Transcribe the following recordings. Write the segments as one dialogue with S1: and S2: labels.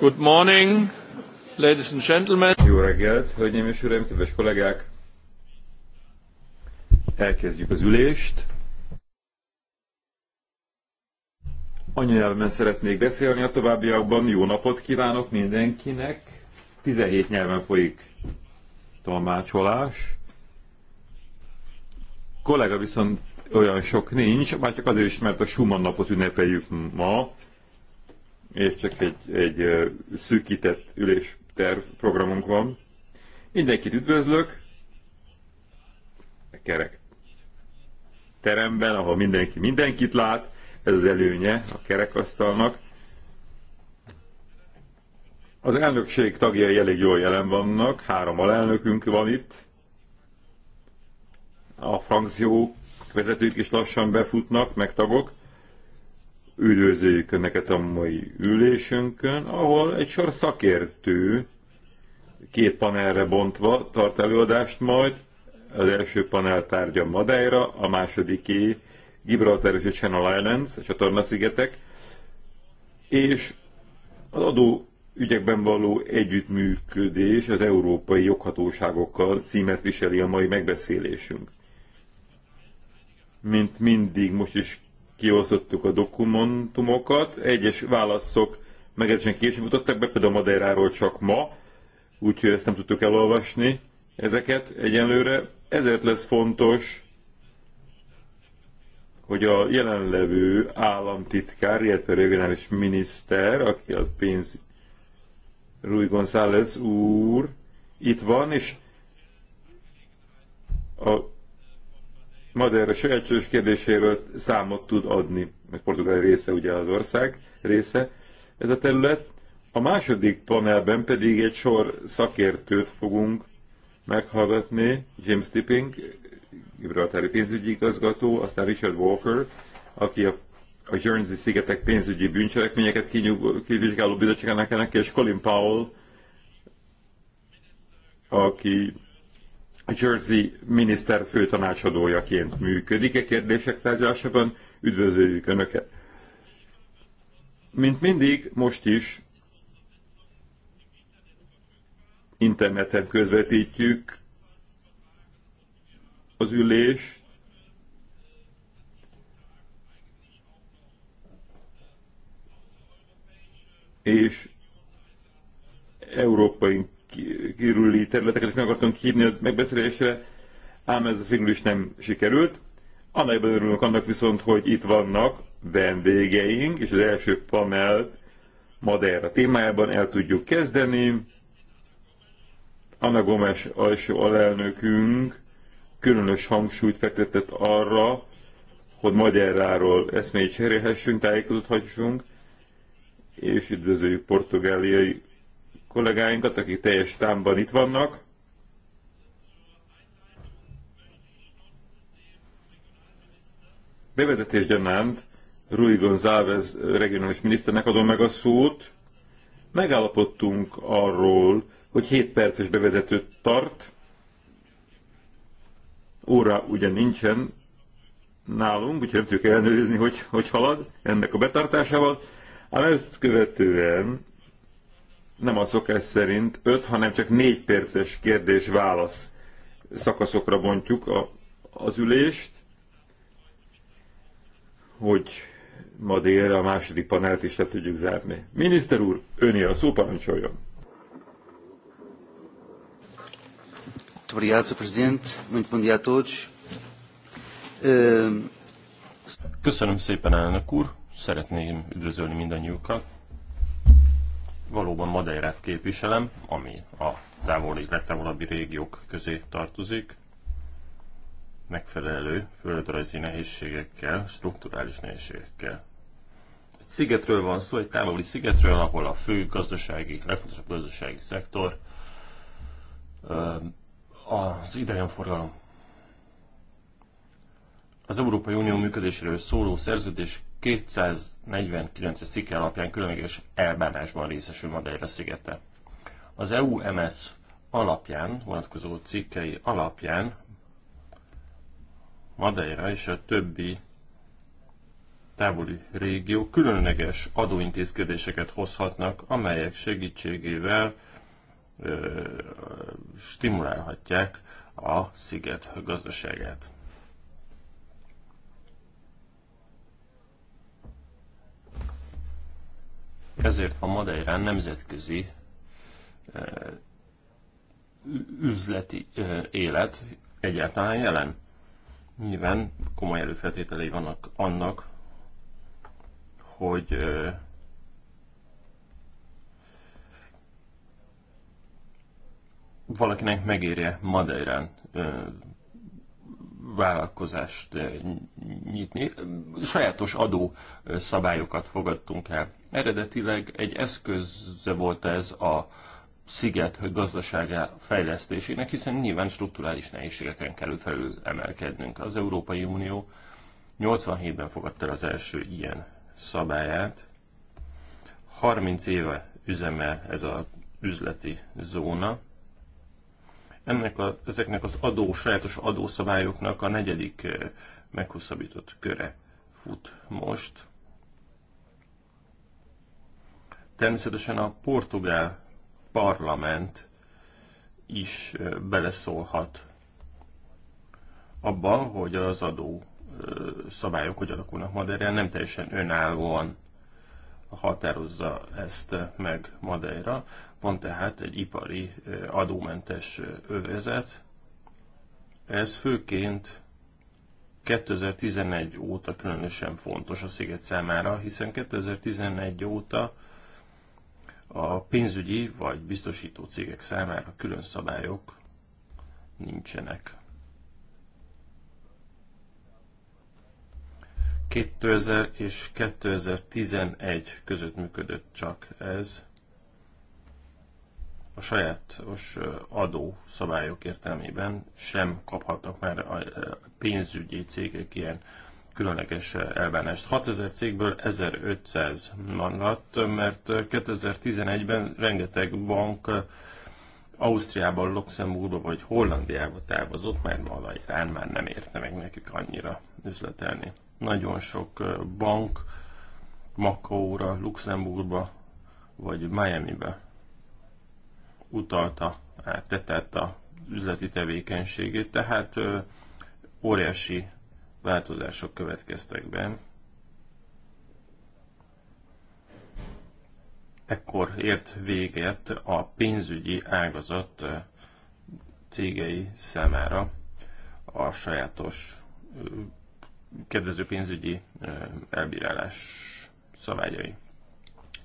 S1: Good morning, ladies and gentlemen. Jó reggelt, hölgyeim és uraim, kedves kollégák! Elkezdjük az ülést. Anyanyelven szeretnék beszélni a továbbiakban. Jó napot kívánok mindenkinek. 17 nyelven folyik tolmácsolás. Kollega viszont olyan sok nincs, már csak azért is, mert a Schumann napot ünnepeljük ma, és csak egy, egy szűkített ülésterv programunk van. Mindenkit üdvözlök, a kerek teremben, ahol mindenki mindenkit lát, ez az előnye a kerekasztalnak. Az elnökség tagjai elég jól jelen vannak, három alelnökünk van itt, a frankció vezetők is lassan befutnak, meg tagok üdvözlőjük Önöket a mai ülésünkön, ahol egy sor szakértő két panelre bontva tart előadást majd. Az első panel tárgya Madeira, a másodiké Gibraltar és a Channel Islands, a szigetek, és az adó ügyekben való együttműködés az európai joghatóságokkal címet viseli a mai megbeszélésünk. Mint mindig, most is kiosztottuk a dokumentumokat, egyes válaszok meglehetősen később mutattak be, például Madeiráról csak ma, úgyhogy ezt nem tudtuk elolvasni ezeket egyenlőre. Ezért lesz fontos, hogy a jelenlevő államtitkár, illetve regionális miniszter, aki a pénz Rui González úr itt van, és a Madeira sajátos kérdéséről számot tud adni, mert Portugália része ugye az ország része ez a terület. A második panelben pedig egy sor szakértőt fogunk meghallgatni, James Tipping, Gibraltári pénzügyi igazgató, aztán Richard Walker, aki a, a Jersey szigetek pénzügyi bűncselekményeket kinyug, kivizsgáló bizottságának ennek, és Colin Powell, aki Jersey miniszter főtanácsadójaként működik a e kérdések tárgyalásában. Üdvözöljük Önöket! Mint mindig, most is interneten közvetítjük az ülés. És európai körüli területeket is meg akartunk hívni az megbeszélésre, ám ez végül is nem sikerült. Annálban örülök annak viszont, hogy itt vannak vendégeink, és az első panel Madeira témájában el tudjuk kezdeni. Anna Gomes alsó alelnökünk különös hangsúlyt fektetett arra, hogy Madeiráról eszmét cserélhessünk, tájékozódhassunk, és üdvözöljük portugáliai kollégáinkat, akik teljes számban itt vannak. Bevezetés gyanánt Rui González regionális miniszternek adom meg a szót. Megállapodtunk arról, hogy 7 perces bevezetőt tart. Óra ugye nincsen nálunk, úgyhogy nem tudjuk ellenőrizni, hogy, hogy halad ennek a betartásával. Ám ezt követően nem a szokás szerint öt, hanem csak négy perces kérdés-válasz szakaszokra bontjuk a, az ülést, hogy ma délre a második panelt is le tudjuk zárni. Miniszter úr, öné a szó, parancsoljon!
S2: Köszönöm szépen, elnök úr! Szeretném üdvözölni mindannyiukat valóban Madeirát képviselem, ami a távoli, legtávolabbi régiók közé tartozik, megfelelő földrajzi nehézségekkel, strukturális nehézségekkel. Egy szigetről van szó, egy távoli szigetről, ahol a fő gazdasági, legfontosabb gazdasági szektor az idegenforgalom. Az Európai Unió működéséről szóló szerződés 200 49-es cikke alapján különleges elbánásban részesül Madeira szigete. Az EU-MS alapján, vonatkozó cikkei alapján Madeira és a többi távoli régió különleges adóintézkedéseket hozhatnak, amelyek segítségével ö, stimulálhatják a sziget gazdaságát. Ezért van Madeirán nemzetközi eh, üzleti eh, élet egyáltalán jelen. Nyilván komoly előfeltételei vannak annak, hogy eh, valakinek megérje Madeirán vállalkozást nyitni. Sajátos adó szabályokat fogadtunk el Eredetileg egy eszköze volt ez a sziget gazdasága fejlesztésének, hiszen nyilván strukturális nehézségeken kell felül emelkednünk. Az Európai Unió 87-ben fogadta az első ilyen szabályát. 30 éve üzemel ez a üzleti zóna. Ennek a, ezeknek az adó, sajátos adószabályoknak a negyedik eh, meghosszabbított köre fut most. Természetesen a portugál parlament is beleszólhat abba, hogy az adó szabályok hogy alakulnak Madeirán, nem teljesen önállóan határozza ezt meg Madeira. Van tehát egy ipari adómentes övezet. Ez főként 2011 óta különösen fontos a sziget számára, hiszen 2011 óta a pénzügyi vagy biztosító cégek számára külön szabályok nincsenek. 2000 és 2011 között működött csak ez a sajátos adó szabályok értelmében sem kaphatnak már a pénzügyi cégek ilyen különleges elbánást. 6000 cégből 1500 maradt, mert 2011-ben rengeteg bank Ausztriában, Luxemburgba vagy Hollandiában távozott, mert valahirán már nem érte meg nekik annyira üzletelni. Nagyon sok bank makóra Luxemburgba vagy Miami-be utalta, át, tetett a üzleti tevékenységét, tehát óriási változások következtek be. Ekkor ért véget a pénzügyi ágazat cégei számára a sajátos kedvező pénzügyi elbírálás szabályai.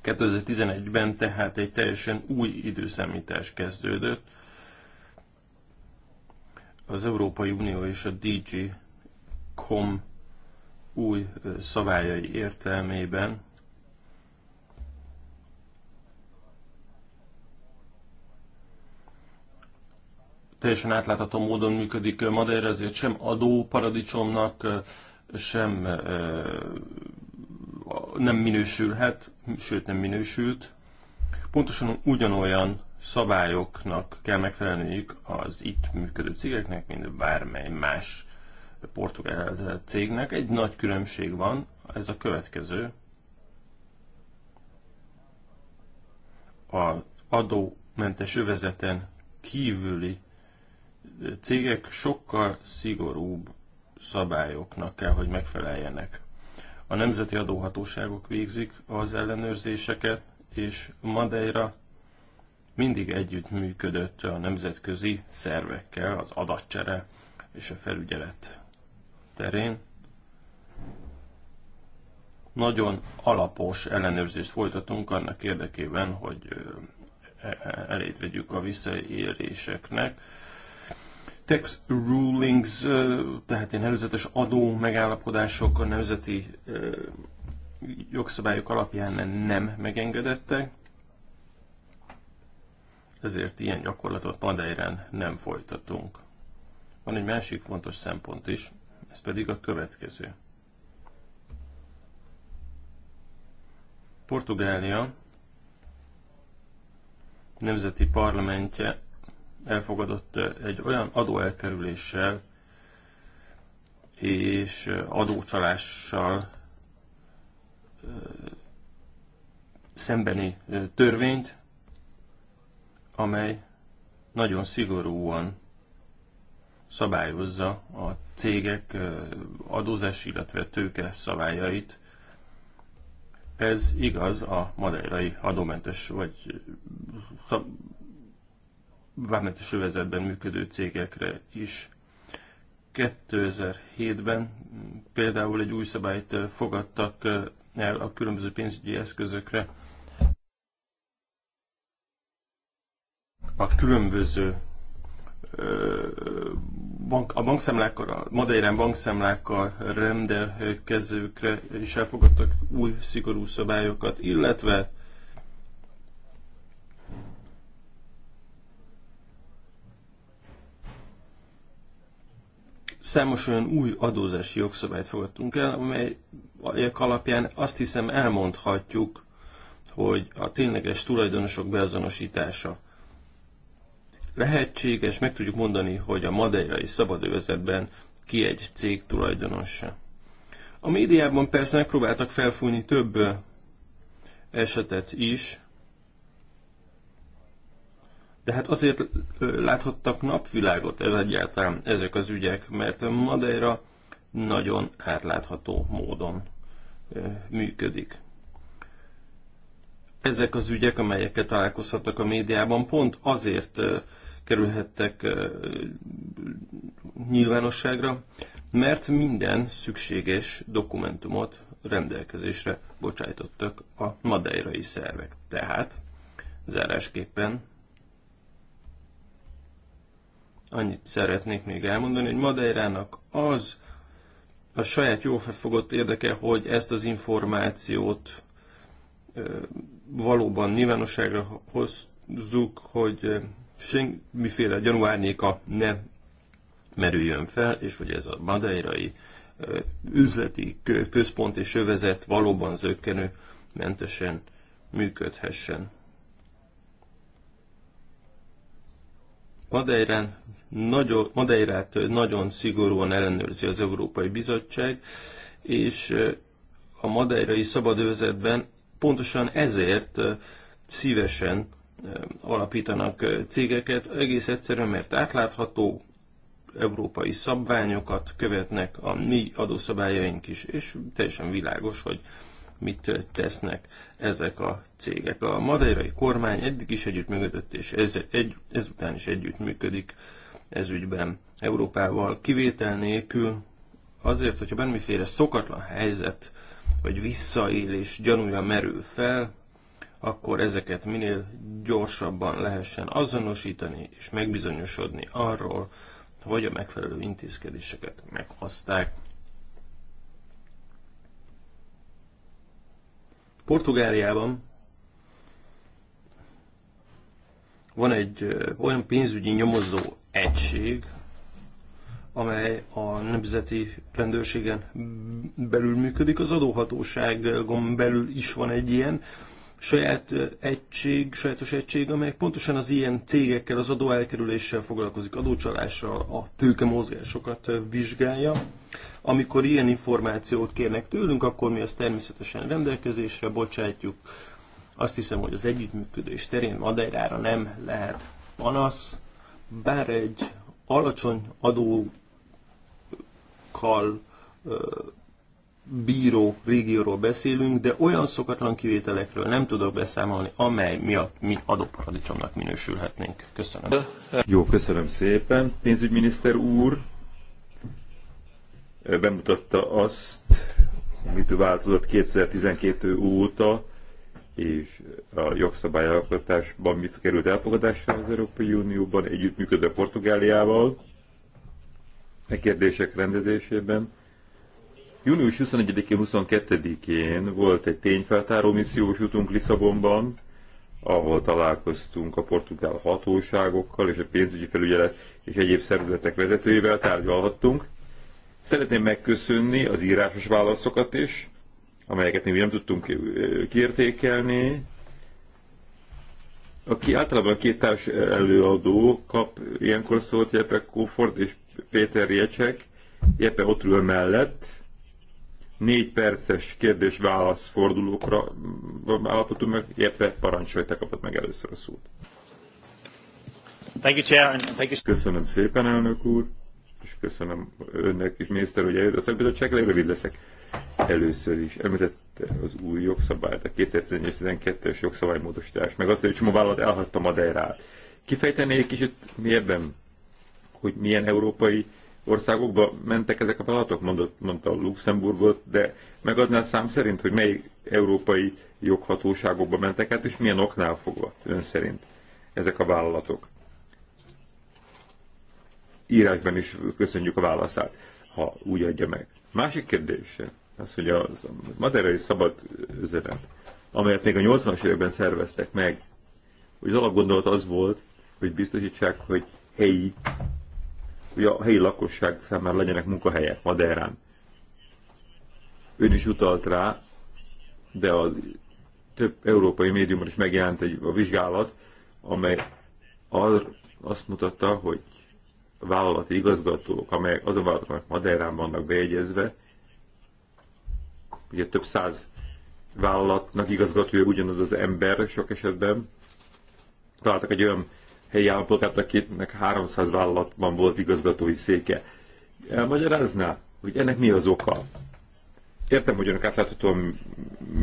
S2: 2011-ben tehát egy teljesen új időszámítás kezdődött. Az Európai Unió és a DG kom új szabályai értelmében teljesen átlátható módon működik Madeira, ezért sem adóparadicsomnak, sem nem minősülhet, sőt nem minősült. Pontosan ugyanolyan szabályoknak kell megfelelniük az itt működő cégeknek, mint bármely más portugál eh, cégnek. Egy nagy különbség van, ez a következő. Az adómentes övezeten kívüli eh, cégek sokkal szigorúbb szabályoknak kell, hogy megfeleljenek. A nemzeti adóhatóságok végzik az ellenőrzéseket, és Madeira mindig együttműködött a nemzetközi szervekkel, az adatcsere és a felügyelet terén nagyon alapos ellenőrzést folytatunk annak érdekében, hogy e, e, elét vegyük a visszaéléseknek. Tax rulings, tehát ilyen előzetes adó megállapodások a nemzeti jogszabályok alapján nem megengedettek, ezért ilyen gyakorlatot Madeiren nem folytatunk. Van egy másik fontos szempont is, ez pedig a következő. Portugália nemzeti parlamentje elfogadott eh, egy olyan adóelkerüléssel és eh, adócsalással eh, szembeni törvényt, amely nagyon szigorúan szabályozza a cégek adózási, illetve tőke szabályait. Ez igaz a madeirai adómentes vagy vámentes vámmentes övezetben működő cégekre is. 2007-ben például egy új szabályt fogadtak el a különböző pénzügyi eszközökre. A különböző bank, a bankszemlákkal, a Madeiren bankszemlákkal rendelkezőkre is elfogadtak új szigorú szabályokat, illetve számos olyan új adózási jogszabályt fogadtunk el, amelyek alapján azt hiszem elmondhatjuk, hogy a tényleges tulajdonosok beazonosítása lehetséges, meg tudjuk mondani, hogy a madeirai szabadövezetben ki egy cég tulajdonosa. A médiában persze megpróbáltak felfújni több esetet is, de hát azért láthattak napvilágot ez egyáltalán ezek az ügyek, mert Madeira nagyon átlátható módon működik. Ezek az ügyek, amelyeket találkozhattak a médiában, pont azért kerülhettek nyilvánosságra, mert minden szükséges dokumentumot rendelkezésre bocsájtottak a madeirai szervek. Tehát zárásképpen annyit szeretnék még elmondani, hogy Madeirának az a saját jó felfogott érdeke, hogy ezt az információt valóban nyilvánosságra hozzuk, hogy semmiféle gyanú árnyéka ne merüljön fel, és hogy ez a madeirai üzleti központ és övezet valóban zöggenő mentesen működhessen. Madeirán nagyon, Madeirát nagyon szigorúan ellenőrzi az Európai Bizottság, és a madeirai szabadővezetben pontosan ezért szívesen alapítanak cégeket, egész egyszerűen, mert átlátható európai szabványokat követnek a mi adószabályaink is, és teljesen világos, hogy mit tesznek ezek a cégek. A madeirai kormány eddig is együttműködött, és ez, egy, ezután is együttműködik ez ügyben Európával, kivétel nélkül azért, hogyha bármiféle szokatlan helyzet vagy visszaélés gyanúja merül fel, akkor ezeket minél gyorsabban lehessen azonosítani és megbizonyosodni arról, hogy a megfelelő intézkedéseket meghozták. Portugáliában van egy olyan pénzügyi nyomozó egység,
S1: amely a
S2: nemzeti rendőrségen belül működik, az adóhatóságon belül is van egy ilyen, saját egység, sajátos egység, amely pontosan az ilyen cégekkel, az adó elkerüléssel foglalkozik, adócsalással, a mozgásokat vizsgálja. Amikor ilyen információt kérnek tőlünk, akkor mi azt természetesen rendelkezésre bocsátjuk. Azt hiszem, hogy az együttműködés terén Madeirára nem lehet panasz, bár egy alacsony adókkal bíró régióról beszélünk, de olyan szokatlan kivételekről nem tudok beszámolni, amely miatt mi adóparadicsomnak minősülhetnénk. Köszönöm.
S1: Jó, köszönöm szépen. Pénzügyminiszter úr bemutatta azt, mit változott 2012 óta, és a jogszabályalkotásban mit került elfogadásra az Európai Unióban, együttműködve Portugáliával, a e kérdések rendezésében Június 21-én, 22-én volt egy tényfeltáró missziós utunk Lisszabonban, ahol találkoztunk a portugál hatóságokkal és a pénzügyi felügyelet és egyéb szervezetek vezetőivel tárgyalhattunk. Szeretném megköszönni az írásos válaszokat is, amelyeket még nem tudtunk kiértékelni. Aki általában két társ előadó kap ilyenkor szólt Jeppe Kófort és Péter Jecsek, Jeppe ott ül mellett, négy perces kérdés-válasz fordulókra állapotunk meg, éppen parancsolj, te kapod meg először a szót. Thank you, Chair, thank you. Köszönöm szépen, elnök úr, és köszönöm önnek is, miniszter, hogy eljött a szakbizottságra, rövid leszek. Először is említette az új jogszabályt, a 2012-es jogszabálymódosítás, meg azt, hogy csomó vállalat elhagyta Madeirát. Kifejtené egy kicsit ebben, hogy milyen európai országokba mentek ezek a vállalatok, mondott, mondta Luxemburgot, de megadná szám szerint, hogy mely európai joghatóságokba mentek át, és milyen oknál fogva ön szerint ezek a vállalatok. Írásban is köszönjük a válaszát, ha úgy adja meg. Másik kérdés az, hogy a maderai szabad üzenet, amelyet még a 80-as években szerveztek meg, hogy az alapgondolat az volt, hogy biztosítsák, hogy helyi hogy a helyi lakosság számára legyenek munkahelyek Madeirán. Ön is utalt rá, de a több európai médiumban is megjelent egy a vizsgálat, amely ar, azt mutatta, hogy vállalati igazgatók, amelyek azon vállalatok Madeirán vannak bejegyezve, ugye több száz vállalatnak igazgatója ugyanaz az ember sok esetben, találtak egy olyan helyi akinek 300 vállalatban volt igazgatói széke. Elmagyarázná, hogy ennek mi az oka? Értem, hogy önök átláthatóan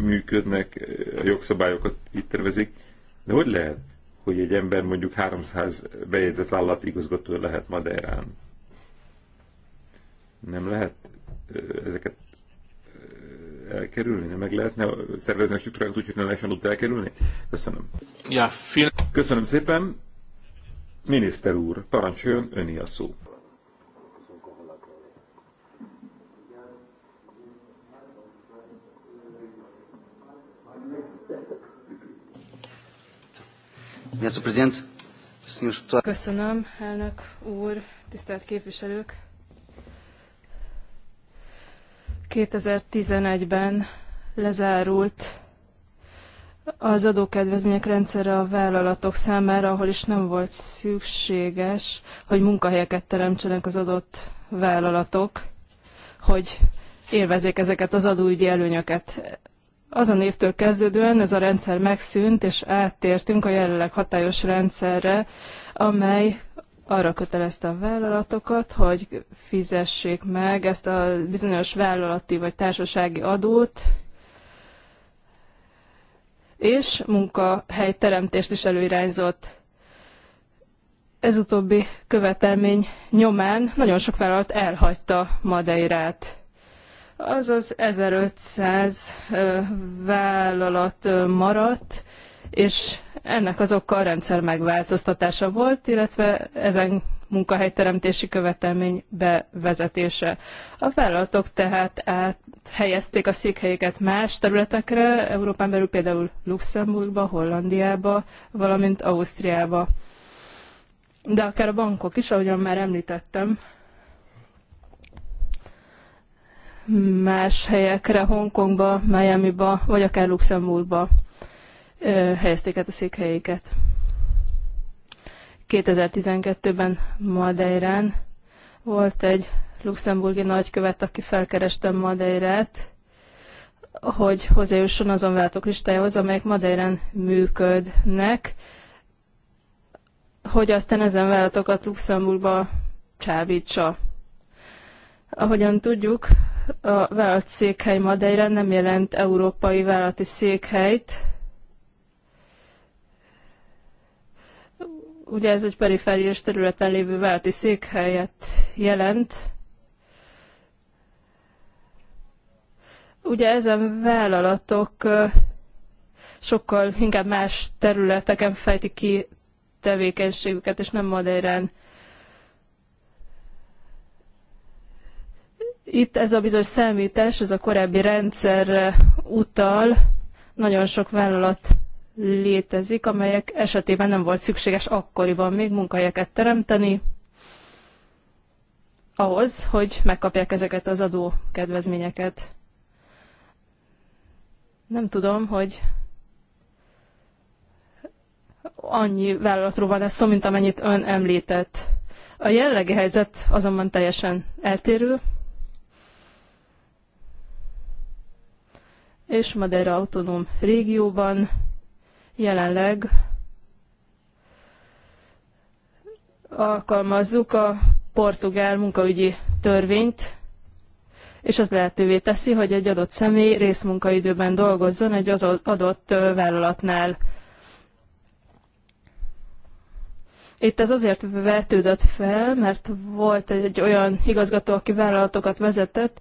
S1: működnek, a jogszabályokat itt tervezik, de hogy lehet, hogy egy ember mondjuk 300 bejegyzett vállalati igazgató lehet Madeirán? Nem lehet ezeket elkerülni? Nem meg lehetne szervezni a struktúrákat úgy, hogy ne lehessen ott elkerülni? Köszönöm. Ja, Köszönöm szépen. Miniszter úr, parancsoljon, öné a szó.
S3: Köszönöm, elnök úr, tisztelt képviselők! 2011-ben lezárult az adókedvezmények rendszere a vállalatok számára, ahol is nem volt szükséges, hogy munkahelyeket teremtsenek az adott vállalatok, hogy élvezzék ezeket az adóügyi előnyöket. Azon évtől kezdődően ez a rendszer megszűnt, és áttértünk a jelenleg hatályos rendszerre, amely arra kötelezte a vállalatokat, hogy fizessék meg ezt a bizonyos vállalati vagy társasági adót, és munkahelyteremtést is előirányzott. Ez utóbbi követelmény nyomán nagyon sok vállalat elhagyta Madeirát. Azaz 1500 vállalat maradt, és ennek az oka a rendszer megváltoztatása volt, illetve ezen munkahelyteremtési követelmény bevezetése. A vállalatok tehát áthelyezték a székhelyeket más területekre, Európán belül például Luxemburgba, Hollandiába, valamint Ausztriába. De akár a bankok is, ahogyan már említettem, más helyekre, Hongkongba, Miami-ba, vagy akár Luxemburgba helyezték át a székhelyéket. 2012-ben Madeirán volt egy luxemburgi nagykövet, aki felkereste Madeirát, hogy hozzájusson azon váltók listájához, amelyek Madeirán működnek, hogy aztán ezen váltókat Luxemburgba csábítsa. Ahogyan tudjuk, a vált székhely Madeira nem jelent európai vállalati székhelyt, Ugye ez egy perifériás területen lévő válti székhelyet jelent. Ugye ezen vállalatok sokkal inkább más területeken fejtik ki tevékenységüket, és nem Madeirán. Itt ez a bizonyos számítás, ez a korábbi rendszer utal, nagyon sok vállalat létezik, amelyek esetében nem volt szükséges akkoriban még munkahelyeket teremteni, ahhoz, hogy megkapják ezeket az adó kedvezményeket. Nem tudom, hogy annyi vállalatról van ez szó, mint amennyit ön említett. A jellegi helyzet azonban teljesen eltérő, és Madeira autonóm régióban jelenleg alkalmazzuk a portugál munkaügyi törvényt, és az lehetővé teszi, hogy egy adott személy részmunkaidőben dolgozzon egy az adott vállalatnál. Itt ez azért vetődött fel, mert volt egy olyan igazgató, aki vállalatokat vezetett,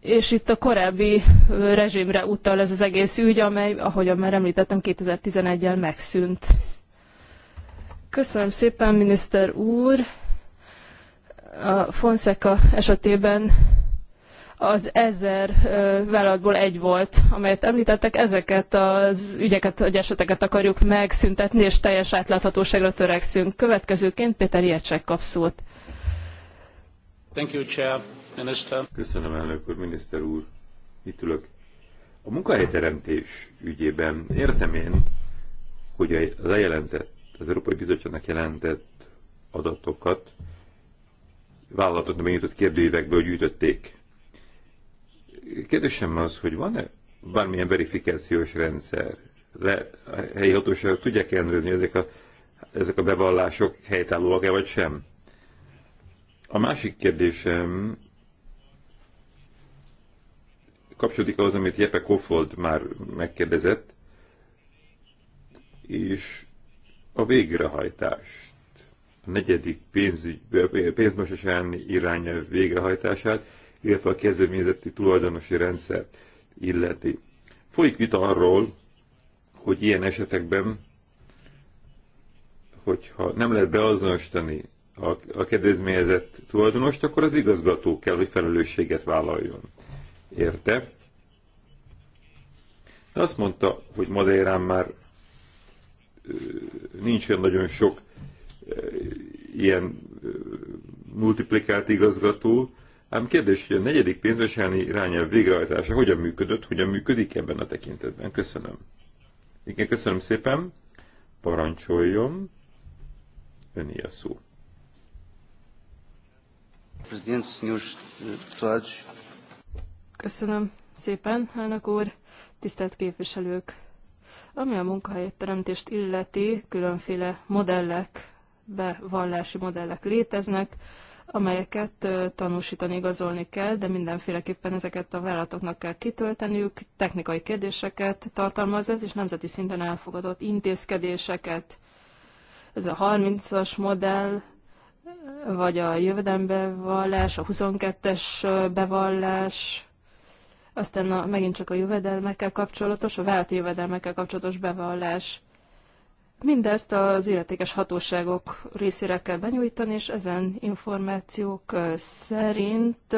S3: és itt a korábbi rezsimre utal ez az egész ügy, amely, ahogyan már említettem, 2011-el megszűnt. Köszönöm szépen, miniszter úr! A Fonseca esetében az ezer vállalatból egy volt, amelyet említettek, ezeket az ügyeket, vagy eseteket akarjuk megszüntetni, és teljes átláthatóságra törekszünk. Következőként Péter Jecsek kap szót.
S1: Thank you, Chair. Köszönöm, elnök úr, miniszter úr. Itt ülök. A munkahelyteremtés ügyében értem én, hogy a jelentett, az Európai Bizottságnak jelentett adatokat nem benyújtott kérdőívekből gyűjtötték. Kérdésem az, hogy van-e bármilyen verifikációs rendszer? Le, a helyi hatóságok tudják ellenőrizni, ezek a, ezek a bevallások helytállóak-e vagy sem? A másik kérdésem kapcsolódik ahhoz, amit Jeppe Kofold már megkérdezett, és a végrehajtást, a negyedik pénzmosasán irány a irányelv végrehajtását, illetve a kezdeményezeti tulajdonosi rendszer illeti. Folyik vita arról, hogy ilyen esetekben, hogyha nem lehet beazonosítani a, a kedvezményezett tulajdonost, akkor az igazgató kell, hogy felelősséget vállaljon érte. De azt mondta, hogy Madeirán már nincs olyan nagyon sok ilyen multiplikált igazgató, ám kérdés, hogy a negyedik pénzvesáni irányelv végrehajtása hogyan működött, hogyan működik ebben a tekintetben. Köszönöm. Igen, köszönöm szépen. Parancsoljon. Öné a szó. Presidente, senhores deputados,
S3: Köszönöm szépen, elnök úr, tisztelt képviselők! Ami a munkahelyteremtést illeti, különféle modellek, bevallási modellek léteznek, amelyeket tanúsítani, igazolni kell, de mindenféleképpen ezeket a vállalatoknak kell kitölteniük, technikai kérdéseket tartalmaz ez, és nemzeti szinten elfogadott intézkedéseket. Ez a 30-as modell, vagy a jövedelembevallás, a 22-es bevallás, aztán a, megint csak a jövedelmekkel kapcsolatos, a vállalati jövedelmekkel kapcsolatos bevallás. Mindezt az illetékes hatóságok részére kell benyújtani, és ezen információk szerint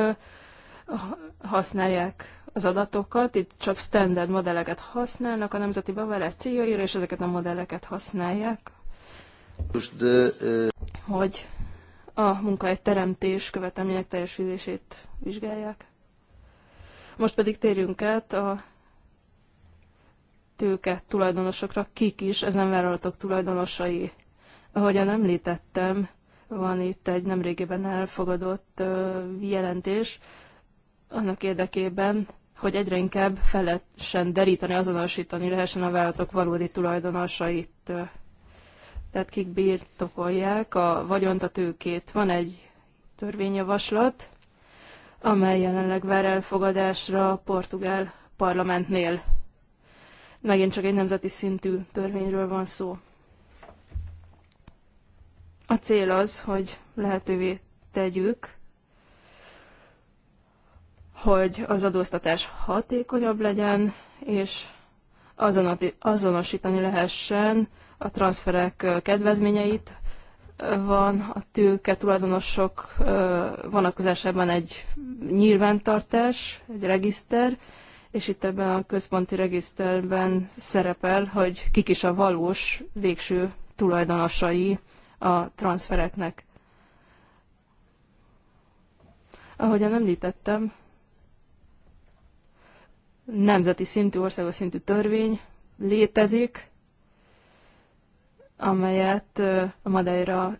S3: használják az adatokat, itt csak standard modelleket használnak a nemzeti bevallás céljaira, és ezeket a modelleket használják, hogy a munkahely teremtés követelmények teljesülését vizsgálják. Most pedig térjünk át a tőke tulajdonosokra, kik is ezen vállalatok tulajdonosai. Ahogyan említettem, van itt egy nemrégében elfogadott jelentés annak érdekében, hogy egyre inkább fel lehessen deríteni, azonosítani lehessen a vállalatok valódi tulajdonosait. Tehát kik birtokolják a vagyont, a tőkét. Van egy törvényjavaslat, amely jelenleg vár elfogadásra a portugál parlamentnél. Megint csak egy nemzeti szintű törvényről van szó. A cél az, hogy lehetővé tegyük, hogy az adóztatás hatékonyabb legyen, és azonosítani lehessen a transferek kedvezményeit, van a tőke tulajdonosok vonatkozásában egy nyilvántartás, egy regiszter, és itt ebben a központi regiszterben szerepel, hogy kik is a valós végső tulajdonosai a transfereknek. Ahogyan említettem, nemzeti szintű, országos szintű törvény létezik, amelyet a Madeira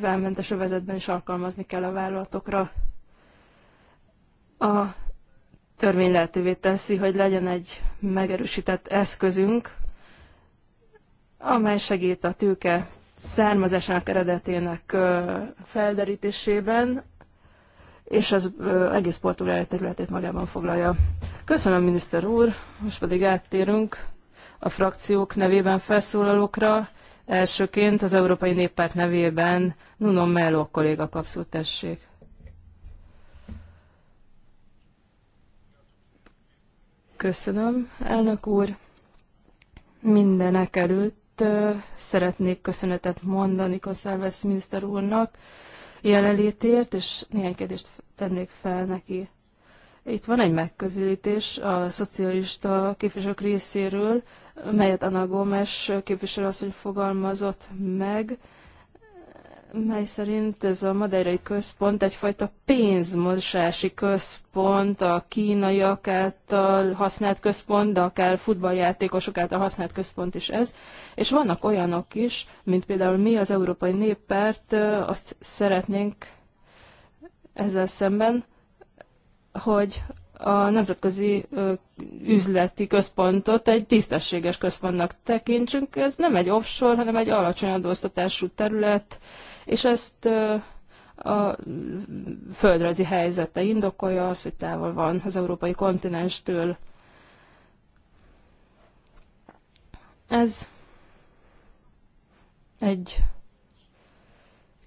S3: vámmentes övezetben is alkalmazni kell a vállalatokra. A törvény lehetővé teszi, hogy legyen egy megerősített eszközünk, amely segít a tőke származásának eredetének felderítésében, és az egész Portugália területét magában foglalja. Köszönöm, miniszter úr, most pedig áttérünk a frakciók nevében felszólalókra. Elsőként az Európai Néppárt nevében Nuno Melo kolléga kapszót tessék. Köszönöm, elnök úr. Mindenek előtt szeretnék köszönetet mondani Koszálvesz miniszter úrnak jelenlétért, és néhány kérdést tennék fel neki. Itt van egy megközelítés a szocialista képviselők részéről, melyet Anna Gómez képviselőasszony fogalmazott meg, mely szerint ez a madeirai központ egyfajta pénzmosási központ, a kínaiak által használt központ, de akár futballjátékosok által használt központ is ez. És vannak olyanok is, mint például mi az Európai Néppárt, azt szeretnénk ezzel szemben, hogy a nemzetközi üzleti központot egy tisztességes központnak tekintsünk. Ez nem egy offshore, hanem egy alacsony adóztatású terület, és ezt a földrajzi helyzete indokolja az, hogy távol van az európai kontinenstől. Ez egy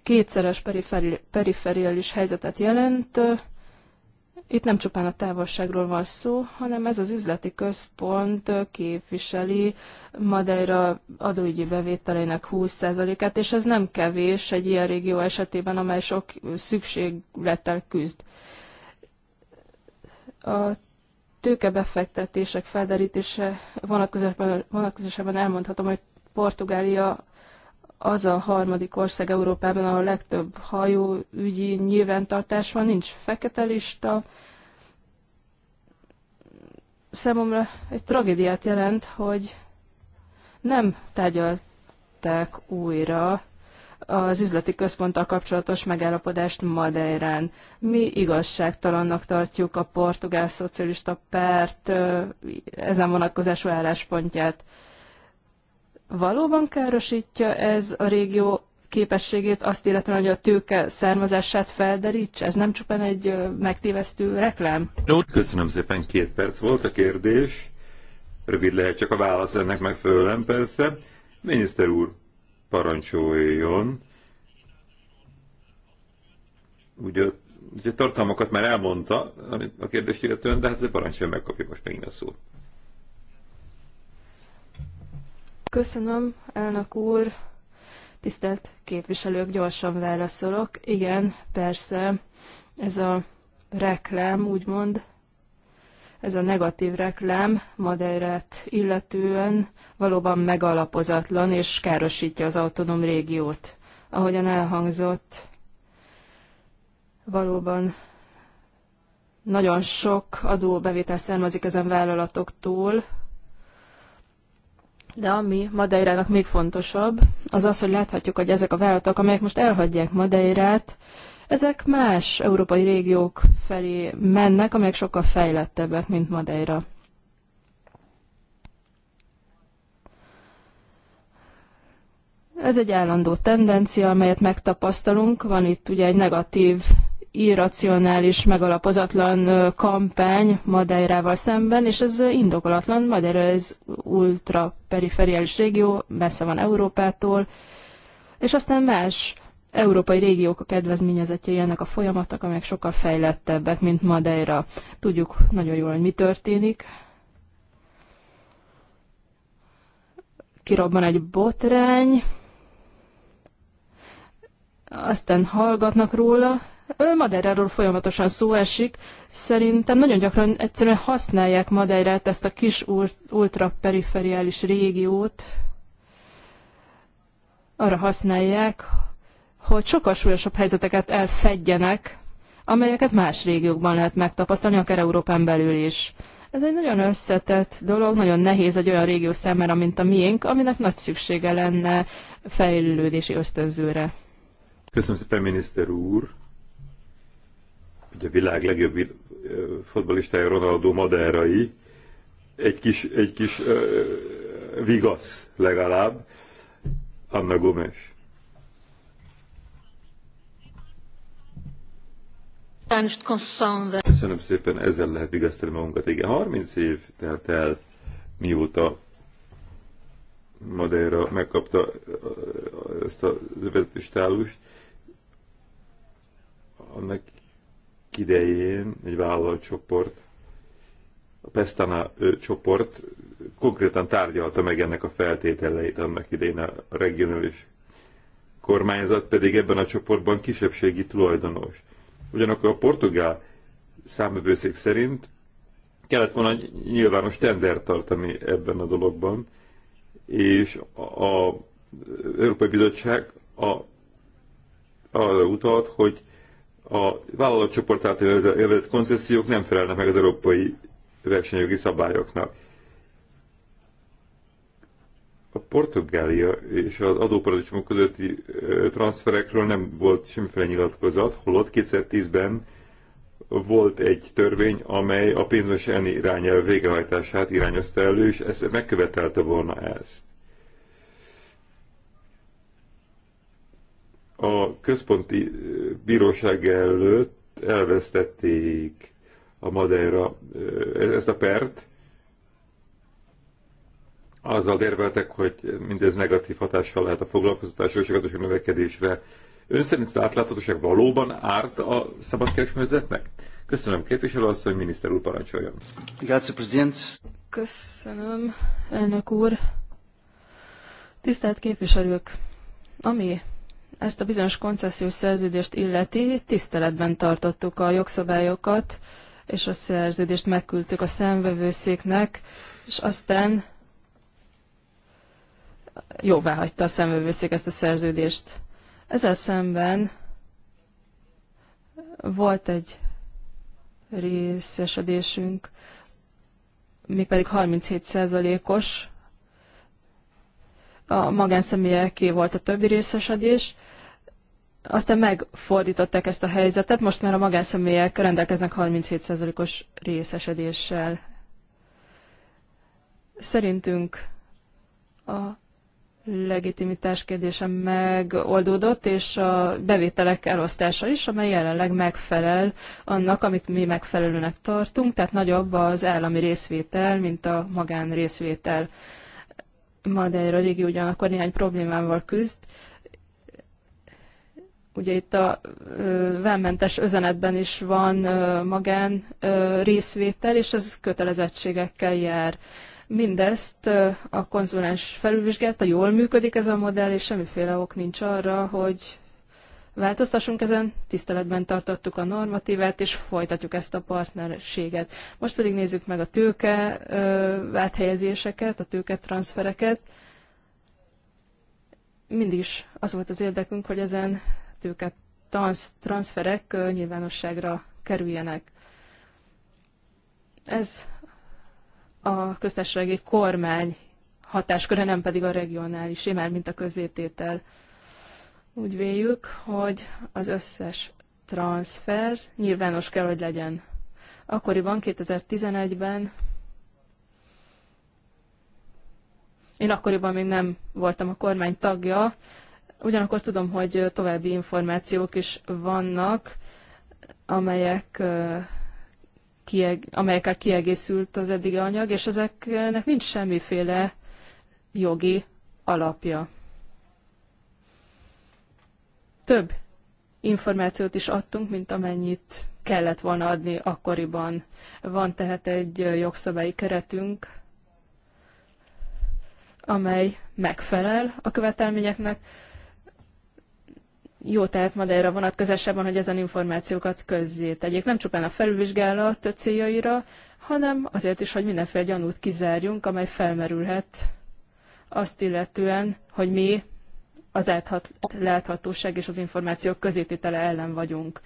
S3: kétszeres periferi- periferiális helyzetet jelent itt nem csupán a távolságról van szó, hanem ez az üzleti központ képviseli Madeira adóügyi bevételének 20%-át, és ez nem kevés egy ilyen régió esetében, amely sok szükséglettel küzd. A tőkebefektetések felderítése vonatkozásában, vonatkozásában elmondhatom, hogy Portugália az a harmadik ország Európában, ahol a legtöbb hajóügyi nyilvántartás van, nincs fekete lista. Számomra egy tragédiát jelent, hogy nem tárgyalták újra az üzleti központtal kapcsolatos megállapodást Madeirán. Mi igazságtalannak tartjuk a portugál szocialista párt ezen vonatkozású álláspontját. Valóban károsítja ez a régió képességét azt illetően, hogy a tőke származását felderíts? Ez nem csupán egy megtévesztő reklám?
S1: Köszönöm szépen, két perc volt a kérdés. Rövid lehet csak a válasz ennek megfelelően persze. Miniszter úr, parancsoljon. Ugye, ugye tartalmakat már elmondta a kérdést illetően, de hát ez parancsolja megkapja most megint a szót.
S3: Köszönöm, elnök úr. Tisztelt képviselők, gyorsan válaszolok. Igen, persze, ez a reklám, úgymond, ez a negatív reklám Madeirát illetően valóban megalapozatlan és károsítja az autonóm régiót. Ahogyan elhangzott, valóban nagyon sok adóbevétel származik ezen vállalatoktól, de ami Madeirának még fontosabb, az az, hogy láthatjuk, hogy ezek a vállalatok, amelyek most elhagyják Madeirát, ezek más európai régiók felé mennek, amelyek sokkal fejlettebbek, mint Madeira. Ez egy állandó tendencia, amelyet megtapasztalunk. Van itt ugye egy negatív irracionális, megalapozatlan kampány Madeirával szemben, és ez indokolatlan. Madeira ez ultra periferiális régió, messze van Európától, és aztán más európai régiók a kedvezményezettjei ennek a folyamatnak, amelyek sokkal fejlettebbek, mint Madeira. Tudjuk nagyon jól, hogy mi történik. Kirobban egy botrány, aztán hallgatnak róla, Madeiráról folyamatosan szó esik. Szerintem nagyon gyakran egyszerűen használják Madeirát, ezt a kis ultraperiferiális régiót. Arra használják, hogy sokkal súlyosabb helyzeteket elfedjenek, amelyeket más régiókban lehet megtapasztalni, akár Európán belül is. Ez egy nagyon összetett dolog, nagyon nehéz egy olyan régió számára, mint a miénk, aminek nagy szüksége lenne fejlődési ösztönzőre.
S1: Köszönöm szépen, miniszter úr! hogy a világ legjobb eh, futbolistája Ronaldo Maderai, egy kis, egy kis ö, eh, vigasz legalább, Anna Gomes. Köszönöm szépen, ezzel lehet vigasztani magunkat. Igen, 30 év telt el, mióta Madeira megkapta eh, ezt a vezetőstálust, annak idején egy vállalatcsoport, a Pestana csoport konkrétan tárgyalta meg ennek a feltételeit annak idején a regionális kormányzat pedig ebben a csoportban kisebbségi tulajdonos. Ugyanakkor a portugál számövőszék szerint kellett volna nyilvános tender tartani ebben a dologban, és az Európai Bizottság a, arra utalt, hogy a vállalatcsoport által élvezett koncesziók nem felelnek meg az európai versenyjogi szabályoknak. A Portugália és az adóparadicsomok közötti transferekről nem volt semmiféle nyilatkozat, holott 2010-ben volt egy törvény, amely a pénzmeseni irányelv végrehajtását irányozta elő, és ezt megkövetelte volna ezt. a központi eh, bíróság előtt elvesztették a Madeira eh, ezt a pert, azzal érveltek, hogy mindez negatív hatással lehet a foglalkoztatásra és a gazdaság növekedésre. Ön szerint az átláthatóság valóban árt a szabadkereskedelmezetnek? Köszönöm, képviselő asszony, miniszter úr parancsoljon.
S3: Köszönöm, elnök úr. Tisztelt képviselők, ami ezt a bizonyos koncesziós szerződést illeti, tiszteletben tartottuk a jogszabályokat, és a szerződést megküldtük a szemvevőszéknek, és aztán jóvá hagyta a szemvevőszék ezt a szerződést. Ezzel szemben volt egy részesedésünk, mégpedig 37%-os, a magánszemélyeké volt a többi részesedés, aztán megfordították ezt a helyzetet, most már a magánszemélyek rendelkeznek 37%-os részesedéssel. Szerintünk a legitimitás kérdése megoldódott, és a bevételek elosztása is, amely jelenleg megfelel annak, amit mi megfelelőnek tartunk, tehát nagyobb az állami részvétel, mint a magán részvétel. Madeira régi ugyanakkor néhány problémával küzd, Ugye itt a vámmentes özenetben is van magán részvétel, és ez kötelezettségekkel jár. Mindezt a konzulens felülvizsgálta, jól működik ez a modell, és semmiféle ok nincs arra, hogy változtassunk ezen, tiszteletben tartottuk a normatívát, és folytatjuk ezt a partnerséget. Most pedig nézzük meg a tőke áthelyezéseket, a tőke transfereket. Mindig is az volt az érdekünk, hogy ezen tőke transferek nyilvánosságra kerüljenek. Ez a köztársasági kormány hatásköre, nem pedig a regionális, már mint a közététel. Úgy véljük, hogy az összes transfer nyilvános kell, hogy legyen. Akkoriban, 2011-ben, én akkoriban még nem voltam a kormány tagja, Ugyanakkor tudom, hogy további információk is vannak, amelyek kieg, amelyekkel kiegészült az eddigi anyag, és ezeknek nincs semmiféle jogi alapja. Több információt is adtunk, mint amennyit kellett volna adni akkoriban. Van tehát egy jogszabályi keretünk, amely megfelel a követelményeknek, jó tehát Madeira vonatkozásában, hogy ezen információkat közzé tegyék. Nem csupán a felülvizsgálat céljaira, hanem azért is, hogy mindenféle gyanút kizárjunk, amely felmerülhet azt illetően, hogy mi az láthatóság és az információk közététele ellen vagyunk.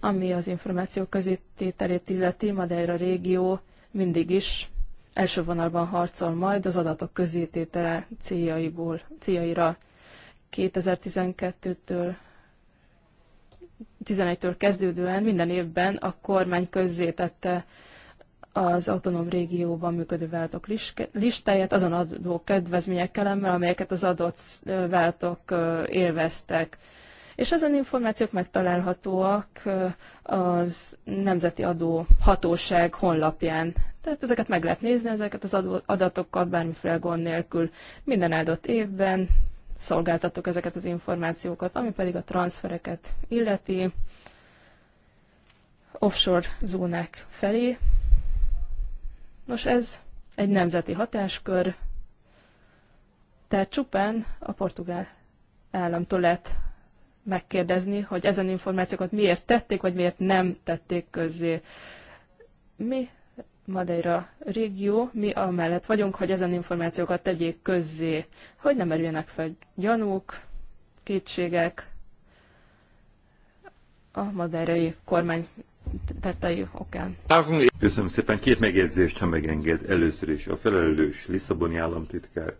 S3: Ami az információk közétételét illeti, Madeira régió mindig is első vonalban harcol majd az adatok közététele céljaiból, céljaira. 2012-től 11-től kezdődően minden évben a kormány közzétette az autonóm régióban működő váltok listáját azon adó kedvezményekkel, amelyeket az adott váltok élveztek. És ezen információk megtalálhatóak az Nemzeti Adó Hatóság honlapján. Tehát ezeket meg lehet nézni, ezeket az adatokat bármiféle gond nélkül minden áldott évben szolgáltattuk ezeket az információkat, ami pedig a transfereket illeti offshore zónák felé. Nos, ez egy nemzeti hatáskör, tehát csupán a portugál államtól lehet megkérdezni, hogy ezen információkat miért tették, vagy miért nem tették közzé. Mi Madeira régió, mi amellett vagyunk, hogy ezen információkat tegyék közzé, hogy nem merüljenek fel gyanúk, kétségek a madeirai kormány tettei okán.
S1: Köszönöm szépen, két megjegyzést, ha megenged. Először is a felelős Lisszaboni államtitkár,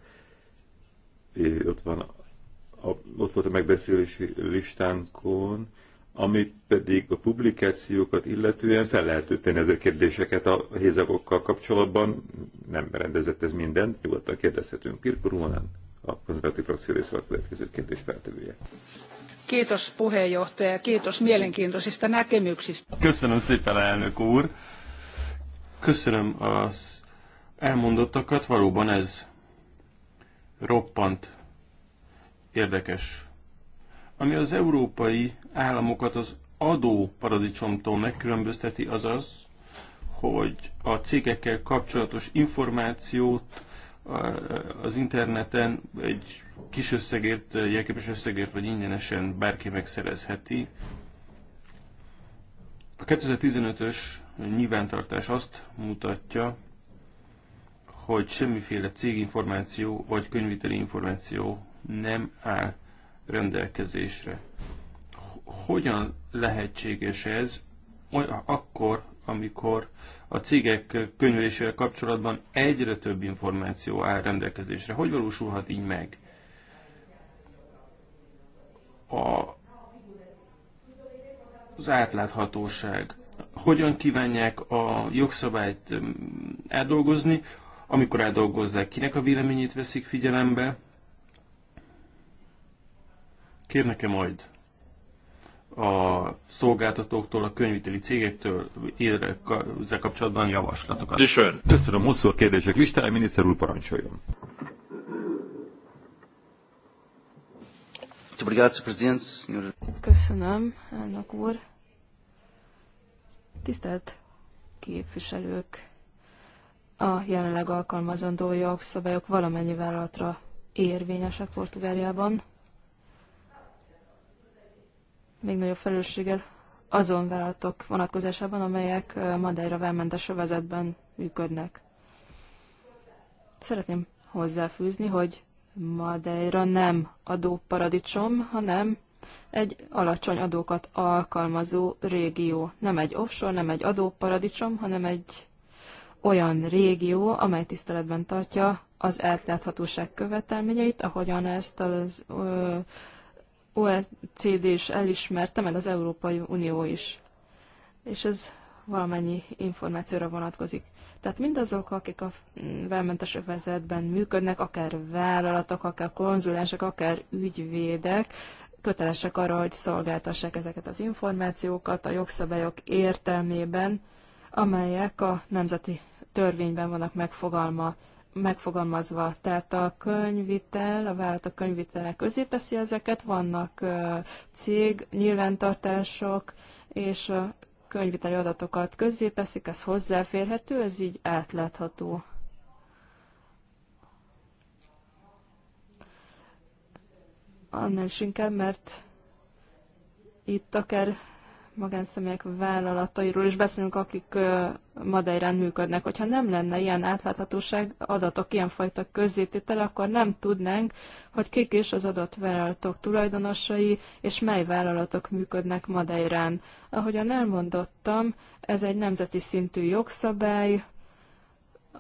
S1: ott van a, ott volt a megbeszélési listánkon, ami pedig a publikációkat illetően fel lehet tenni ezek kérdéseket a hézagokkal kapcsolatban. Nem rendezett ez mindent, nyugodtan kérdezhetünk. Pirko Ruhonen, a konzervatív frakció részéről a következő kérdés feltevője.
S3: Kétos puheenjohtaja, kétos mielenkiintoisista näkemyksistä.
S1: Köszönöm szépen, elnök úr. Köszönöm
S2: az elmondottakat, valóban ez roppant érdekes ami az európai államokat az adó paradicsomtól megkülönbözteti, az az, hogy a cégekkel kapcsolatos információt az interneten egy kis összegért, jelképes összegért vagy ingyenesen bárki megszerezheti. A 2015-ös nyilvántartás azt mutatja, hogy semmiféle céginformáció vagy könyviteli információ nem áll rendelkezésre. Hogyan lehetséges ez akkor, amikor a cégek könyvelésével kapcsolatban egyre több információ áll rendelkezésre? Hogy valósulhat így meg? A, az átláthatóság. Hogyan kívánják a jogszabályt mm, eldolgozni? amikor eldolgozzák, kinek a véleményét veszik figyelembe, Kérnek-e majd a szolgáltatóktól, a könyviteli cégektől ezzel kapcsolatban javaslatokat?
S1: Köszönöm. Köszönöm, hosszú a kérdések listája, miniszter úr parancsoljon.
S3: Köszönöm, elnök úr. Tisztelt képviselők, a jelenleg alkalmazandó jogszabályok valamennyivel vállalatra érvényesek Portugáliában még nagyobb felelősséggel azon vállalatok vonatkozásában, amelyek Madeira vámmentes övezetben működnek. Szeretném hozzáfűzni, hogy Madeira nem adóparadicsom, hanem egy alacsony adókat alkalmazó régió. Nem egy offshore, nem egy adóparadicsom, hanem egy olyan régió, amely tiszteletben tartja az átláthatóság követelményeit, ahogyan ezt az ö, OECD is elismerte, meg az Európai Unió is. És ez valamennyi információra vonatkozik. Tehát mindazok, akik a velmentes övezetben működnek, akár vállalatok, akár konzulások, akár ügyvédek, kötelesek arra, hogy szolgáltassák ezeket az információkat a jogszabályok értelmében, amelyek a nemzeti törvényben vannak megfogalma megfogalmazva. Tehát a könyvitel, a vállalatok könyvitele közé teszi ezeket, vannak cég, nyilvántartások, és a könyviteli adatokat közé teszik, ez hozzáférhető, ez így átlátható. Annál is inkább, mert itt akár magánszemélyek vállalatairól is beszélünk, akik Madeirán működnek. Hogyha nem lenne ilyen átláthatóság adatok, ilyenfajta közzététel, akkor nem tudnánk, hogy kik is az adott vállalatok tulajdonosai, és mely vállalatok működnek Madeirán. Ahogyan elmondottam, ez egy nemzeti szintű jogszabály,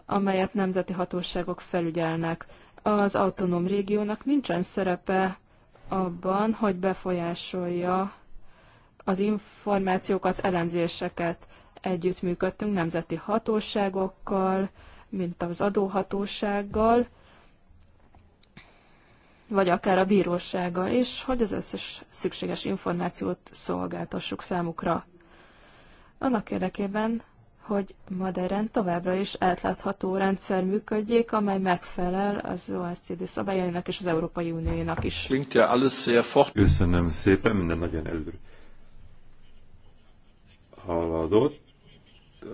S3: amelyet nemzeti hatóságok felügyelnek. Az autonóm régiónak nincsen szerepe abban, hogy befolyásolja az információkat, elemzéseket. Együttműködtünk nemzeti hatóságokkal, mint az adóhatósággal, vagy akár a bírósággal is, hogy az összes szükséges információt szolgáltassuk számukra. Annak érdekében, hogy Maderen továbbra is átlátható rendszer működjék, amely megfelel az OSCD szabályainak és az Európai Uniónak is.
S1: Köszönöm szépen, minden nagyon előre haladott.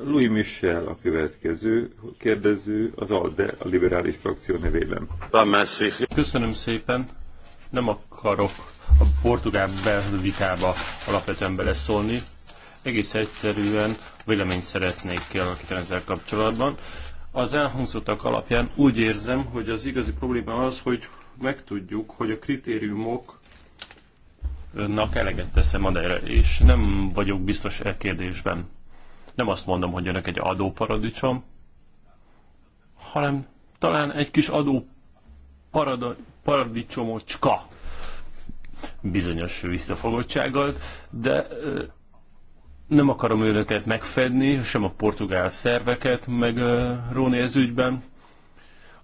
S1: Louis Michel a következő kérdező, az ALDE, a liberális frakció nevében.
S2: Köszönöm szépen. Nem akarok a portugál belvitába alapvetően beleszólni. Egész egyszerűen véleményt szeretnék kialakítani ezzel kapcsolatban. Az elhangzottak alapján úgy érzem, hogy az igazi probléma az, hogy megtudjuk, hogy a kritériumok önnak eleget tesz-e Madeira, és nem vagyok biztos e kérdésben. Nem azt mondom, hogy önök egy adóparadicsom, hanem talán egy kis adó parada, paradicsomocska bizonyos visszafogottsággal, de nem akarom önöket megfedni, sem a portugál szerveket, meg Róni ez ügyben.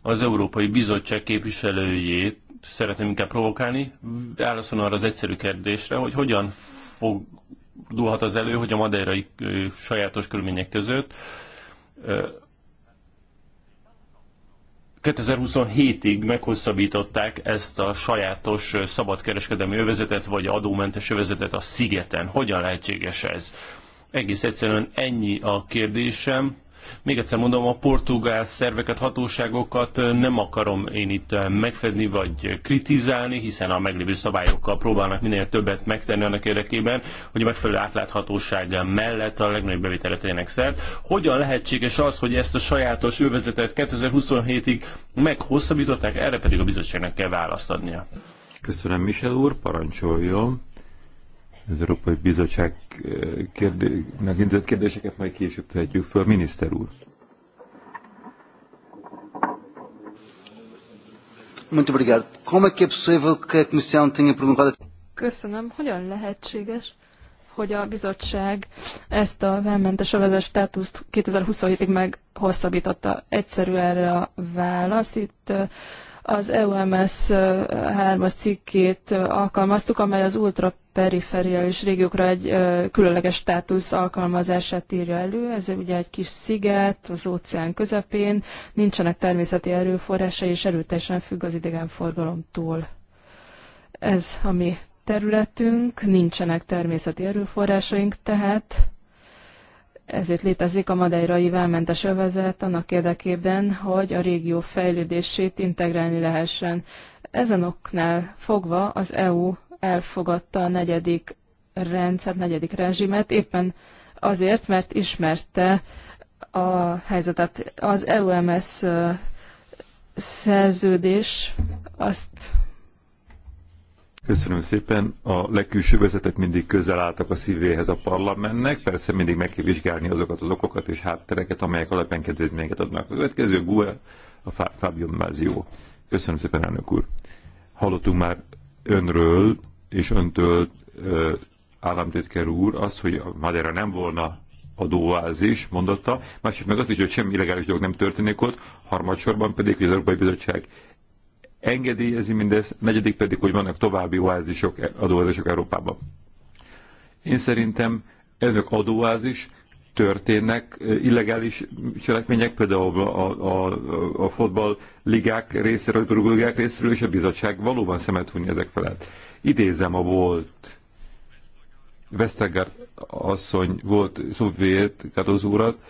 S2: Az Európai Bizottság képviselőjét szeretném inkább provokálni, válaszolni arra az egyszerű kérdésre, hogy hogyan fordulhat az elő, hogy a madeirai sajátos körülmények között 2027-ig meghosszabbították ezt a sajátos szabadkereskedelmi övezetet, vagy adómentes övezetet a szigeten. Hogyan lehetséges ez? Egész egyszerűen ennyi a kérdésem. Még egyszer mondom, a portugál szerveket, hatóságokat nem akarom én itt megfedni vagy kritizálni, hiszen a meglévő szabályokkal próbálnak minél többet megtenni annak érdekében, hogy a megfelelő átláthatóság mellett a legnagyobb bevételre tegyenek szert. Hogyan lehetséges az, hogy ezt a sajátos övezetet 2027-ig meghosszabbították, erre pedig a bizottságnak kell választ
S1: adnia. Köszönöm, Michel úr, parancsoljon az Európai Bizottság eh, kérdé... intézett kérdéseket majd később tehetjük föl. Miniszter úr. Muito obrigado. Como é que é possível que a Comissão tenha prolongado...
S3: Köszönöm. Hogyan lehetséges, hogy a bizottság ezt a vámmentes övezet státuszt 2027-ig meghosszabbította? Egyszerű erre a válasz. Itt eh, az EUMS 3-as eh, cikkét eh, alkalmaztuk, amely az ultraperiferiális régiókra egy eh, különleges státusz alkalmazását írja elő. Ez ugye egy kis sziget az óceán közepén, nincsenek természeti erőforrásai, és erőteljesen függ az idegenforgalomtól. Ez a mi területünk, nincsenek természeti erőforrásaink, tehát ezért létezik a madeirai vámmentes övezet annak érdekében, hogy a régió fejlődését integrálni lehessen. Ezen oknál fogva az EU elfogadta a negyedik rendszer, negyedik rezsimet, éppen azért, mert ismerte a helyzetet. Az EUMS szerződés azt
S1: Köszönöm szépen. A legkülső vezetek mindig közel álltak a szívéhez a parlamentnek, persze mindig meg kell vizsgálni azokat az okokat és háttereket, amelyek alapján kedvezményeket adnak. A következő GUE a Fábio Mázió. Köszönöm szépen, elnök úr. Hallottunk már önről és öntől ö, államtitkár úr azt, hogy a Madeira nem volna adóázis, mondotta, másik meg az is, hogy semmi illegális dolog nem történik ott, harmadsorban pedig, hogy az Európai Bizottság engedélyezi mindezt, negyedik pedig, hogy vannak további oázisok, adóázisok Európában. Én szerintem önök adóázis, történnek illegális cselekmények, például a, a, a fotball ligák részéről, a ligák részéről, és a bizottság valóban szemet hunni ezek felett. Idézem a volt Westergaard asszony volt szovjet Katoz urat,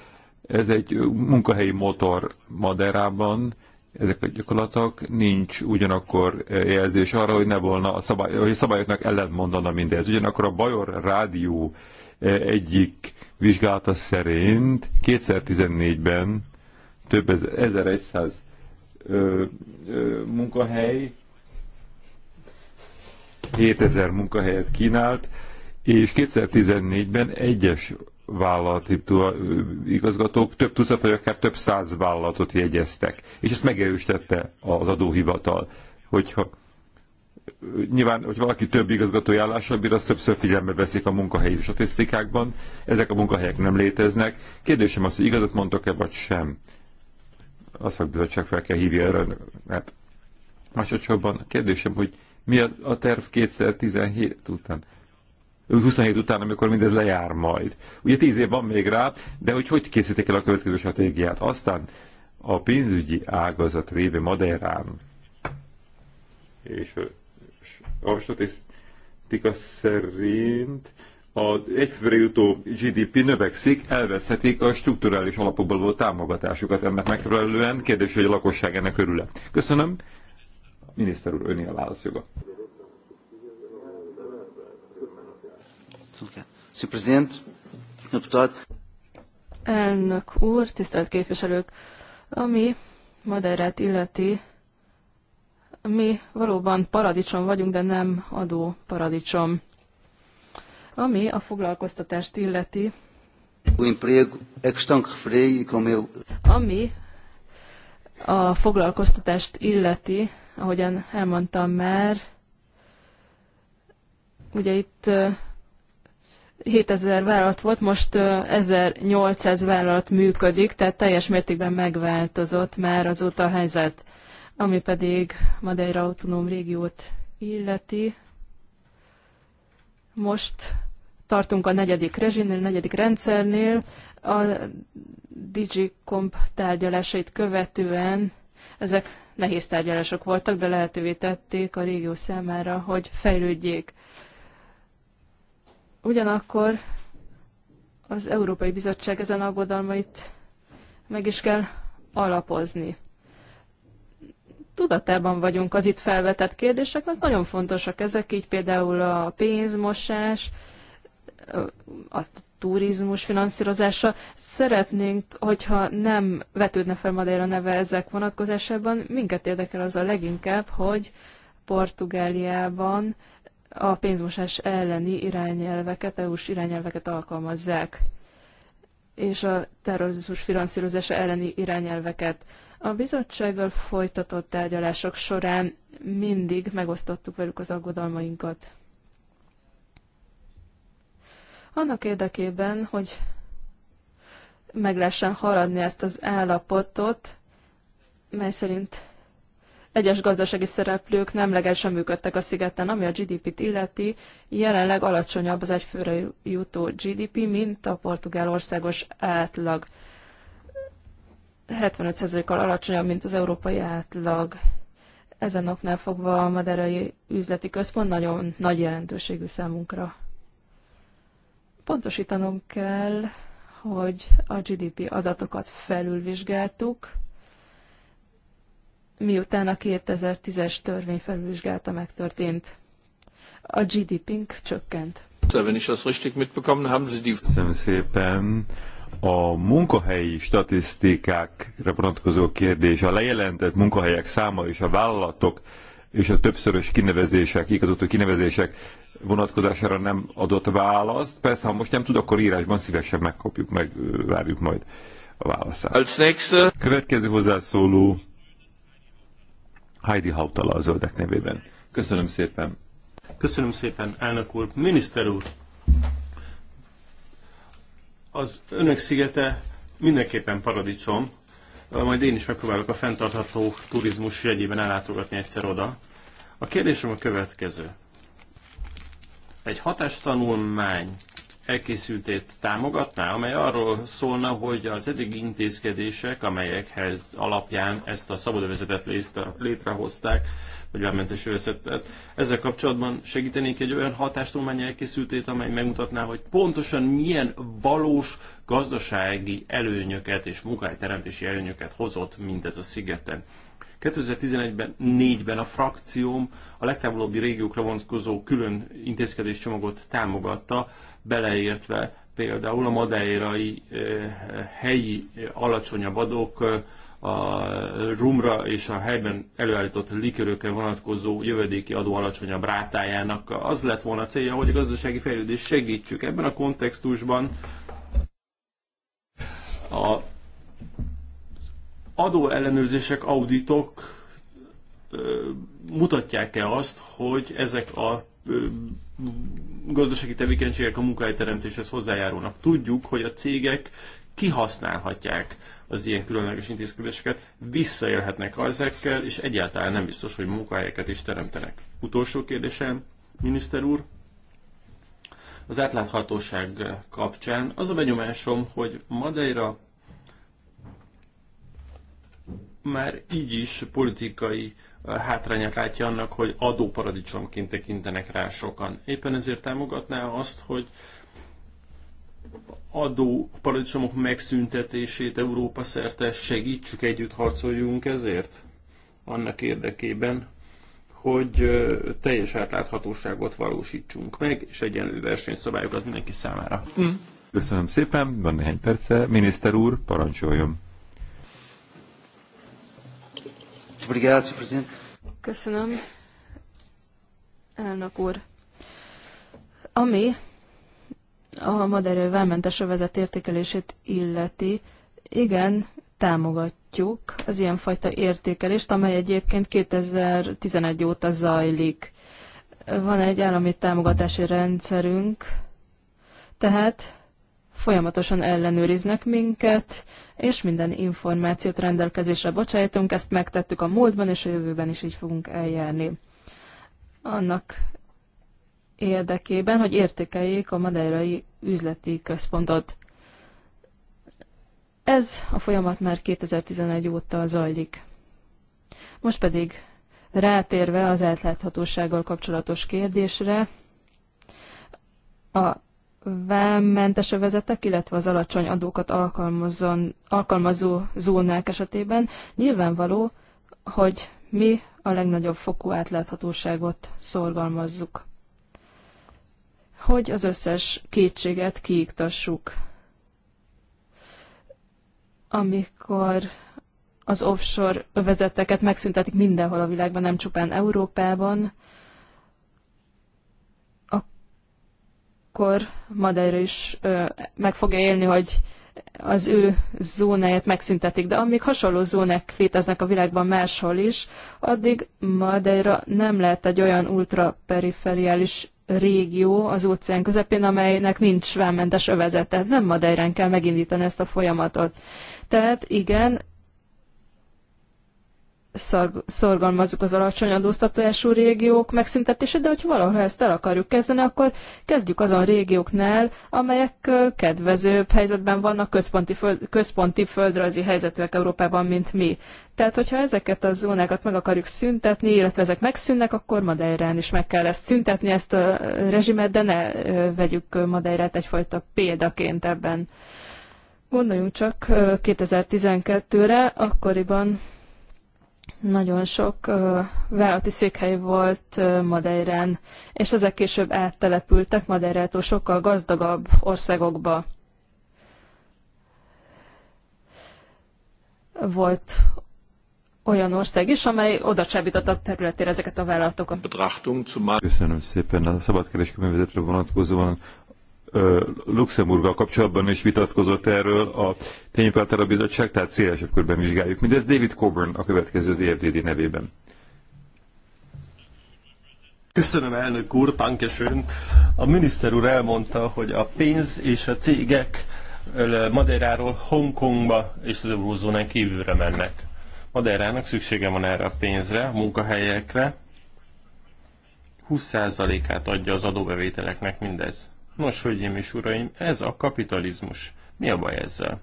S1: ez egy munkahelyi motor Maderában, ezek a gyakorlatok, nincs ugyanakkor eh, jelzés arra, hogy ne volna a, szabály, hogy a szabályoknak ellent mondana mindez. Ugyanakkor a Bajor Rádió eh, egyik vizsgálata szerint 2014-ben több ez, 1100 ö, ö, munkahely 7000 munkahelyet kínált, és 2014-ben egyes vállalati igazgatók több tucat vagy akár több száz vállalatot jegyeztek. És ezt megerősítette az adóhivatal, hogyha nyilván, hogy valaki több igazgatói állással bír, az többször figyelme veszik a munkahelyi statisztikákban. Ezek a munkahelyek nem léteznek. Kérdésem az, hogy igazat mondtok-e, vagy sem. A szakbizottság fel kell hívja erre. Hát, másodszorban kérdésem, hogy mi a, a terv 2017 után? 27 után, amikor mindez lejár majd. Ugye 10 év van még rá, de hogy hogy készítik el a következő stratégiát? Aztán a pénzügyi ágazat révén Madeirán és a statisztika szerint a egyfőre jutó GDP növekszik, elveszhetik a strukturális alapokból volt támogatásukat ennek megfelelően. Kérdés, hogy a lakosság ennek örül -e. Köszönöm. Miniszter úr, önél a válaszjoga. Sr. Presidente, deputado.
S3: Elnök úr, tisztelt képviselők, ami Madeirát illeti, mi valóban paradicsom vagyunk, de nem adó paradicsom. Ami a foglalkoztatást illeti,
S4: e
S3: ami a foglalkoztatást illeti, ahogyan elmondtam már, ugye itt 7000 vállalat volt, most 1800 vállalat működik, tehát teljes mértékben megváltozott már azóta a helyzet. Ami pedig Madeira Autonóm Régiót illeti, most tartunk a negyedik rezsinél, a negyedik rendszernél, a DigiComp tárgyalásait követően ezek nehéz tárgyalások voltak, de lehetővé tették a régió számára, hogy fejlődjék. Ugyanakkor az Európai Bizottság ezen aggodalmait meg is kell alapozni. Tudatában vagyunk az itt felvetett kérdéseknek, nagyon fontosak ezek, így például a pénzmosás, a turizmus finanszírozása. Szeretnénk, hogyha nem vetődne fel Madeira neve ezek vonatkozásában, minket érdekel az a leginkább, hogy Portugáliában a pénzmosás elleni irányelveket, EU-s irányelveket alkalmazzák, és a terrorizmus finanszírozása elleni irányelveket. A bizottsággal folytatott tárgyalások során mindig megosztottuk velük az aggodalmainkat. Annak érdekében, hogy meg lehessen haladni ezt az állapotot, mely szerint egyes gazdasági szereplők nem legesen működtek a szigeten, ami a GDP-t illeti, jelenleg alacsonyabb az egyfőre jutó GDP, mint a portugál országos átlag. 75%-kal alacsonyabb, mint az európai átlag. Ezen oknál fogva a Maderai Üzleti Központ nagyon nagy jelentőségű számunkra. Pontosítanom kell, hogy a GDP adatokat felülvizsgáltuk, miután a 2010-es törvény felülvizsgálta, megtörtént. A gdp ink csökkent.
S1: Köszönöm szépen. A munkahelyi statisztikákra vonatkozó kérdés, a lejelentett munkahelyek száma és a vállalatok és a többszörös kinevezések, igazoltó kinevezések vonatkozására nem adott választ. Persze, ha most nem tud, akkor írásban szívesen megkapjuk, megvárjuk majd a válaszát. Következő hozzászóló Heidi Hautala a zöldek nevében. Köszönöm szépen.
S2: Köszönöm szépen, elnök úr. Miniszter úr, az önök szigete mindenképpen paradicsom, majd én is megpróbálok a fenntartható turizmus jegyében ellátogatni egyszer oda. A kérdésem a következő. Egy hatástanulmány elkészültét támogatná, amely arról szólna, hogy az eddigi intézkedések, amelyekhez alapján ezt a szabadövezetet létrehozták, vagy vámmentes övezetet, ezzel kapcsolatban segítenék egy olyan hatástudomány elkészültét, amely megmutatná, hogy pontosan milyen valós gazdasági előnyöket és munkahelyteremtési előnyöket hozott mindez a szigeten. 2011-ben, 4-ben a frakcióm a legtávolabbi régiókra vonatkozó külön intézkedéscsomagot támogatta, beleértve például a madeirai eh, helyi eh, alacsonyabb adók, eh, a rumra és a helyben előállított likörökre vonatkozó jövedéki adó alacsonyabb rátájának az lett volna a célja, hogy a gazdasági fejlődést segítsük. Ebben a kontextusban a adóellenőrzések, auditok mutatják-e azt, hogy ezek a gazdasági tevékenységek a munkahelyteremtéshez hozzájárulnak. Tudjuk, hogy a cégek kihasználhatják az ilyen különleges intézkedéseket, visszaélhetnek ezekkel, és egyáltalán nem biztos, hogy munkahelyeket is teremtenek. Utolsó kérdésem, miniszter úr, az átláthatóság kapcsán az a benyomásom, hogy Madeira már így is politikai hátrányát látja annak, hogy adóparadicsomként tekintenek rá sokan. Éppen ezért támogatná azt, hogy adóparadicsomok megszüntetését Európa szerte segítsük, együtt harcoljunk ezért? Annak érdekében, hogy teljes átláthatóságot valósítsunk meg, és egyenlő versenyszabályokat mindenki számára.
S3: Mm.
S1: Köszönöm szépen, van néhány perce. Miniszter úr, parancsoljon!
S3: Köszönöm, elnök úr. Ami a maderő vámmentes övezet értékelését illeti, igen, támogatjuk az ilyenfajta értékelést, amely egyébként 2011 óta zajlik. Van egy állami támogatási rendszerünk, tehát folyamatosan ellenőriznek minket, és minden információt rendelkezésre bocsájtunk, ezt megtettük a múltban, és a jövőben is így fogunk eljárni. Annak érdekében, hogy értékeljék a madeirai üzleti központot. Ez a folyamat már 2011 óta zajlik. Most pedig rátérve az átláthatósággal kapcsolatos kérdésre, a vámmentes övezetek, illetve az alacsony adókat alkalmazzon, alkalmazó zónák esetében nyilvánvaló, hogy mi a legnagyobb fokú átláthatóságot szorgalmazzuk. Hogy az összes kétséget kiiktassuk. Amikor az offshore övezeteket megszüntetik mindenhol a világban, nem csupán Európában, akkor Madeira is meg fogja élni, hogy az ő zónáját megszüntetik, de amíg hasonló zónák léteznek a világban máshol is, addig Madeira nem lehet egy olyan ultraperiferiális régió az óceán közepén, amelynek nincs vámmentes övezete. Nem Madeirán kell megindítani ezt a folyamatot. Tehát igen, szorgalmazzuk az alacsony adóztatású régiók megszüntetését, de hogyha valaha ezt el akarjuk kezdeni, akkor kezdjük azon régióknál, amelyek kedvezőbb helyzetben vannak központi, föld, központi földrajzi helyzetűek Európában, mint mi. Tehát, hogyha ezeket a zónákat meg akarjuk szüntetni, illetve ezek megszűnnek, akkor Madeirán is meg kell ezt szüntetni, ezt a rezsimet, de ne vegyük Madeirát egyfajta példaként ebben. Gondoljunk csak 2012-re, akkoriban nagyon sok uh, vállalati székhely volt uh, Madeirán, és ezek később áttelepültek Madeirától sokkal gazdagabb országokba. Volt olyan ország is, amely oda csábította területére ezeket a vállalatokat.
S1: Köszönöm szépen. A szabadkereskedelmi vezetőre vonatkozóan Luxemburggal kapcsolatban is vitatkozott erről a Tényfeltára Bizottság, tehát szélesebb körben vizsgáljuk. Mindez David Coburn a következő az EFDD nevében.
S2: Köszönöm, elnök úr, tankesőn. A miniszter úr elmondta, hogy a pénz és a cégek Madeiráról Hongkongba és az eurózónán kívülre mennek. Madeirának szüksége van erre a pénzre, a munkahelyekre. 20%-át adja az adóbevételeknek mindez. Nos, hölgyeim és uraim, ez a kapitalizmus. Mi a baj ezzel?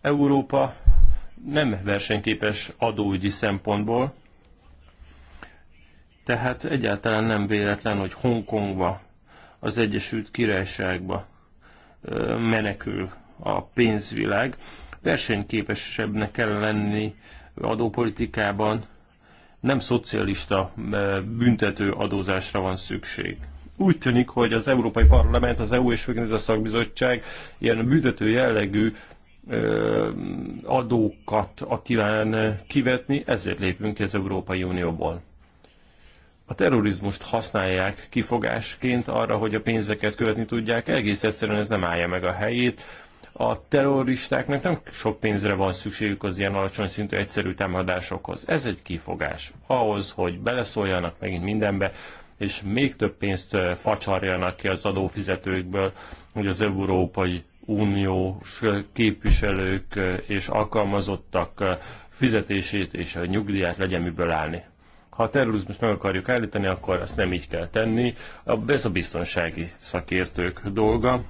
S2: Európa nem versenyképes adóügyi szempontból, tehát egyáltalán nem véletlen, hogy Hongkongba, az Egyesült Királyságba menekül a pénzvilág. Versenyképesebbnek kell lenni adópolitikában, nem szocialista eh, büntető adózásra van szükség. Úgy tűnik, hogy az Európai Parlament, az EU és főként a szakbizottság ilyen büntető jellegű eh, adókat kíván eh, kivetni, ezért lépünk ki az Európai Unióból. A terrorizmust használják kifogásként arra, hogy a pénzeket követni tudják, egész egyszerűen ez nem állja meg a helyét a terroristáknak nem sok pénzre van szükségük az ilyen alacsony szintű egyszerű támadásokhoz. Ez egy kifogás. Ahhoz, hogy beleszóljanak megint mindenbe, és még több pénzt facsarjanak ki az adófizetőkből, hogy az Európai Uniós képviselők és alkalmazottak fizetését és a nyugdíját legyen miből állni. Ha a terrorizmust meg akarjuk állítani, akkor azt nem így kell tenni. Ez a biztonsági szakértők dolga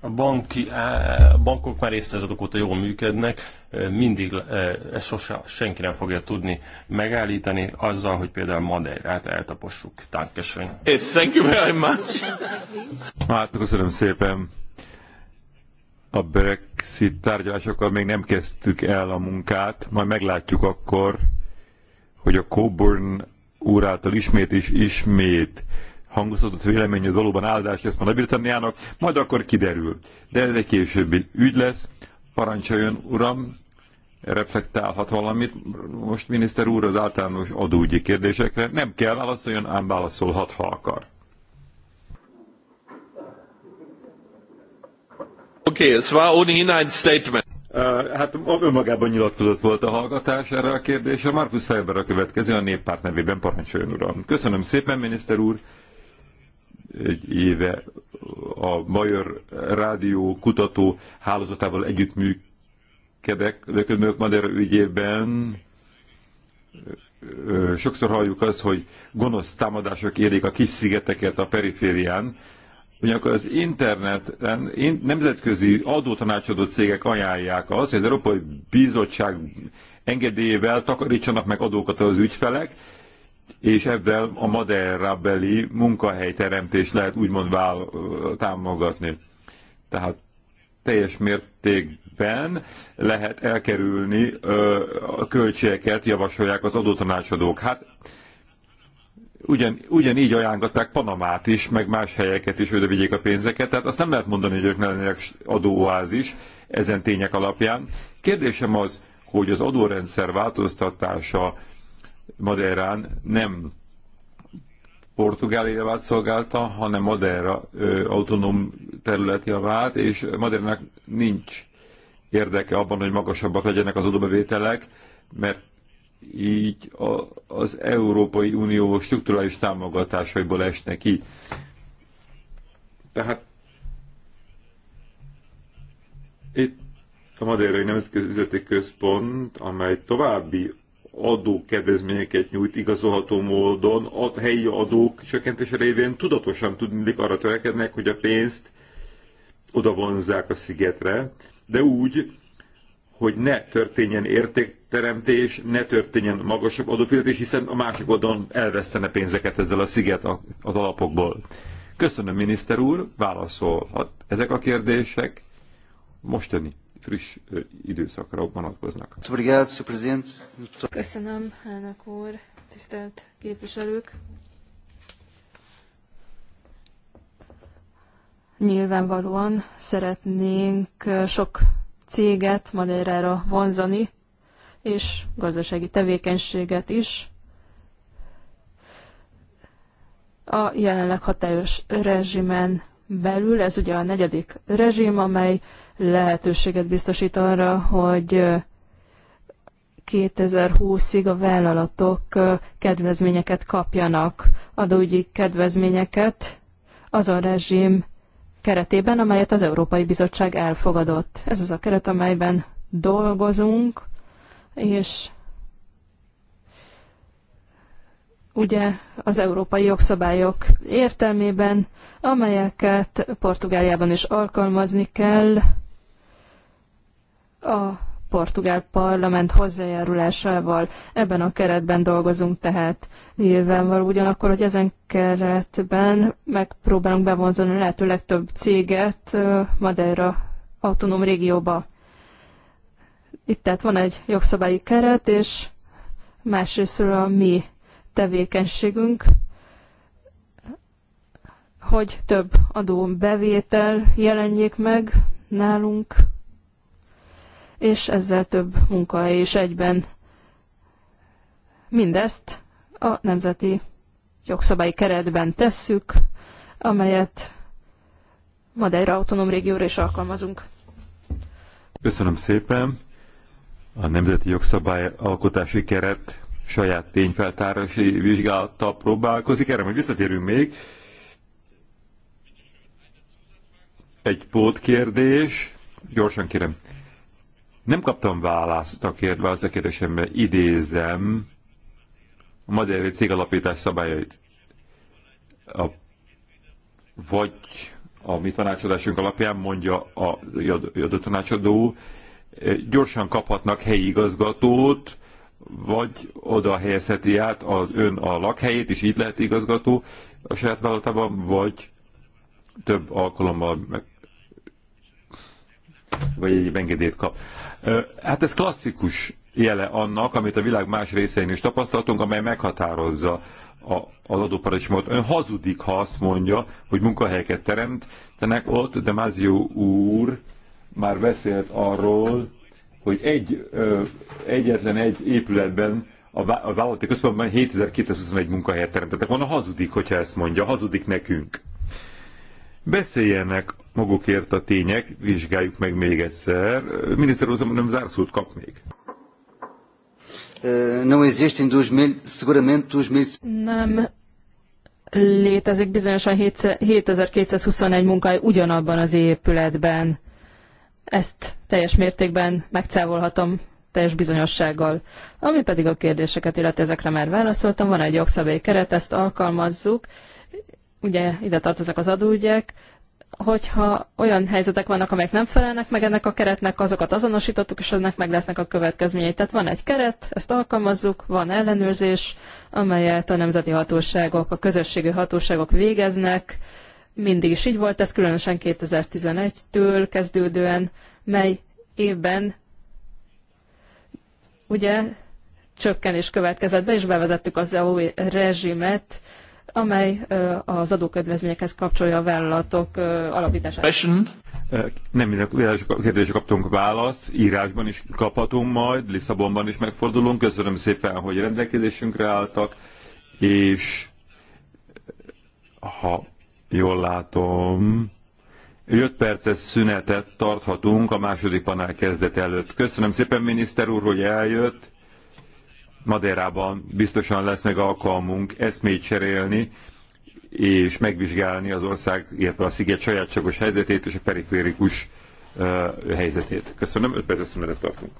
S2: A banki, a bankok már évszázadok óta jól működnek, mindig ezt sose senki nem fogja tudni megállítani, azzal, hogy például Madeirát
S1: eltapossuk. Tánkesen. Thank you very much. Hát, köszönöm szépen. A Brexit tárgyalásokkal még nem kezdtük el a munkát, majd meglátjuk akkor, hogy a Coburn úr által ismét és ismét hangoztatott vélemény, az valóban áldás lesz a Nagy-Britanniának, majd akkor kiderül. De ez egy későbbi ügy lesz. Parancsoljon, uram, reflektálhat valamit most miniszter úr az általános adóügyi kérdésekre. Nem kell válaszoljon, ám válaszolhat, ha akar. Oké, okay, ez war ohnehin ein statement. Uh, hát önmagában nyilatkozott volt a hallgatás erre a kérdésre. Markus Felber a következő a néppárt nevében parancsoljon uram. Köszönöm szépen, miniszter úr egy éve a Major Rádió kutató hálózatával együttműködek, de közben Madera ügyében sokszor halljuk azt, hogy gonosz támadások érik a kis szigeteket a periférián, Ugyanakkor az interneten nemzetközi adótanácsadó cégek ajánlják azt, hogy az Európai Bizottság engedélyével takarítsanak meg adókat az ügyfelek, és ebben a Madeira-beli munkahelyteremtés lehet úgymond vál, támogatni. Tehát teljes mértékben lehet elkerülni ö, a költségeket, javasolják az adótanácsadók. Hát ugyan, ugyanígy ajánlották Panamát is, meg más helyeket is, hogy vigyék a pénzeket, tehát azt nem lehet mondani, hogy ők ne lennének adóoázis ezen tények alapján. Kérdésem az, hogy az adórendszer változtatása Madeirán nem Portugál javát szolgálta, hanem Madeira ö, autonóm terület javát, és Madeirának nincs érdeke abban, hogy magasabbak legyenek az adóbevételek, mert így a, az Európai Unió strukturális támogatásaiból esne ki. Tehát itt a Madeirai Nemzetközi Üzleti Központ, amely további adókedvezményeket nyújt igazolható módon, a helyi adók csökkentése révén tudatosan tud mindig arra törekednek, hogy a pénzt vonzzák a szigetre, de úgy, hogy ne történjen értékteremtés, ne történjen magasabb adófizetés, hiszen a másik oldalon elvesztene pénzeket ezzel a sziget az alapokból. Köszönöm, miniszter úr, válaszolhat ezek a kérdések. Mostani friss időszakra vonatkoznak.
S3: Köszönöm, elnök úr, tisztelt képviselők! Nyilvánvalóan szeretnénk sok céget Madeirára vonzani, és gazdasági tevékenységet is. A jelenleg hatályos rezsimen belül. Ez ugye a negyedik rezsim, amely lehetőséget biztosít arra, hogy 2020-ig a vállalatok kedvezményeket kapjanak, adóügyi kedvezményeket az a rezsim keretében, amelyet az Európai Bizottság elfogadott. Ez az a keret, amelyben dolgozunk, és ugye az európai jogszabályok értelmében, amelyeket Portugáliában is alkalmazni kell a portugál parlament hozzájárulásával. Ebben a keretben dolgozunk tehát nyilvánvaló ugyanakkor, hogy ezen keretben megpróbálunk bevonzani a lehető legtöbb céget Madeira autonóm régióba. Itt tehát van egy jogszabályi keret, és másrésztről a mi tevékenységünk, hogy több adóbevétel jelenjék meg nálunk, és ezzel több munkahely is egyben. Mindezt a nemzeti jogszabályi keretben tesszük, amelyet Madeira Autonóm Régióra is alkalmazunk.
S1: Köszönöm szépen! A Nemzeti Jogszabály Alkotási Keret saját tényfeltárási vizsgálattal próbálkozik. Erre majd visszatérünk még. Egy pótkérdés. Gyorsan kérem. Nem kaptam választ a, kérd, választ a kérdésemre. Idézem a cég alapítás szabályait. A, vagy a mi tanácsadásunk alapján mondja a a a a tanácsadó, gyorsan kaphatnak helyi igazgatót, vagy oda helyezheti át az ön a lakhelyét, és így lehet igazgató a saját vállalatában, vagy több alkalommal meg, vagy egy engedélyt kap. Hát ez klasszikus jele annak, amit a világ más részein is tapasztaltunk, amely meghatározza a, az adóparadicsomot. Ön hazudik, ha azt mondja, hogy munkahelyeket teremtenek ott, de Mázió úr már beszélt arról, hogy egy, egyetlen egy épületben a vállalati központban 7221 munkahelyet teremtettek Van a Hazudik, hogyha ezt mondja, hazudik nekünk. Beszéljenek magukért a tények, vizsgáljuk meg még egyszer. Miniszter úr, nem zárszót kap még. Não existem seguramente Nem
S3: létezik bizonyosan 7221 munkahely ugyanabban az épületben. Ezt teljes mértékben megcávolhatom teljes bizonyossággal. Ami pedig a kérdéseket illeti, ezekre már válaszoltam, van egy jogszabály keret, ezt alkalmazzuk, ugye ide tartoznak az adóügyek, hogyha olyan helyzetek vannak, amelyek nem felelnek meg ennek a keretnek, azokat azonosítottuk, és ennek meg lesznek a következményei. Tehát van egy keret, ezt alkalmazzuk, van ellenőrzés, amelyet a nemzeti hatóságok, a közösségi hatóságok végeznek, mindig is így volt, ez különösen 2011-től kezdődően, mely évben ugye csökkenés következett be, és bevezettük az EU rezsimet, amely az adókedvezményekhez kapcsolja a vállalatok alapítását.
S1: Nem minden kérdésre kaptunk választ, írásban is kaphatunk majd, Lisszabonban is megfordulunk. Köszönöm szépen, hogy rendelkezésünkre álltak, és ha jól látom, 5 perces szünetet tarthatunk a második panel kezdet előtt. Köszönöm szépen, miniszter úr, hogy eljött. Madérában. biztosan lesz meg alkalmunk eszmét cserélni, és megvizsgálni az ország, illetve a sziget sajátságos helyzetét és a periférikus uh, helyzetét. Köszönöm, 5 perces szünetet tartunk.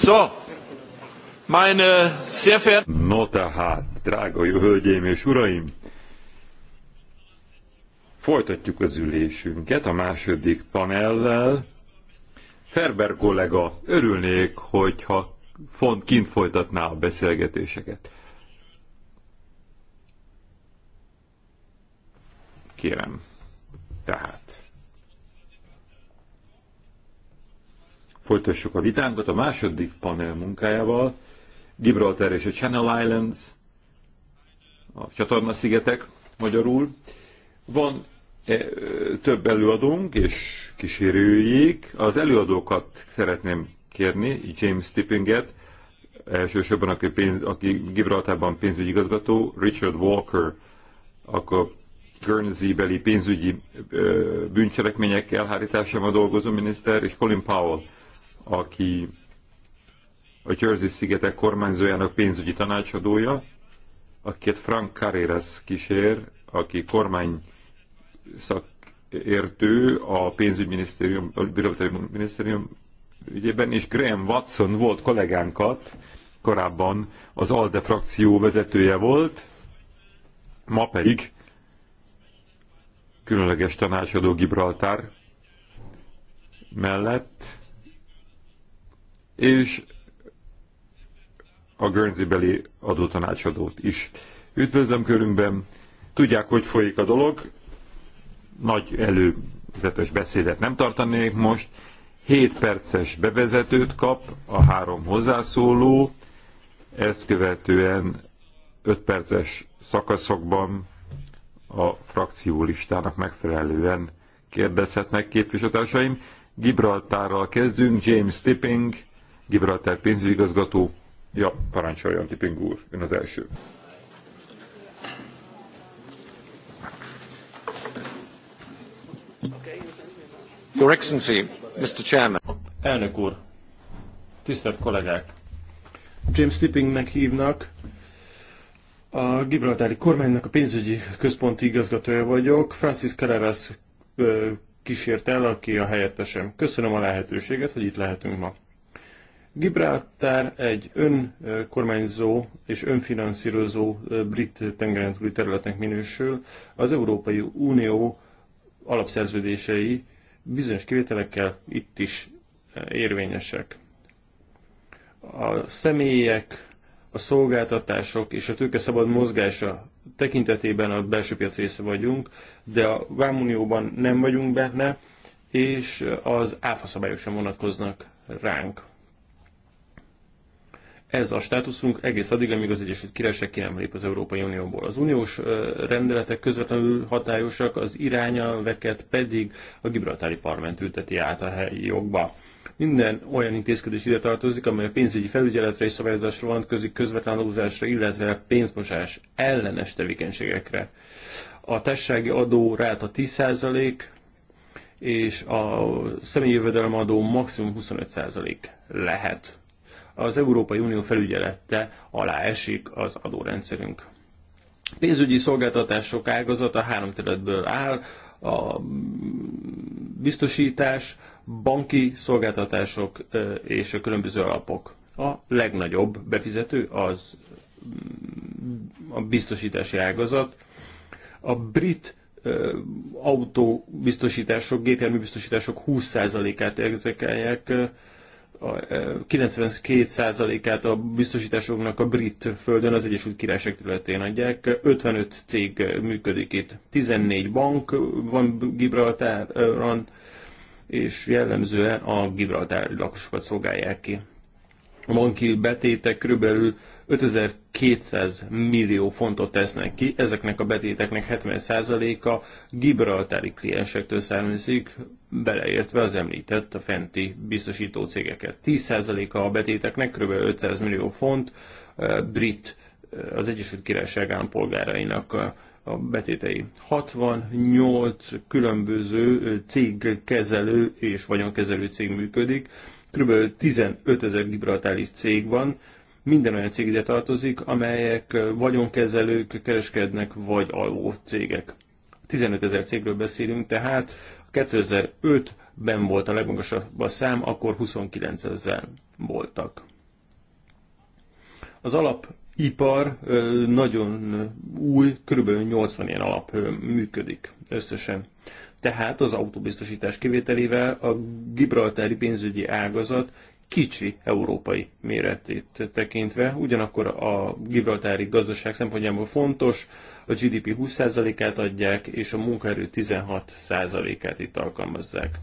S1: So, meine sehr verehrten... No tehát, drága jó hölgyeim és uraim, folytatjuk az ülésünket a második panellel. Ferber kollega, örülnék, hogyha font kint folytatná a beszélgetéseket. Folytassuk a vitánkat a második panel munkájával. Gibraltar és a Channel Islands, a csatorna-szigetek magyarul. Van e, több előadónk és kísérőjék. Az előadókat szeretném kérni, James Tippinget, elsősorban aki, pénz, aki Gibraltárban pénzügyi igazgató, Richard Walker, akkor Guernsey-beli pénzügyi bűncselekmények elhárításában dolgozó miniszter, és Colin Powell, aki a Jersey-szigetek kormányzójának pénzügyi tanácsadója, akit Frank Carreras kísér, aki kormány szakértő a pénzügyminisztérium, a minisztérium ügyében, és Graham Watson volt kollégánkat, korábban az ALDE frakció vezetője volt, ma pedig különleges tanácsadó Gibraltár mellett és a Guernsey-beli adótanácsadót is. Üdvözlöm körünkben, tudják, hogy folyik a dolog, nagy előzetes beszédet nem tartanék most, 7 perces bevezetőt kap a három hozzászóló, ezt követően 5 perces szakaszokban a frakciólistának megfelelően kérdezhetnek képviselőtársaim. Gibraltárral kezdünk, James Tipping, Gibraltár pénzügyigazgató. Ja, parancsoljon, Tipping úr, ön az első.
S2: Your Excellency, Mr. Chairman. Elnök úr, tisztelt kollégák! James Tippingnek hívnak, a Gibraltári kormánynak a pénzügyi központi igazgatója vagyok. Francis Carreras kísért el, aki a helyettesem. Köszönöm a lehetőséget, hogy itt lehetünk ma. Gibraltár egy önkormányzó és önfinanszírozó brit tengeren túli területnek minősül. Az Európai Unió alapszerződései bizonyos kivételekkel itt is érvényesek. A személyek, a szolgáltatások és a tőke szabad mozgása tekintetében a belső piac része vagyunk, de a Vámunióban nem vagyunk benne, és az áfa szabályok sem vonatkoznak ránk ez a státuszunk egész addig, amíg az Egyesült Királyság ki nem lép az Európai Unióból. Az uniós rendeletek közvetlenül hatályosak, az irányelveket pedig a Gibraltári Parlament ülteti át a helyi jogba. Minden olyan intézkedés ide tartozik, amely a pénzügyi felügyeletre és szabályozásra vonatkozik, közvetlen adózásra, illetve pénzmosás ellenes tevékenységekre. A tessági adó ráta 10%, és a személyi jövedelemadó maximum 25% lehet az Európai Unió felügyelette alá esik az adórendszerünk. Pénzügyi szolgáltatások ágazata három területből áll, a biztosítás, banki szolgáltatások és a különböző alapok. A legnagyobb befizető az mm, a biztosítási ágazat. A brit autóbiztosítások, gépjárműbiztosítások 20%-át érzékelják, 92%-át a e, biztosításoknak a brit földön, az Egyesült Királyság területén adják. 55 cég működik itt. 14 bank van Gibraltáron, és jellemzően a gibraltári lakosokat szolgálják ki. A banki betétek körülbelül 5200 millió fontot tesznek ki, ezeknek a betéteknek 70%-a gibraltári kliensektől származik, beleértve az említett a fenti biztosító cégeket. 10%-a a betéteknek, kb. 500 millió font brit, az Egyesült Királyság állampolgárainak a betétei. 68 különböző cégkezelő és vagyonkezelő cég működik, kb. 15 ezer gibraltális cég van, minden olyan cég ide tartozik, amelyek vagyonkezelők, kereskednek vagy alvó cégek. 15 ezer cégről beszélünk, tehát 2005-ben volt a legmagasabb a szám, akkor 29 ezer voltak. Az alapipar nagyon új, körülbelül 80 ilyen alap működik összesen. Tehát az autóbiztosítás kivételével a Gibraltári pénzügyi ágazat kicsi európai méretét tekintve. Ugyanakkor a gibraltári gazdaság szempontjából fontos, a GDP 20%-át adják, és a munkaerő 16%-át itt alkalmazzák.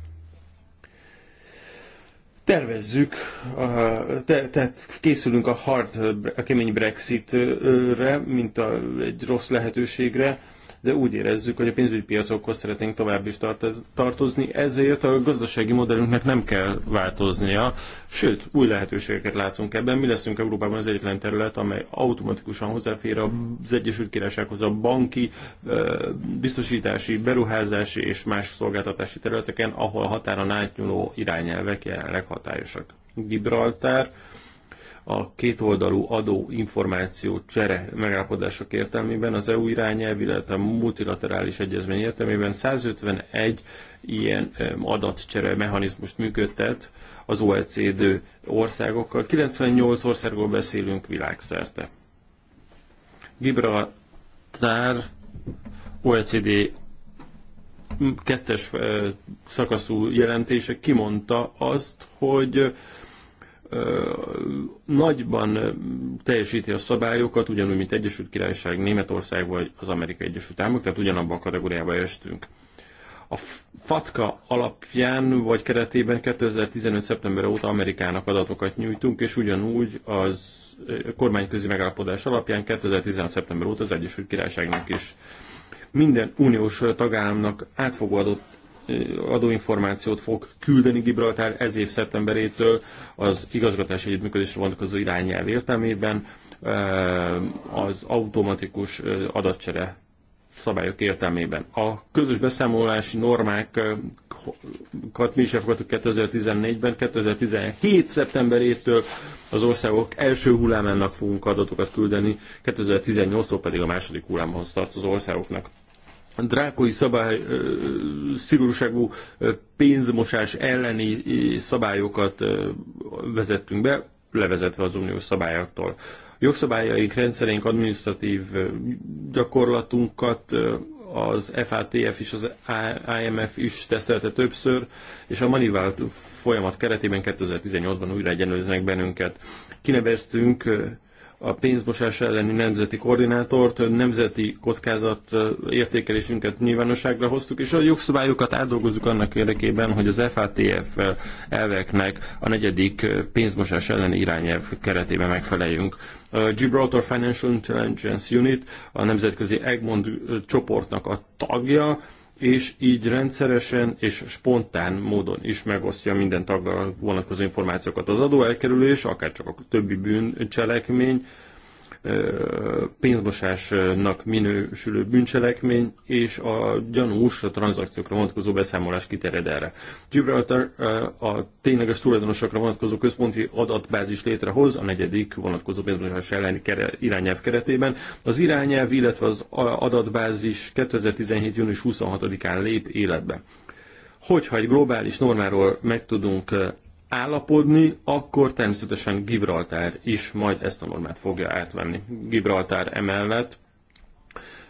S2: Tervezzük, tehát készülünk a hard, a kemény Brexitre, mint a, egy rossz lehetőségre de úgy érezzük, hogy a pénzügyi piacokhoz szeretnénk tovább is tartozni, ezért a gazdasági modellünknek nem kell változnia, sőt, új lehetőségeket látunk ebben. Mi leszünk Európában az egyetlen terület, amely automatikusan hozzáfér az Egyesült Királysághoz a banki, biztosítási, beruházási és más szolgáltatási területeken, ahol határon átnyúló irányelvek jelenleg hatályosak. Gibraltár a kétoldalú adó információ csere megállapodások értelmében, az EU irányelv, illetve a multilaterális egyezmény értelmében 151 ilyen adatcsere mechanizmust működtet az OECD országokkal. 98 országról beszélünk világszerte. Gibraltar OECD kettes eh, szakaszú jelentése kimondta azt, hogy nagyban teljesíti a szabályokat, ugyanúgy, mint Egyesült Királyság, Németország vagy az Amerikai Egyesült Államok, tehát ugyanabban a kategóriába estünk. A FATKA alapján vagy keretében 2015. szeptember óta Amerikának adatokat nyújtunk, és ugyanúgy az kormányközi megállapodás alapján 2016. szeptember óta az Egyesült Királyságnak is minden uniós tagállamnak átfogó adott adóinformációt fog küldeni Gibraltár ez év szeptemberétől az igazgatási együttműködésre vonatkozó irányelv értelmében az automatikus adatcsere szabályok értelmében. A közös beszámolási normákat mi is elfogadtuk 2014-ben, 2017. szeptemberétől az országok első hullámának fogunk adatokat küldeni, 2018-tól pedig a második hullámhoz tartozó országoknak drákoi szabály, szigorúságú pénzmosás elleni szabályokat vezettünk be, levezetve az uniós szabályoktól. Jogszabályaink, rendszerénk, adminisztratív gyakorlatunkat az FATF és az IMF is tesztelte többször, és a Manival folyamat keretében 2018-ban újra egyenlőznek bennünket. Kineveztünk a pénzmosás elleni nemzeti koordinátort, nemzeti kockázat értékelésünket nyilvánosságra hoztuk, és a jogszabályokat átdolgozzuk annak érdekében, hogy az FATF elveknek a negyedik pénzmosás elleni irányelv keretében megfeleljünk. A Gibraltar Financial Intelligence Unit a nemzetközi Egmond csoportnak a tagja, és így rendszeresen és spontán módon is megosztja minden taggal vonatkozó információkat. Az adó elkerülés, akár csak a többi bűncselekmény, pénzmosásnak minősülő bűncselekmény, és a gyanús a tranzakciókra vonatkozó beszámolás kitered erre. Gibraltar a tényleges tulajdonosokra vonatkozó központi adatbázis létrehoz a negyedik vonatkozó pénzmosás elleni irányelv keretében. Az irányelv, illetve az adatbázis 2017. június 26-án lép életbe hogyha egy globális normáról meg tudunk állapodni, akkor természetesen Gibraltár is majd ezt a normát fogja átvenni. Gibraltár emellett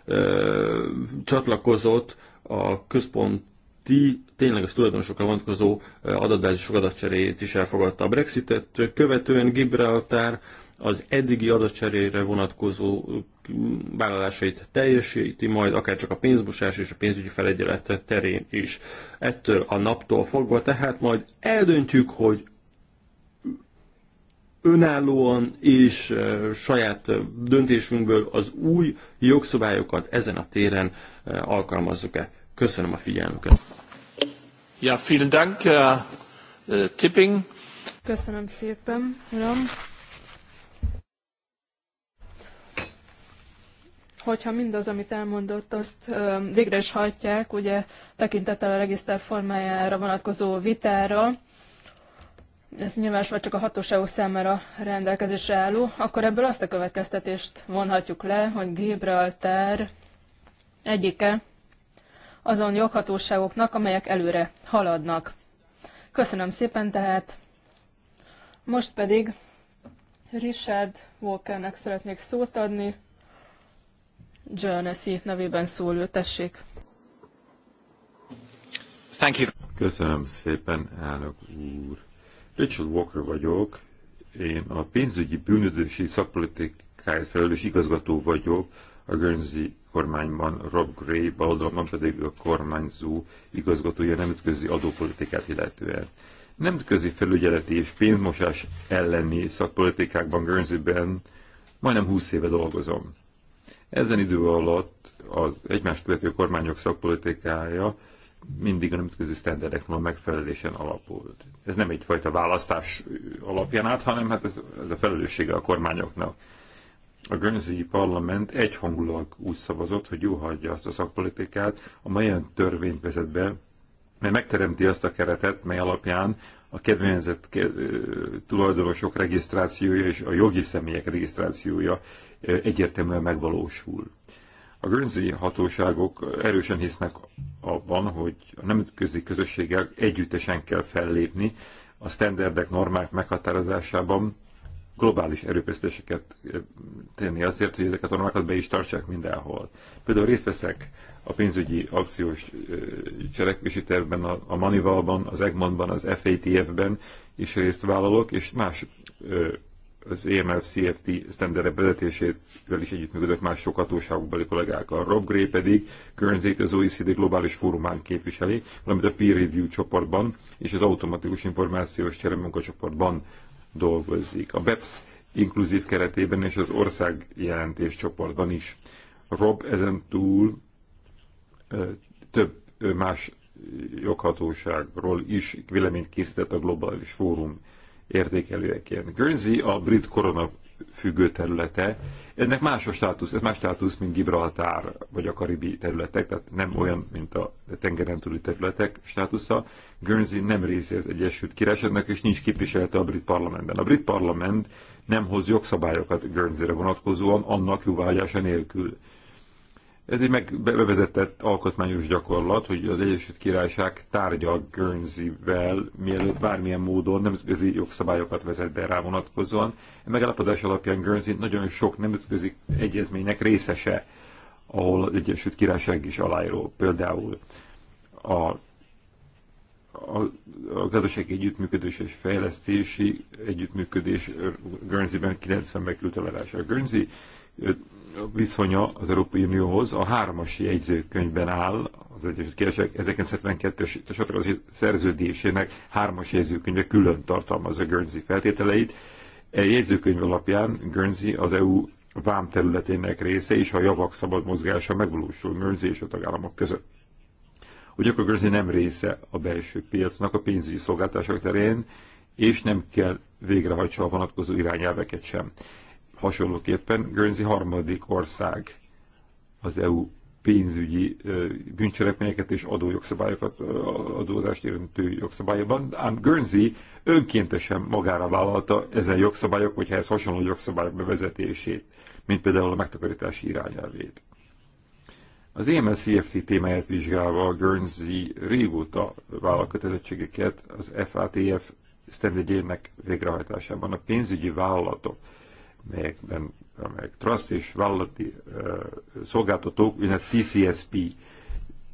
S2: ö, csatlakozott a központi tényleges tulajdonosokra vonatkozó adatbázisok adatcseréjét is elfogadta. A Brexitet követően Gibraltár az eddigi adatcserére vonatkozó vállalásait teljesíti majd, akár csak a pénzmosás és a pénzügyi felegyelet terén is. Ettől a naptól fogva, tehát majd eldöntjük, hogy önállóan és saját döntésünkből az új jogszabályokat ezen a téren alkalmazzuk-e. Köszönöm a figyelmüket. Ja, vielen Dank, äh, Tipping.
S3: Köszönöm szépen, Uram. hogyha mindaz, amit elmondott, azt végre is hajtják, ugye tekintettel a regiszter formájára vonatkozó vitára, ez nyilván vagy csak a hatóságok e számára rendelkezésre álló, akkor ebből azt a következtetést vonhatjuk le, hogy Gibraltár egyike azon joghatóságoknak, amelyek előre haladnak. Köszönöm szépen tehát. Most pedig Richard Walkernek szeretnék szót adni, Giannessi nevében szól tessék.
S1: Thank you. Köszönöm szépen, elnök úr. Richard Walker vagyok, én a pénzügyi bűnözési szakpolitikáért felelős igazgató vagyok a Guernsey kormányban, Rob Gray baloldalban pedig a kormányzó igazgatója nemzetközi adópolitikát illetően. Nemzetközi felügyeleti és pénzmosás elleni szakpolitikákban Guernseyben majdnem 20 éve dolgozom. Ezen idő alatt az egymást követő kormányok szakpolitikája mindig a nemzetközi sztenderdeknek a megfelelésen alapult. Ez nem egyfajta választás alapján állt, hanem hát ez, ez a felelőssége a kormányoknak. A Gönzi parlament egyhangulag úgy szavazott, hogy jó hagyja azt a szakpolitikát, amelyen törvényt vezet be, mely megteremti azt a keretet, mely alapján a kedvezett tulajdonosok regisztrációja és a jogi személyek regisztrációja egyértelműen megvalósul. A Guernsey hatóságok erősen hisznek abban, hogy a nemzetközi közösséggel együttesen kell fellépni a standardek, normák meghatározásában, globális erőfeszítéseket tenni azért, hogy ezeket a normákat be is tartsák mindenhol. Például részt veszek a pénzügyi akciós cselekvési tervben, a Manivalban, az Egmontban, az FATF-ben is részt vállalok, és más az EML CFT standardek vezetésével is együttműködött más sok hatóságokbeli kollégákkal. Rob Gray pedig környezét az OECD globális fórumán képviseli, valamint a peer review csoportban és az automatikus információs cseremunkacsoportban munkacsoportban dolgozik. A BEPS inkluzív keretében és az ország jelentés csoportban is. Rob ezen túl több más joghatóságról is véleményt készített a globális fórum értékelőek ilyen. Guernsey a brit korona függő területe, ennek más a státusz, ez más státusz, mint Gibraltár vagy a karibi területek, tehát nem olyan, mint a tengeren túli területek státusza. Guernsey nem része az Egyesült Királyságnak, és nincs képviselete a brit parlamentben. A brit parlament nem hoz jogszabályokat Guernseyre vonatkozóan, annak jóvágyása nélkül. Ez egy megbevezetett alkotmányos gyakorlat, hogy az Egyesült Királyság tárgyal Guernsey-vel, mielőtt bármilyen módon nemzetközi jogszabályokat vezet be rá vonatkozóan. A megállapodás alapján Guernsey nagyon sok nemzetközi egyezménynek részese, ahol az Egyesült Királyság is aláíró. Például a, a, a gazdasági együttműködés és fejlesztési együttműködés Guernsey-ben 90-ben A Guernsey viszonya az Európai Unióhoz a hármas jegyzőkönyvben áll, az Egyesült Királyság 1972-es csatlakozási szerződésének hármas jegyzőkönyve külön tartalmazza Guernsey feltételeit. E jegyzőkönyv alapján Guernsey az EU vám területének része és a javak szabad mozgása megvalósul Guernsey és a tagállamok között. Ugye, akkor Guernsey nem része a belső piacnak a pénzügyi szolgáltatások terén, és nem kell végrehajtsa a vonatkozó irányelveket sem. Hasonlóképpen Guernsey harmadik ország az EU pénzügyi bűncselekményeket és adójogszabályokat, adózást érintő jogszabályokban, ám Guernsey önkéntesen magára vállalta ezen jogszabályok, vagy ehhez hasonló jogszabályok bevezetését, mint például a megtakarítási irányelvét. Az CFT témáját vizsgálva a Guernsey régóta vállalkötelezettségeket az FATF standardjének végrehajtásában. A pénzügyi vállalatok melyekben amelyek trust és vállalati uh, szolgáltatók, illetve TCSP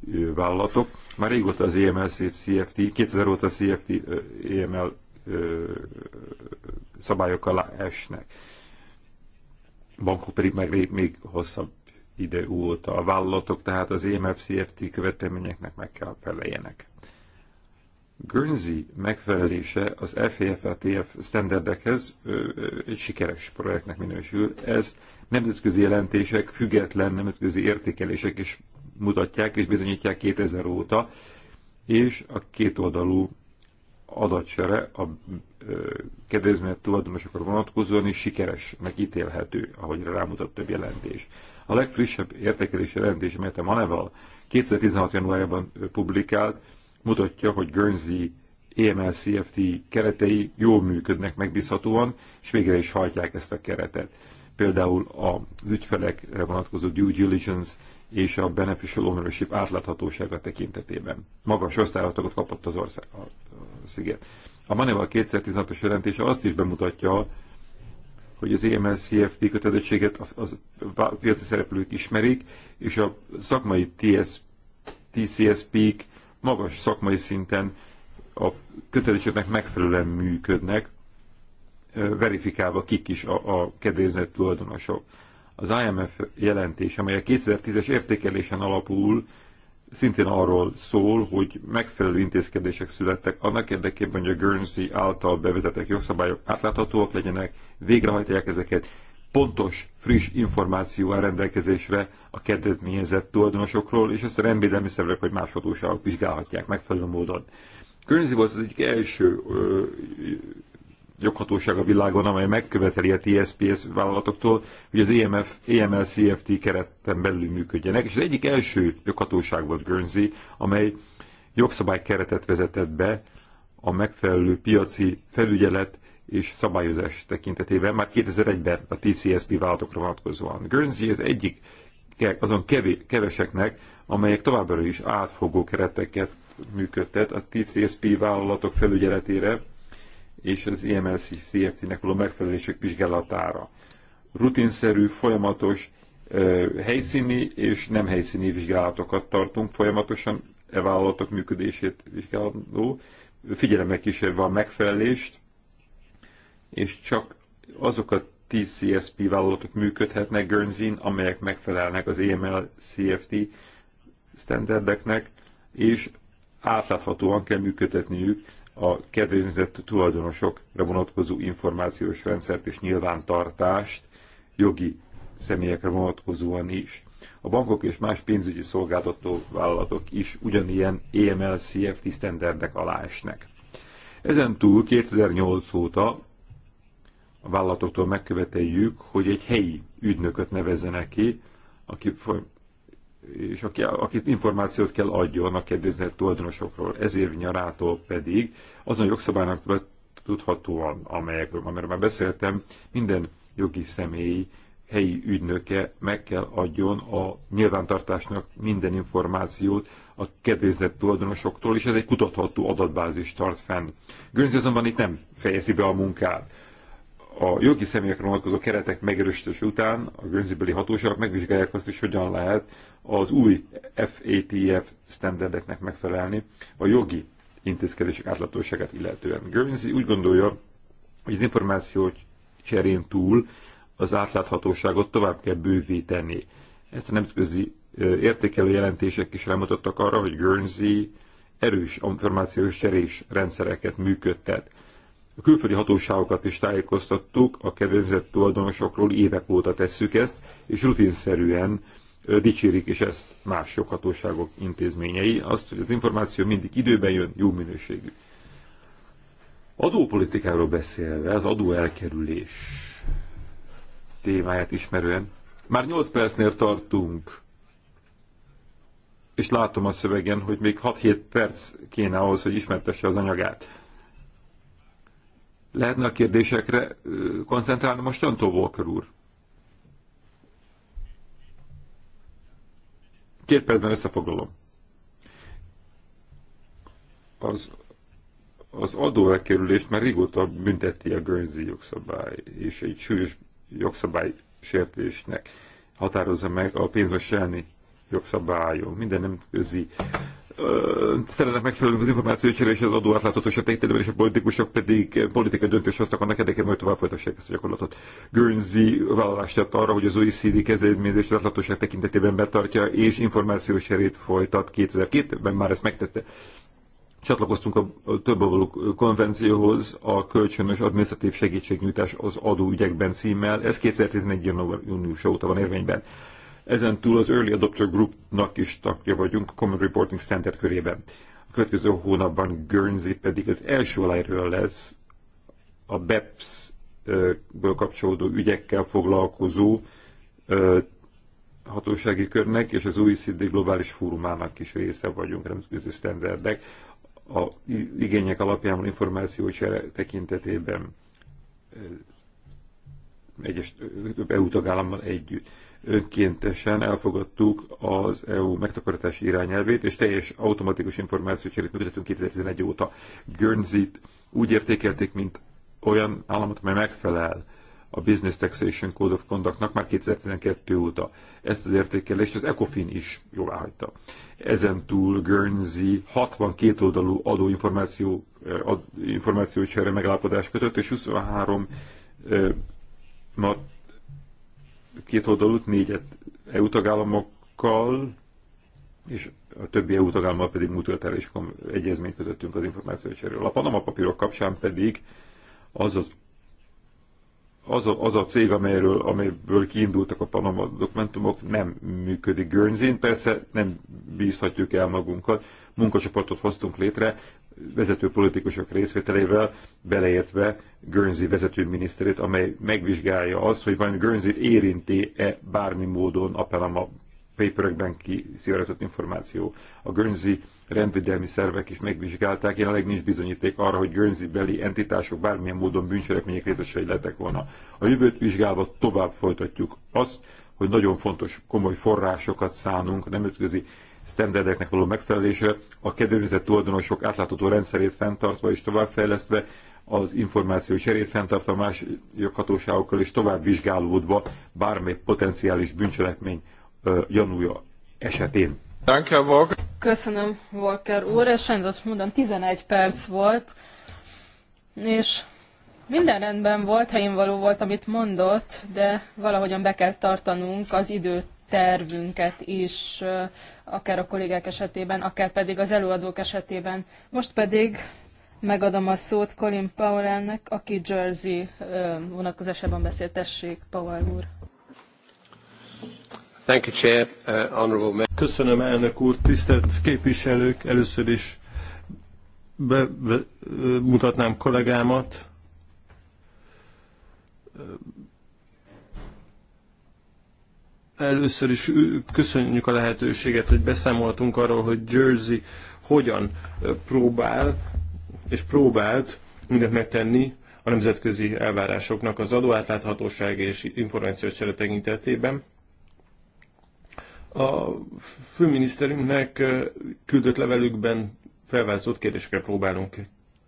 S1: uh, vállalatok. Már régóta az EML CFT, 2000 óta CFT uh, EML uh, szabályok alá esnek. Bankok pedig meg még hosszabb ide óta a vállalatok, tehát az EMF CFT követelményeknek meg kell feleljenek. Guernsey megfelelése az FATF standardekhez egy sikeres projektnek minősül. Ezt nemzetközi jelentések, független nemzetközi értékelések is mutatják és bizonyítják 2000 óta, és a kétoldalú adatsere a kedvezmények tulajdonosokra vonatkozóan is sikeresnek ítélhető, ahogy rámutat több jelentés. A legfrissebb értékelési jelentés, amelyet a Maneval 2016. januárjában publikált, mutatja, hogy Guernsey EMLCFT keretei jól működnek megbízhatóan, és végre is hajtják ezt a keretet. Például az ügyfelekre vonatkozó due diligence és a beneficial ownership átláthatósága tekintetében. Magas osztályatokat kapott az ország, a, a sziget. A Maneval 2016-os jelentése azt is bemutatja, hogy az EML-CFT kötelezettséget a piaci szereplők ismerik, és a szakmai TS, TCSP-k magas szakmai szinten a kötelezettségnek megfelelően működnek, verifikálva kik is a, a kedvezett tulajdonosok. Az IMF jelentés, amely a 2010-es értékelésen alapul, szintén arról szól, hogy megfelelő intézkedések születtek annak érdekében, hogy a Guernsey által bevezetett jogszabályok átláthatóak legyenek, végrehajtják ezeket, pontos, friss információ a rendelkezésre a kedvezményezett tulajdonosokról, és ezt a rendvédelmi szervek vagy más hatóságok vizsgálhatják megfelelő módon. volt az egyik első ö, joghatóság a világon, amely megköveteli a TSPS vállalatoktól, hogy az EMF, EML CFT kereten belül működjenek, és az egyik első joghatóság volt Guernsey, amely jogszabály keretet vezetett be a megfelelő piaci felügyelet és szabályozás tekintetében már 2001-ben a TCSP vállalatokra vonatkozóan. Guernsey az egyik azon kevés, keveseknek, amelyek továbbra is átfogó kereteket működtet a TCSP vállalatok felügyeletére és az EMLC CFC-nek való megfelelések vizsgálatára. Rutinszerű, folyamatos, helyszíni és nem helyszíni vizsgálatokat tartunk folyamatosan e vállalatok működését vizsgáló, figyelemmel kísérve a megfelelést, és csak azok a TCSP vállalatok működhetnek Guernsey-n, amelyek megfelelnek az EML CFT standardeknek, és átláthatóan kell működtetniük a kedvezményezett tulajdonosokra vonatkozó információs rendszert és nyilvántartást jogi személyekre vonatkozóan is. A bankok és más pénzügyi szolgáltató vállalatok is ugyanilyen EML CFT standardek alá esnek. Ezen túl 2008 óta a vállalatoktól megköveteljük, hogy egy helyi ügynököt nevezzenek ki, aki, és aki, akit információt kell adjon a kedvezett tulajdonosokról. Ez nyarától pedig azon jogszabálynak tudhatóan, amelyekről, amiről már beszéltem, minden jogi személy helyi ügynöke meg kell adjon a nyilvántartásnak minden információt a kedvezett tulajdonosoktól, és ez egy kutatható adatbázis tart fenn. Gönz azonban itt nem fejezi be a munkát a jogi személyekre vonatkozó keretek megerősítés után a gönzibeli hatóságok megvizsgálják azt is, hogyan lehet az új FATF standardeknek megfelelni a jogi intézkedések átlatóságát illetően. Gönzi úgy gondolja, hogy az információ cserén túl az átláthatóságot tovább kell bővíteni. Ezt a nemzetközi értékelő jelentések is rámutattak arra, hogy Guernsey erős információs cserés rendszereket működtet a külföldi hatóságokat is tájékoztattuk, a kedvezett tulajdonosokról évek óta tesszük ezt, és rutinszerűen dicsérik is ezt más hatóságok intézményei, azt, hogy az információ mindig időben jön, jó minőségű. Adópolitikáról beszélve, az adóelkerülés témáját ismerően, már 8 percnél tartunk, és látom a szövegen, hogy még 6-7 perc kéne ahhoz, hogy ismertesse az anyagát. Lehetne a kérdésekre koncentrálni most öntó Volker úr? Két percben összefoglalom. Az, az adóelkerülést már régóta bünteti a Gönzi jogszabály, és egy súlyos jogszabály sértésnek határozza meg a pénzmosálni jogszabályon. minden közi szeretnek megfelelni az információ és az adóátlátatosra tételében, és a politikusok pedig politikai döntés hoztak annak érdekében, hogy tovább folytassák ezt a gyakorlatot. Guernsey vállalást tett arra, hogy az OECD kezdeményezést átláthatóság tekintetében betartja, és információcserét folytat 2002-ben, már ezt megtette. Csatlakoztunk a több való konvencióhoz a kölcsönös adminisztratív segítségnyújtás az adóügyekben címmel. Ez 2011. január június óta van érvényben. Ezen túl az Early Adopter Groupnak is tagja vagyunk a Common Reporting Standard körében. A következő hónapban Guernsey pedig az első aláíról lesz a BEPS-ből kapcsolódó ügyekkel foglalkozó hatósági körnek és az OECD globális fórumának is része vagyunk, nemzetközi standardek, a igények alapján csere tekintetében egyes EU tagállammal együtt önkéntesen elfogadtuk az EU megtakarítási irányelvét, és teljes automatikus információcserét működtetünk 2011 óta. guernsey úgy értékelték, mint olyan államot, amely megfelel a Business Taxation Code of Conductnak már 2012 óta. Ezt az értékelést az ECOFIN is jóvá hagyta. Ezen túl Guernsey 62 oldalú adóinformáció eh, ad, információcsere megállapodás kötött, és 23 eh, ma két oldalút, négyet EU tagállamokkal, és a többi EU tagállammal pedig multilaterális egyezményt kötöttünk az információcseréről. A Panama papírok kapcsán pedig az az az a, az a cég, amelyről, amelyből kiindultak a Panama dokumentumok, nem működik Guernsey-n. Persze nem bízhatjuk el magunkat. Munkacsoportot hoztunk létre, vezető politikusok részvételével, beleértve Guernsey vezető miniszterét, amely megvizsgálja azt, hogy vajon guernsey érinti-e bármi módon Apelama paperekben kiszivárgott információ. A Guernsey rendvédelmi szervek is megvizsgálták, jelenleg nincs bizonyíték arra, hogy Guernsey beli entitások bármilyen módon bűncselekmények részesei lettek volna. A jövőt vizsgálva tovább folytatjuk azt, hogy nagyon fontos, komoly forrásokat szánunk a nemzetközi sztenderdeknek való megfelelése, a kedvezett tulajdonosok átlátható rendszerét fenntartva és továbbfejlesztve, az információ cserét fenntartva más joghatóságokkal és tovább vizsgálódva bármely potenciális bűncselekmény gyanúja esetén.
S3: Köszönöm, Walker úr, és sajnos mondom, 11 perc volt, és minden rendben volt, helyén való volt, amit mondott, de valahogyan be kell tartanunk az időt tervünket is, akár a kollégák esetében, akár pedig az előadók esetében. Most pedig megadom a szót Colin Powell-nek, aki Jersey vonatkozásában beszélt. Tessék, Powell úr.
S2: Thank you, Chair, uh, honorable Köszönöm, elnök úr, tisztelt képviselők, először is bemutatnám kollégámat, Először is köszönjük a lehetőséget, hogy beszámoltunk arról, hogy Jersey hogyan próbál és próbált mindent megtenni a nemzetközi elvárásoknak az adóátláthatóság és csere tekintetében. A főminiszterünknek küldött levelükben felvázolt kérdésekre próbálunk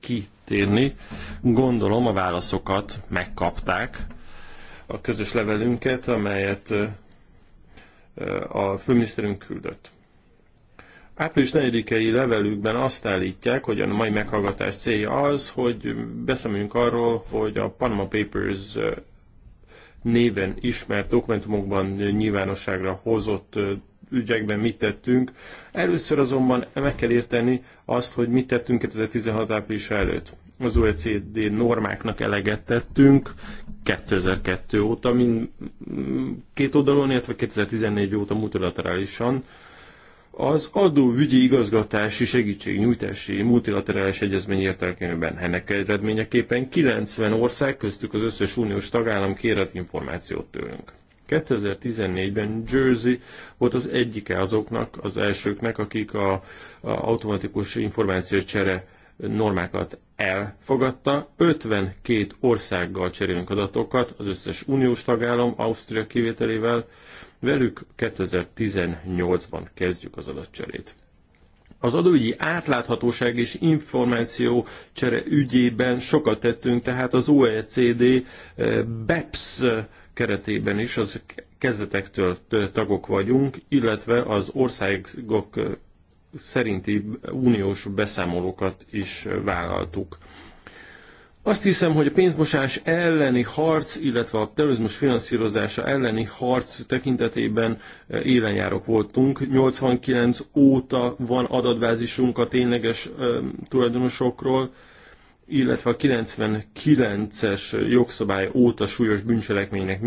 S2: kitérni. Gondolom a válaszokat megkapták a közös levelünket, amelyet a főminiszterünk küldött. Április 4-i levelükben azt állítják, hogy a mai meghallgatás célja az, hogy beszámoljunk arról, hogy a Panama Papers néven ismert dokumentumokban nyilvánosságra hozott ügyekben mit tettünk. Először azonban meg kell érteni azt, hogy mit tettünk 2016 április előtt az OECD normáknak eleget tettünk 2002 óta, mind két oldalon, illetve 2014 óta multilaterálisan. Az adóügyi igazgatási segítségnyújtási multilaterális egyezmény értelmében ennek eredményeképpen 90 ország köztük az összes uniós tagállam kérhet információt tőlünk. 2014-ben Jersey volt az egyike azoknak, az elsőknek, akik a, automatikus automatikus információcsere normákat elfogadta. 52 országgal cserélünk adatokat, az összes uniós tagállam, Ausztria kivételével. Velük 2018-ban kezdjük az adatcserét. Az adóügyi átláthatóság és információ csere ügyében sokat tettünk, tehát az OECD eh, BEPS keretében is, az kezdetektől tagok vagyunk, illetve az országok eh, szerinti uniós beszámolókat is vállaltuk. Azt hiszem, hogy a pénzmosás elleni harc, illetve a terrorizmus finanszírozása elleni harc tekintetében eh, élenjárok voltunk. 89 óta van adatbázisunk a tényleges eh, tulajdonosokról, illetve a 99-es jogszabály óta súlyos bűncselekménynek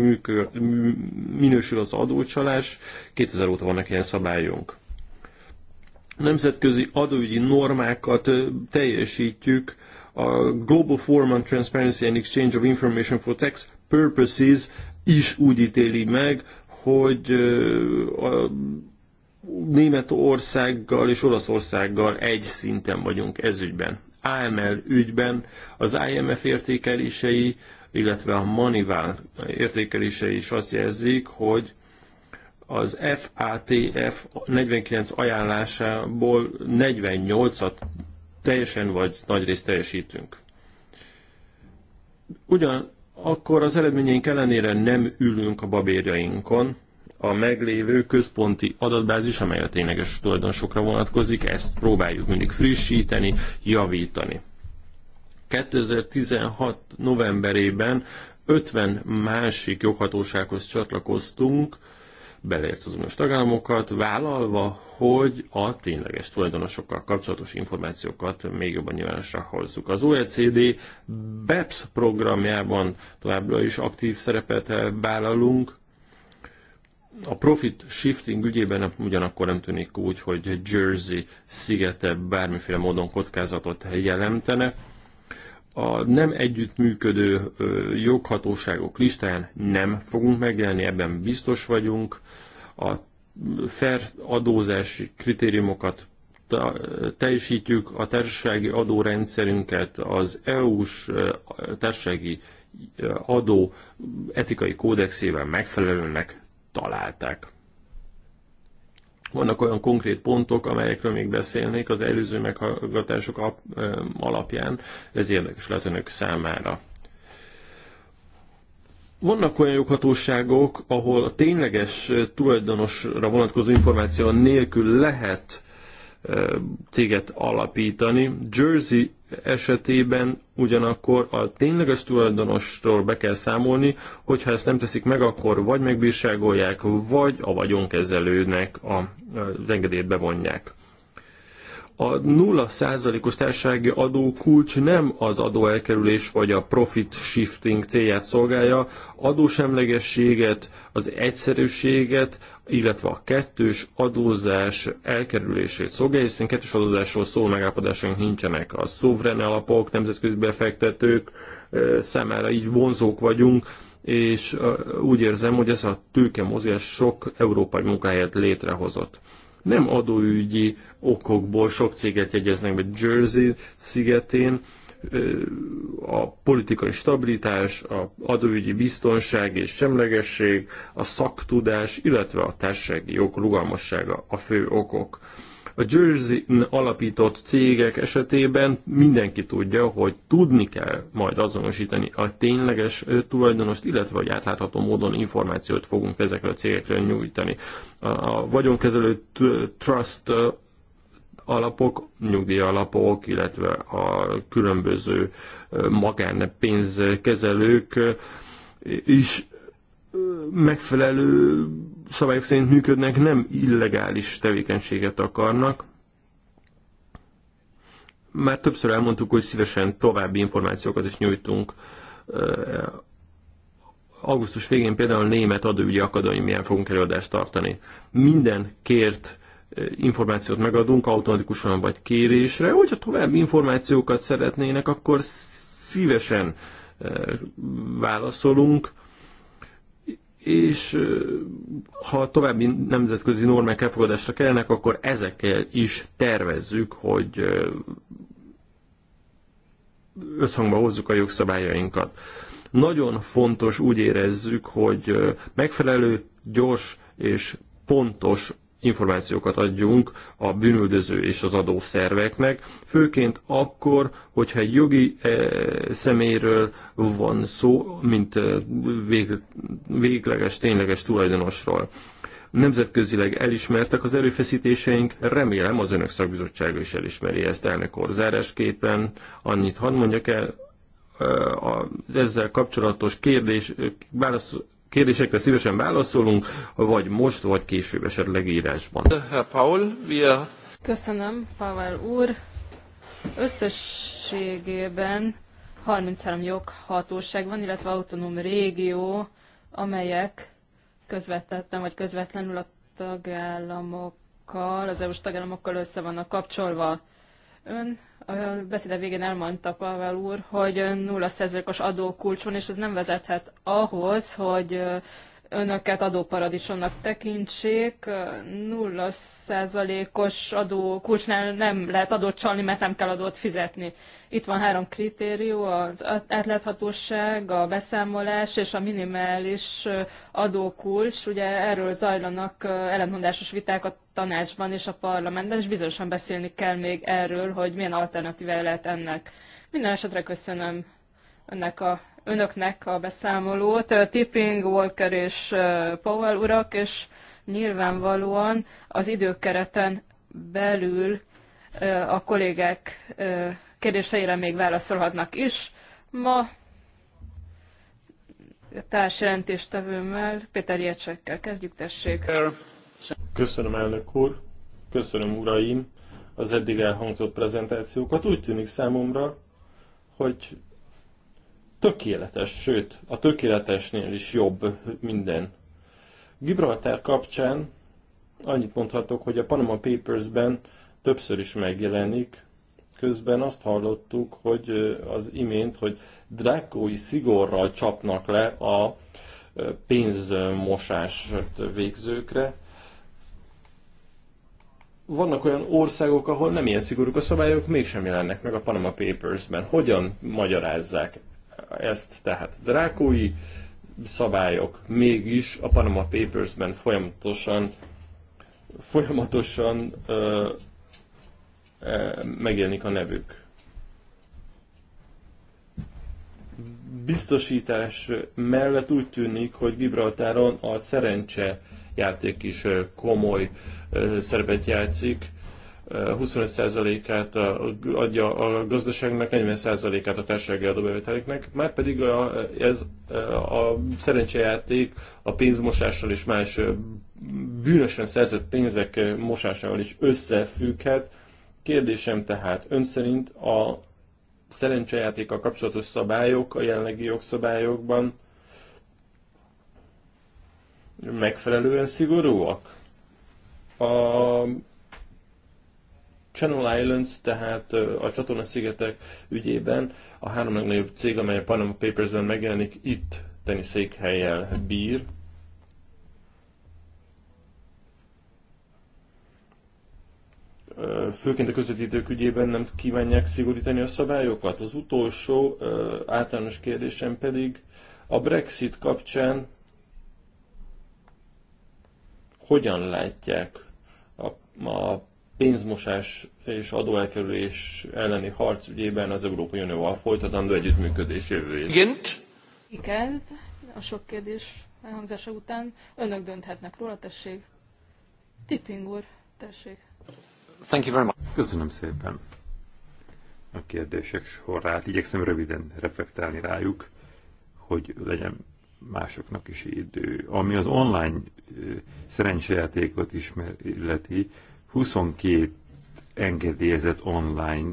S2: minősül az adócsalás. 2000 óta vannak ilyen szabályunk nemzetközi adóügyi normákat teljesítjük, a Global Forum on Transparency and Exchange of Information for Tax Purposes is úgy ítéli meg, hogy a Németországgal és Olaszországgal egy szinten vagyunk ezügyben. AML ügyben az IMF értékelései, illetve a Manival értékelései is azt jelzik, hogy az FATF 49 ajánlásából 48-at teljesen vagy nagyrészt teljesítünk. Ugyan akkor az eredményeink ellenére nem ülünk a babérjainkon, a meglévő központi adatbázis, amely a tényleges tulajdonosokra vonatkozik, ezt próbáljuk mindig frissíteni, javítani. 2016. novemberében 50 másik joghatósághoz csatlakoztunk, beleért az uniós tagállamokat, vállalva, hogy a tényleges tulajdonosokkal kapcsolatos információkat még jobban nyilvánosra hozzuk. Az OECD BEPS programjában továbbra is aktív szerepet vállalunk, a profit shifting ügyében ugyanakkor nem tűnik úgy, hogy Jersey szigete bármiféle módon kockázatot jelentene a nem együttműködő joghatóságok listáján nem fogunk megjelenni, ebben biztos vagyunk. A fair adózási kritériumokat teljesítjük, a társasági adórendszerünket, az EU-s társasági adó etikai kódexével megfelelőnek találták. Vannak olyan konkrét pontok, amelyekről még beszélnék az előző meghallgatások alapján, ez érdekes lehet önök számára. Vannak olyan joghatóságok, ahol a tényleges tulajdonosra vonatkozó információ nélkül lehet céget alapítani. Jersey esetében ugyanakkor a tényleges tulajdonostól be kell számolni, hogyha ezt nem teszik meg, akkor vagy megbírságolják, vagy a vagyonkezelőnek az engedélyt bevonják. A 0%-os társasági adó kulcs nem az adóelkerülés vagy a profit shifting célját szolgálja, adósemlegességet, az egyszerűséget, illetve a kettős adózás elkerülését szolgálja, hiszen kettős adózásról szól megállapodásunk nincsenek. A szuverén alapok, nemzetközi befektetők számára így vonzók vagyunk, és úgy érzem, hogy ez a tőke mozgás sok európai munkahelyet létrehozott. Nem adóügyi okokból sok céget jegyeznek be Jersey szigetén, a politikai stabilitás, a adóügyi biztonság és semlegesség, a szaktudás, illetve a társasági jog rugalmassága a fő okok. A jersey alapított cégek esetében mindenki tudja, hogy tudni kell majd azonosítani a tényleges tulajdonost, illetve hogy átlátható módon információt fogunk ezekre a cégekre nyújtani. A vagyonkezelő trust alapok, nyugdíjalapok, illetve a különböző magánpénzkezelők is megfelelő szabályok szerint működnek, nem illegális tevékenységet akarnak. Már többször elmondtuk, hogy szívesen további információkat is nyújtunk. Augusztus végén például a Német Adóügyi Akadémián fogunk előadást tartani. Minden kért információt megadunk automatikusan vagy kérésre. Hogyha további információkat szeretnének, akkor szívesen e, válaszolunk, és e, ha további nemzetközi normák elfogadásra kellnek, akkor ezekkel is tervezzük, hogy e, összhangba hozzuk a jogszabályainkat. Nagyon fontos úgy érezzük, hogy megfelelő, gyors és pontos információkat adjunk a bűnöldöző és az adószerveknek, főként akkor, hogyha egy jogi eh, személyről van szó, mint eh, végleges, tényleges tulajdonosról. Nemzetközileg elismertek az erőfeszítéseink, remélem az önök szakbizottsága is elismeri ezt elnök úr. Zárásképpen annyit hadd mondjak el, eh, az ezzel kapcsolatos kérdés, válasz, kérdésekre szívesen válaszolunk, vagy most, vagy később esetleg írásban. Paul, via...
S3: Köszönöm, Pavel úr. Összességében 33 joghatóság van, illetve autonóm régió, amelyek közvetetten vagy közvetlenül a tagállamokkal, az EU-s tagállamokkal össze vannak kapcsolva. Ön a beszéde végén elmondta Pavel úr, hogy 0%-os adókulcs van, és ez nem vezethet ahhoz, hogy önöket adóparadicsomnak tekintsék. 0%-os adó kulcsnál nem lehet adót csalni, mert nem kell adót fizetni. Itt van három kritérium, az átláthatóság, a beszámolás és a minimális adókulcs. Ugye erről zajlanak ellentmondásos viták a tanácsban és a parlamentben, és bizonyosan beszélni kell még erről, hogy milyen alternatívája lehet ennek. Minden esetre köszönöm önnek a önöknek a beszámolót. Tipping, Walker és Powell urak, és nyilvánvalóan az időkereten belül a kollégák kérdéseire még válaszolhatnak is. Ma a társjelentéstevőmmel, Péter Jecsekkel kezdjük, tessék.
S2: Köszönöm, elnök úr. Köszönöm, uraim, az eddig elhangzott prezentációkat. Úgy tűnik számomra, hogy tökéletes, sőt, a tökéletesnél is jobb minden. Gibraltar kapcsán annyit mondhatok, hogy a Panama Papers-ben többször is megjelenik, közben azt hallottuk, hogy az imént, hogy drákói szigorral csapnak le a pénzmosás végzőkre. Vannak olyan országok, ahol nem ilyen szigorúk a szabályok, mégsem jelennek meg a Panama Papers-ben. Hogyan magyarázzák ezt, tehát drákói szabályok mégis a Panama Papers-ben folyamatosan folyamatosan ö, ö, megjelenik a nevük. Biztosítás mellett úgy tűnik, hogy Gibraltáron a szerencse játék is komoly szerepet játszik. 25%-át adja a gazdaságnak, 40%-át a társasági adóbevételeknek, már pedig a, ez a szerencsejáték a pénzmosással és más bűnösen szerzett pénzek mosásával is összefügghet. Kérdésem tehát ön szerint a a kapcsolatos szabályok a jelenlegi jogszabályokban megfelelően szigorúak? A Channel Islands, tehát a csatorna szigetek ügyében a három legnagyobb cég, amely a Panama Papers-ben megjelenik, itt teni székhelyjel bír. Főként a közvetítők ügyében nem kívánják szigorítani a szabályokat. Az utolsó általános kérdésem pedig a Brexit kapcsán hogyan látják a, a pénzmosás és adóelkerülés elleni harc ügyében az Európai Unióval folytatandó együttműködés jövőjét. Igen?
S3: Ki kezd? A sok kérdés elhangzása után önök dönthetnek róla, tessék. Tipping úr, tessék.
S1: Thank you very much. Köszönöm szépen a kérdések sorát. Igyekszem röviden reflektálni rájuk, hogy legyen másoknak is idő. Ami az online szerencsejátékot ismer, illeti, 22 engedélyezett online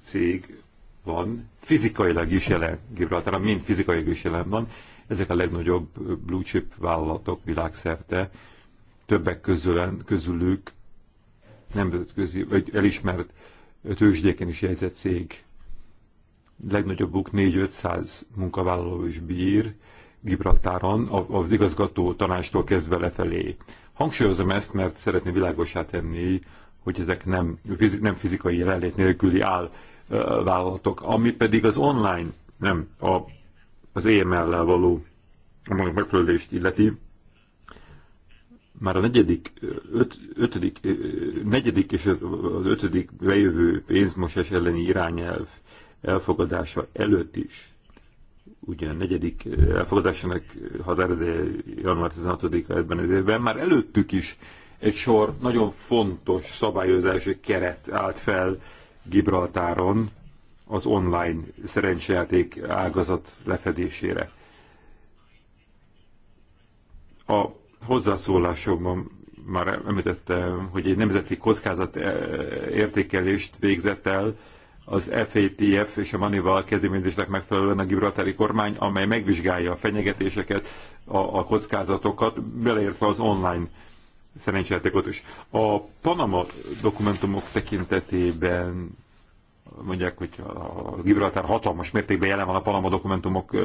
S1: cég van, fizikailag is jelen Gibraltára, mind fizikailag is jelen van, ezek a legnagyobb blue chip vállalatok világszerte, többek közülen, közülük nemzetközi, vagy elismert tőzsdéken is jegyzett cég, legnagyobbuk 4-500 munkavállaló is bír Gibraltáron, az igazgató tanástól kezdve lefelé. Hangsúlyozom ezt, mert szeretném világosá tenni, hogy ezek nem, nem fizikai jelenlét nélküli áll vállalatok, ami pedig az online, nem a, az EML-lel való megfelelést illeti, már a negyedik, öt, ötödik, negyedik és az ötödik lejövő pénzmosás elleni irányelv elfogadása előtt is ugye a negyedik elfogadásának határideje január 16-a ebben az évben, már előttük is egy sor nagyon fontos szabályozási keret állt fel Gibraltáron az online szerencsejáték ágazat lefedésére. A hozzászólásomban már említettem, hogy egy nemzeti kockázat értékelést végzett el az FATF és a Manival kezdeményezésnek megfelelően a gibraltári kormány, amely megvizsgálja a fenyegetéseket, a, a kockázatokat, beleértve az online szerencsejátékot is. A Panama dokumentumok tekintetében mondják, hogy a Gibraltár hatalmas mértékben jelen van a Panama dokumentumok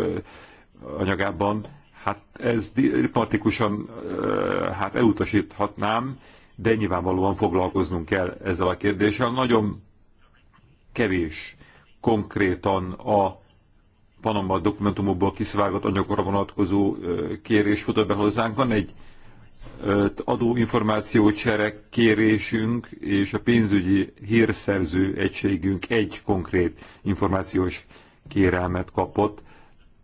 S1: anyagában, hát ez diplomatikusan hát elutasíthatnám, de nyilvánvalóan foglalkoznunk kell ezzel a kérdéssel. Nagyon kevés konkrétan a Panama dokumentumokból kiszvágott anyagokra vonatkozó kérés futott be hozzánk. Van egy adóinformációcsere kérésünk és a pénzügyi hírszerző egységünk egy konkrét információs kérelmet kapott,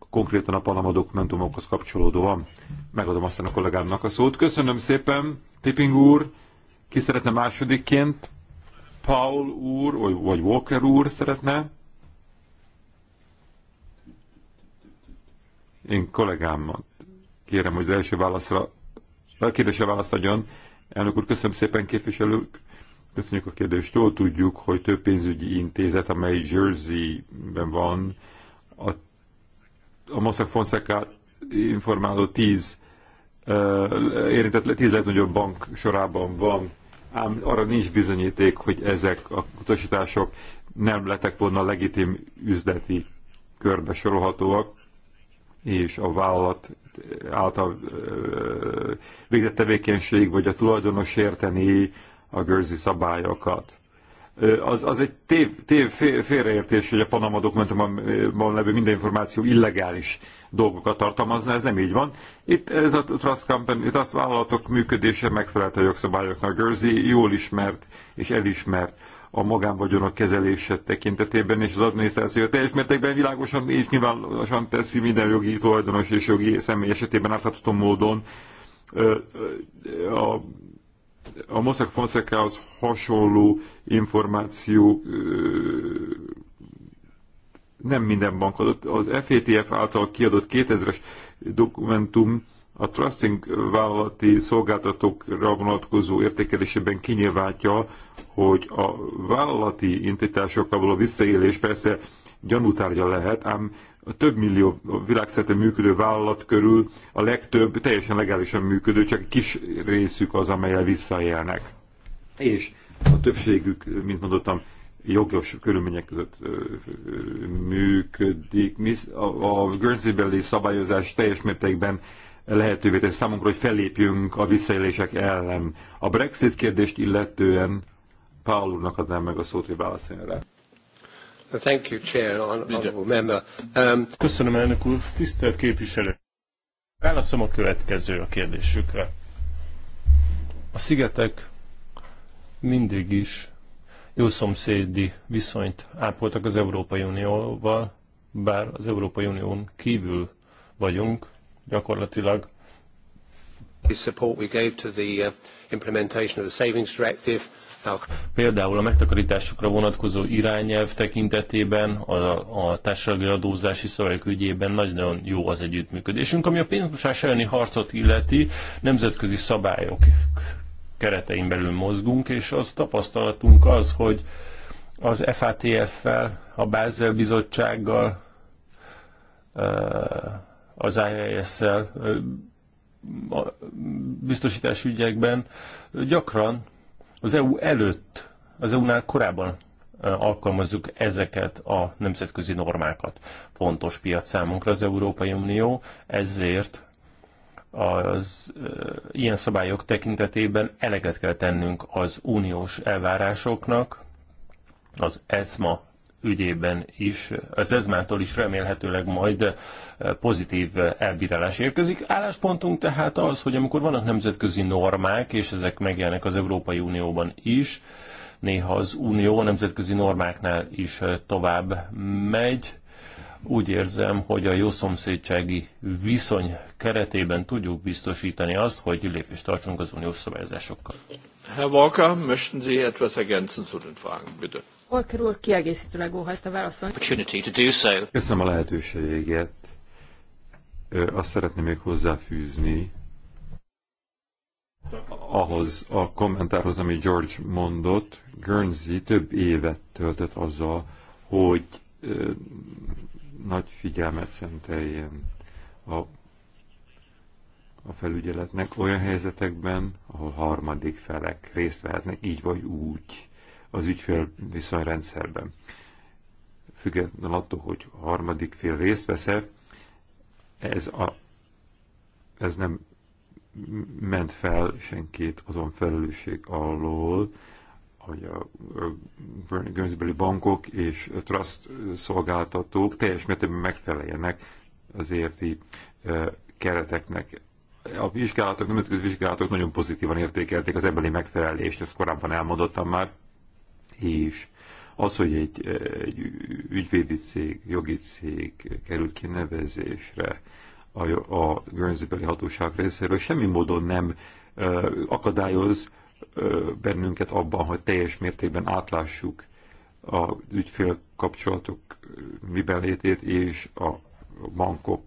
S1: konkrétan a Panama dokumentumokhoz kapcsolódóan. Megadom aztán a kollégámnak a szót. Köszönöm szépen, Tipping úr! Ki szeretne másodikként Paul úr, vagy Walker úr szeretne? Én kollégámat kérem, hogy az első válaszra, a kérdésre választ adjon. Elnök úr, köszönöm szépen képviselők. Köszönjük a kérdést. Jól tudjuk, hogy több pénzügyi intézet, amely Jersey-ben van, a, a Mossack Fonseca informáló tíz uh, érintett, tíz legnagyobb bank sorában van ám arra nincs bizonyíték, hogy ezek a utasítások nem lettek volna legitim üzleti körbe sorolhatóak, és a vállalat által végzett tevékenység, vagy a tulajdonos érteni a görzi szabályokat. Az, az egy tév, tév félreértés, hogy a Panama dokumentumban levő minden információ illegális dolgokat tartalmazna, ez nem így van. Itt ez a trust company, az vállalatok működése megfelelt a jogszabályoknak. Görzi jól ismert és elismert a magánvagyonok kezelése tekintetében és az adminisztráció teljes mértékben világosan és nyilvánosan teszi minden jogi tulajdonos és jogi személy esetében átlátható módon a a Mossack az hasonló információ nem minden bank adott. Az FATF által kiadott 2000-es dokumentum a trusting vállalati szolgáltatókra vonatkozó értékelésében kinyilvánítja, hogy a vállalati intitásokkal való visszaélés persze gyanútárgya lehet, ám a több millió világszerte működő vállalat körül a legtöbb teljesen legálisan működő, csak kis részük az, amelyel visszaélnek. És a többségük, mint mondottam, jogos körülmények között működik. A Guernsey-beli szabályozás teljes mértékben lehetővé tesz számunkra, hogy fellépjünk a visszaélések ellen. A Brexit kérdést illetően Pál úrnak adnám meg a szót, hogy válaszoljon rá.
S2: Thank you, Chair, honorable member. Um... Köszönöm, elnök úr. Tisztelt képviselő. Válaszom a következő a kérdésükre. A szigetek mindig is jó szomszédi viszonyt ápoltak az Európai Unióval, bár az Európai Unión kívül vagyunk gyakorlatilag. Uh, Például a megtakarításokra vonatkozó irányelv tekintetében, a, a társadalmi adózási szabályok ügyében nagyon jó az együttműködésünk, ami a pénzmosás elleni harcot illeti nemzetközi szabályok keretein belül mozgunk, és az tapasztalatunk az, hogy az FATF-fel, a Bázel bizottsággal, az IIS-szel biztosítás ügyekben gyakran az EU előtt, az EU-nál korábban alkalmazzuk ezeket a nemzetközi normákat. Fontos piac számunkra az Európai Unió, ezért az ilyen szabályok tekintetében eleget kell tennünk az uniós elvárásoknak, az ESMA ügyében is, az ezmától is remélhetőleg majd pozitív elbírálás érkezik. Álláspontunk tehát az, hogy amikor vannak nemzetközi normák, és ezek megjelennek az Európai Unióban is, néha az Unió a nemzetközi normáknál is tovább megy, úgy érzem, hogy a jó szomszédsági viszony keretében tudjuk biztosítani azt, hogy lépést tartsunk az uniós szabályozásokkal. Herr Walker, möchten Sie etwas ergänzen zu den Fragen, bitte?
S3: Walker úr kiegészítőleg óhajta válaszolni.
S1: Köszönöm a lehetőséget. Azt szeretném még hozzáfűzni, ahhoz a kommentárhoz, amit George mondott, Guernsey több évet töltött azzal, hogy nagy figyelmet szenteljen a, a felügyeletnek olyan helyzetekben, ahol harmadik felek részt vehetnek, így vagy úgy az ügyfél viszonyrendszerben. Függetlenül attól, hogy a harmadik fél részt vesz ez, a, ez nem ment fel senkit azon felelősség alól, hogy a Gönzbeli bankok és trust szolgáltatók teljes mértékben megfeleljenek az érti e kereteknek. A vizsgálatok, nemzetközi vizsgálatok nagyon pozitívan értékelték az ebbeli megfelelést, ezt korábban elmondottam már, és az, hogy egy, egy ügyvédi cég, jogi cég került kinevezésre a, a Guernsey-beli hatóság részéről, semmi módon nem akadályoz bennünket abban, hogy teljes mértékben átlássuk az ügyfélkapcsolatok kapcsolatok miben létét és a bankok,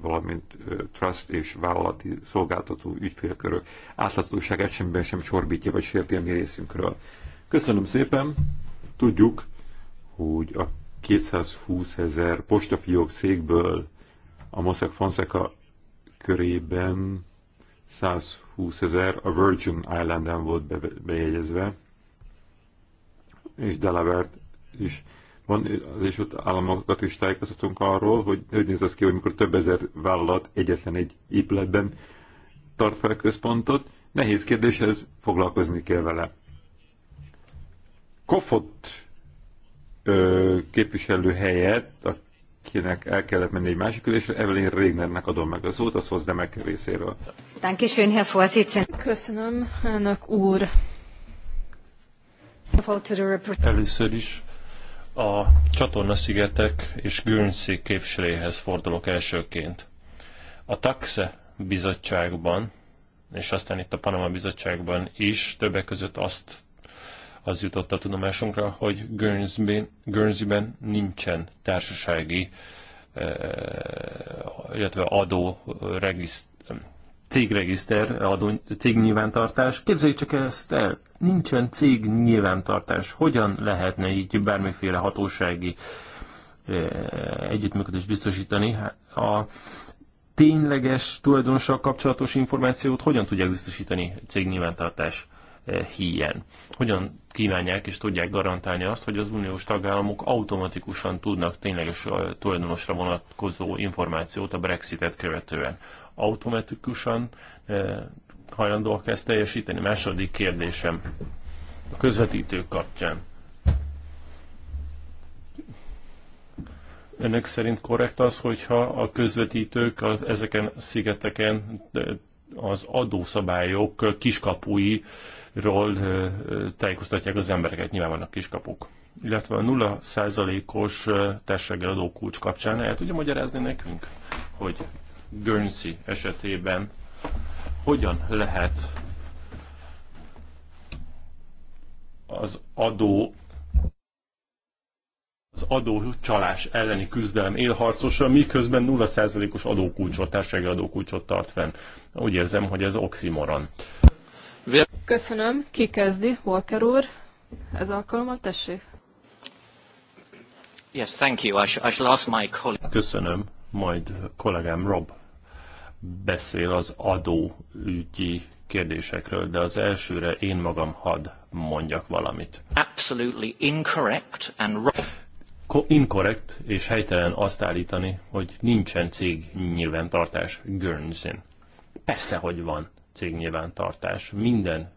S1: valamint trust és vállalati szolgáltató ügyfélkörök átláthatóságát semmiben sem csorbítja vagy sérti a mi részünkről. Köszönöm szépen! Tudjuk, hogy a 220 ezer postafiók székből a Mossack Fonseca körében 120 20 ezer a Virgin Islanden volt be, bejegyezve, és Delaware-t is. Van, és ott államokat is tájékoztatunk arról, hogy hogy néz ez ki, hogy mikor több ezer vállalat egyetlen egy épületben tart fel központot. Nehéz kérdés, ez foglalkozni kell vele. Kofot ö, képviselő helyett, a akinek el kellett menni egy másik ülésre, Evelyn Régnernek adom meg a szót, az hozzá meg részéről.
S3: Köszönöm, elnök úr.
S1: Először is a
S2: csatornaszigetek és Guernsey képviseléhez fordulok elsőként. A taxe bizottságban, és aztán itt a Panama bizottságban is többek között azt az jutott a tudomásunkra, hogy Guernsey-ben, nincsen társasági, eh, illetve adó regiszt, cégregiszter, adó, cégnyilvántartás. Képzeljük csak ezt el, nincsen cégnyilvántartás. Hogyan lehetne így bármiféle hatósági eh, együttműködést biztosítani? A tényleges tulajdonossal kapcsolatos információt hogyan tudja biztosítani cégnyilvántartás? híjen. Eh, Hogyan kívánják és tudják garantálni azt, hogy az uniós tagállamok automatikusan tudnak tényleges eh, tulajdonosra vonatkozó információt a Brexitet követően? Automatikusan eh, hajlandóak ezt teljesíteni? Második kérdésem a közvetítők kapcsán. Önök szerint korrekt az, hogyha a közvetítők a, ezeken a szigeteken az adószabályok kiskapui ról tájékoztatják az embereket, nyilván vannak kiskapuk. Illetve a 0%-os társasági adókulcs kapcsán el tudja magyarázni nekünk, hogy Guernsey esetében hogyan lehet az adó az adócsalás elleni küzdelem élharcosa, miközben 0%-os adókulcsot, társasági adókulcsot tart fenn. Úgy érzem, hogy ez oximoron.
S3: Köszönöm. Ki kezdi? Walker úr. Ez alkalommal tessék.
S2: Yes, thank you. I, I shall ask my colleague. Köszönöm. Majd kollégám Rob beszél az adóügyi kérdésekről, de az elsőre én magam had mondjak valamit.
S4: Absolutely incorrect and wrong.
S2: Inkorrekt és helytelen azt állítani, hogy nincsen cég nyilvántartás guernsey Persze, hogy van cégnyilvántartás. Minden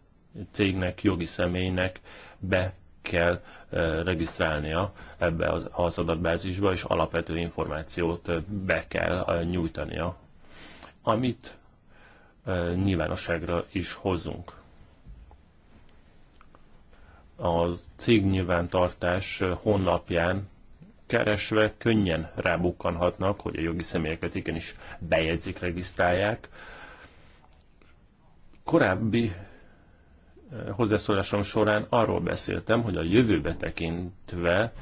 S2: cégnek, jogi személynek be kell eh, regisztrálnia ebbe az, az adatbázisba, és alapvető információt eh, be kell eh, nyújtania, amit nyilvánosságra is hozunk. A cég nyilvántartás honlapján keresve könnyen rábukkanhatnak, hogy a jogi személyeket igenis bejegyzik, regisztrálják. Korábbi Eh, hozzászólásom során arról beszéltem, hogy a jövőbe tekintve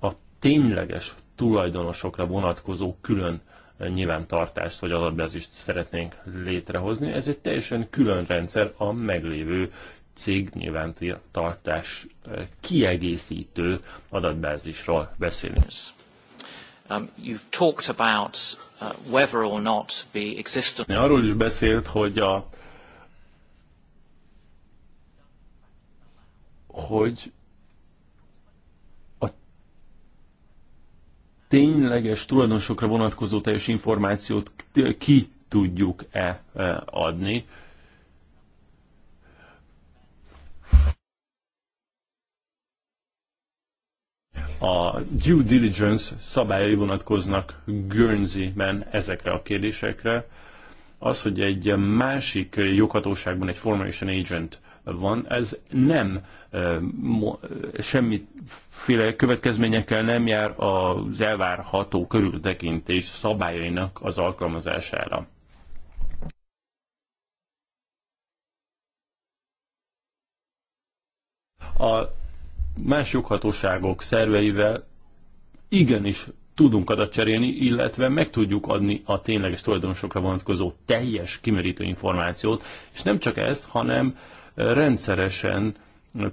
S2: a tényleges tulajdonosokra vonatkozó külön eh, nyilvántartást vagy adatbázist szeretnénk létrehozni. Ez egy teljesen külön rendszer a meglévő cég nyilvántartás eh, kiegészítő adatbázisról beszélünk. Um, you've talked about Uh, whether or not the existence... Arról is beszélt, hogy a hogy a tényleges tulajdonosokra vonatkozó teljes információt ki tudjuk-e eh, adni. a due diligence szabályai vonatkoznak Guernsey-ben ezekre a kérdésekre. Az, hogy egy másik joghatóságban egy formation agent van, ez nem semmiféle következményekkel nem jár az elvárható körültekintés szabályainak az alkalmazására. A más joghatóságok szerveivel igenis tudunk adat cserélni, illetve meg tudjuk adni a tényleges tulajdonosokra vonatkozó teljes kimerítő információt, és nem csak ezt, hanem rendszeresen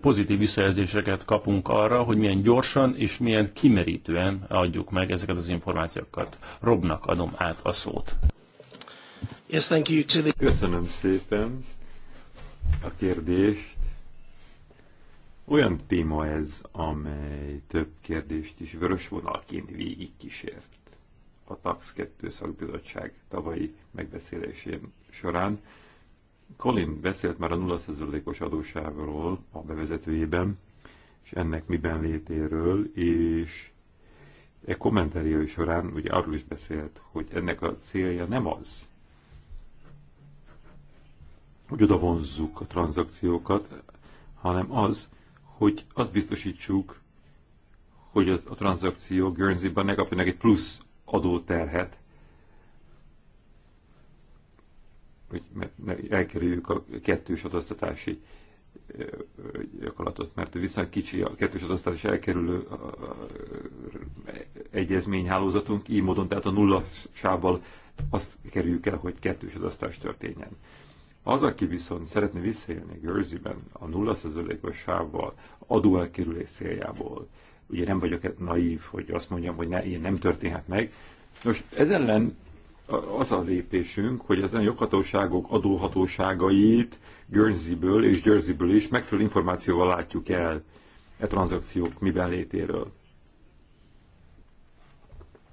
S2: pozitív visszajelzéseket kapunk arra, hogy milyen gyorsan és milyen kimerítően adjuk meg ezeket az információkat. Robnak
S1: adom át a szót. Yes, thank you to the... Köszönöm szépen a kérdést. Olyan téma ez, amely több kérdést is vörös vonalként végigkísért a TAX 2 szakbizottság tavalyi megbeszélésén során. Colin beszélt már a 0%-os adósávról a bevezetőjében, és ennek miben létéről, és e kommentáriai során ugye arról is beszélt, hogy ennek a célja nem az, hogy odavonzzuk a tranzakciókat, hanem az, hogy azt biztosítsuk, hogy az, a tranzakció Guernsey-ben ne egy plusz adóterhet, hogy elkerüljük a kettős adóztatási gyakorlatot, mert viszont kicsi a kettős adóztatás elkerülő egyezményhálózatunk, így módon tehát a nulla sávval azt kerüljük el, hogy kettős adóztatás történjen. Az, aki viszont szeretne visszaélni Jerseyben a 0%-os sávval adóelkerülés céljából, ugye nem vagyok naív, hogy azt mondjam, hogy ne, ilyen nem történhet meg. Nos, ez ellen az a lépésünk, hogy az olyan joghatóságok adóhatóságait Guernsey-ből és Jerseyből is megfelelő információval látjuk el e tranzakciók miben létéről.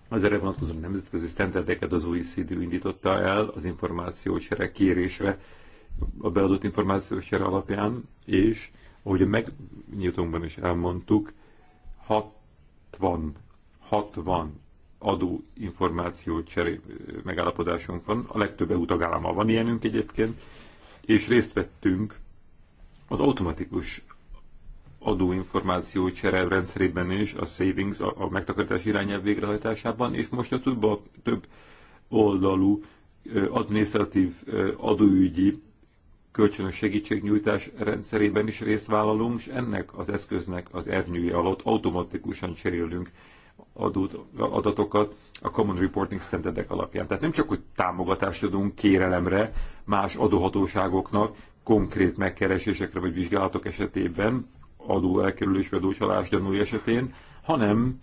S1: Az erre vonatkozó nemzetközi standardeket az OECD indította el az információ kérésre a beadott információs sere alapján, és ahogy a megnyitónkban is elmondtuk, 60, 60 adó információ cseré megállapodásunk van, a legtöbb EU tagállammal van ilyenünk egyébként, és részt vettünk az automatikus adóinformáció csere rendszerében is, a savings, a, a megtakarítás irányelv végrehajtásában, és most a több, a több oldalú adminisztratív adóügyi kölcsönös segítségnyújtás rendszerében is részt vállalunk, és ennek az eszköznek az ernyője alatt automatikusan cserélünk adót, adatokat a Common Reporting Standardek alapján. Tehát nem csak, hogy támogatást adunk kérelemre más adóhatóságoknak, konkrét megkeresésekre vagy vizsgálatok esetében, adó elkerülés vagy adócsalás gyanúi esetén, hanem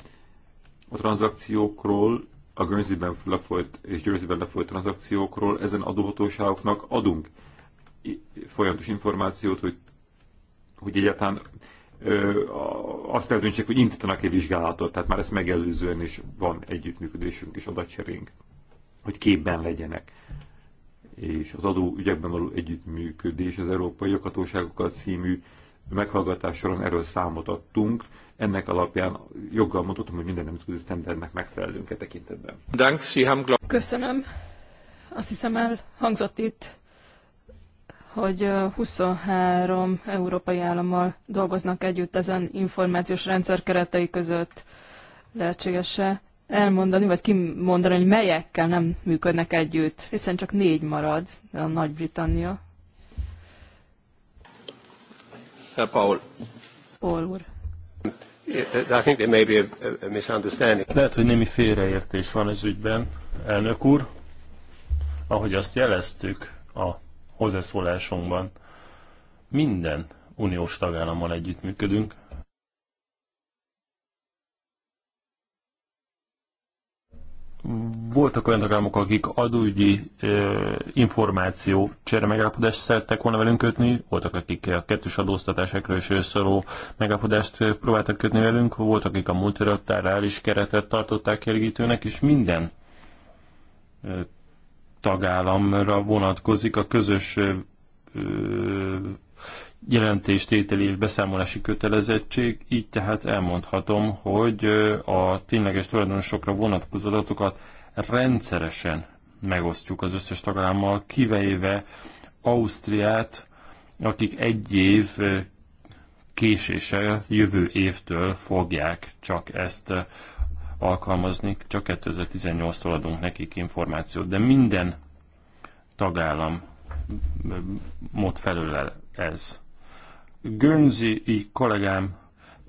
S1: a tranzakciókról, a Guernsey-ben lefolyt és Jersey-ben lefolyt tranzakciókról ezen adóhatóságoknak adunk folyamatos információt, hogy, hogy egyáltalán ö, azt eldöntsék, hogy indítanak-e vizsgálatot, tehát már ezt megelőzően is van együttműködésünk és adatcserénk, hogy képben legyenek. És az adó ügyekben való együttműködés az Európai Joghatóságokkal című meghallgatás során erről számot adtunk. Ennek alapján joggal mondhatom, hogy minden nemzetközi sztendernek megfelelünk e tekintetben.
S3: Köszönöm. Azt hiszem elhangzott itt hogy 23 európai állammal dolgoznak együtt ezen információs rendszer keretei között. Lehetséges-e elmondani, vagy kimondani, hogy melyekkel nem működnek együtt, hiszen csak négy marad a Nagy-Britannia. Paul. Paul úr.
S2: I think there may be a, a misunderstanding. Lehet, hogy némi félreértés van ez ügyben, elnök úr. Ahogy azt jeleztük a hozzászólásunkban. Minden uniós tagállammal együttműködünk. Voltak olyan tagállamok, akik adóügyi ö, információ csere megállapodást szerettek volna velünk kötni, voltak, akik a kettős adóztatásokról is szóló megállapodást próbáltak kötni velünk, voltak, akik a multilaterális keretet tartották elégítőnek, és minden tagállamra vonatkozik a közös jelentéstételi és beszámolási kötelezettség, így tehát elmondhatom, hogy a tényleges tulajdonosokra vonatkozó adatokat rendszeresen megosztjuk az összes tagállammal, kivéve Ausztriát, akik egy év késéssel jövő évtől fogják csak ezt alkalmazni, csak 2018-tól adunk nekik információt, de minden tagállam mód felől ez. Gönzi kollégám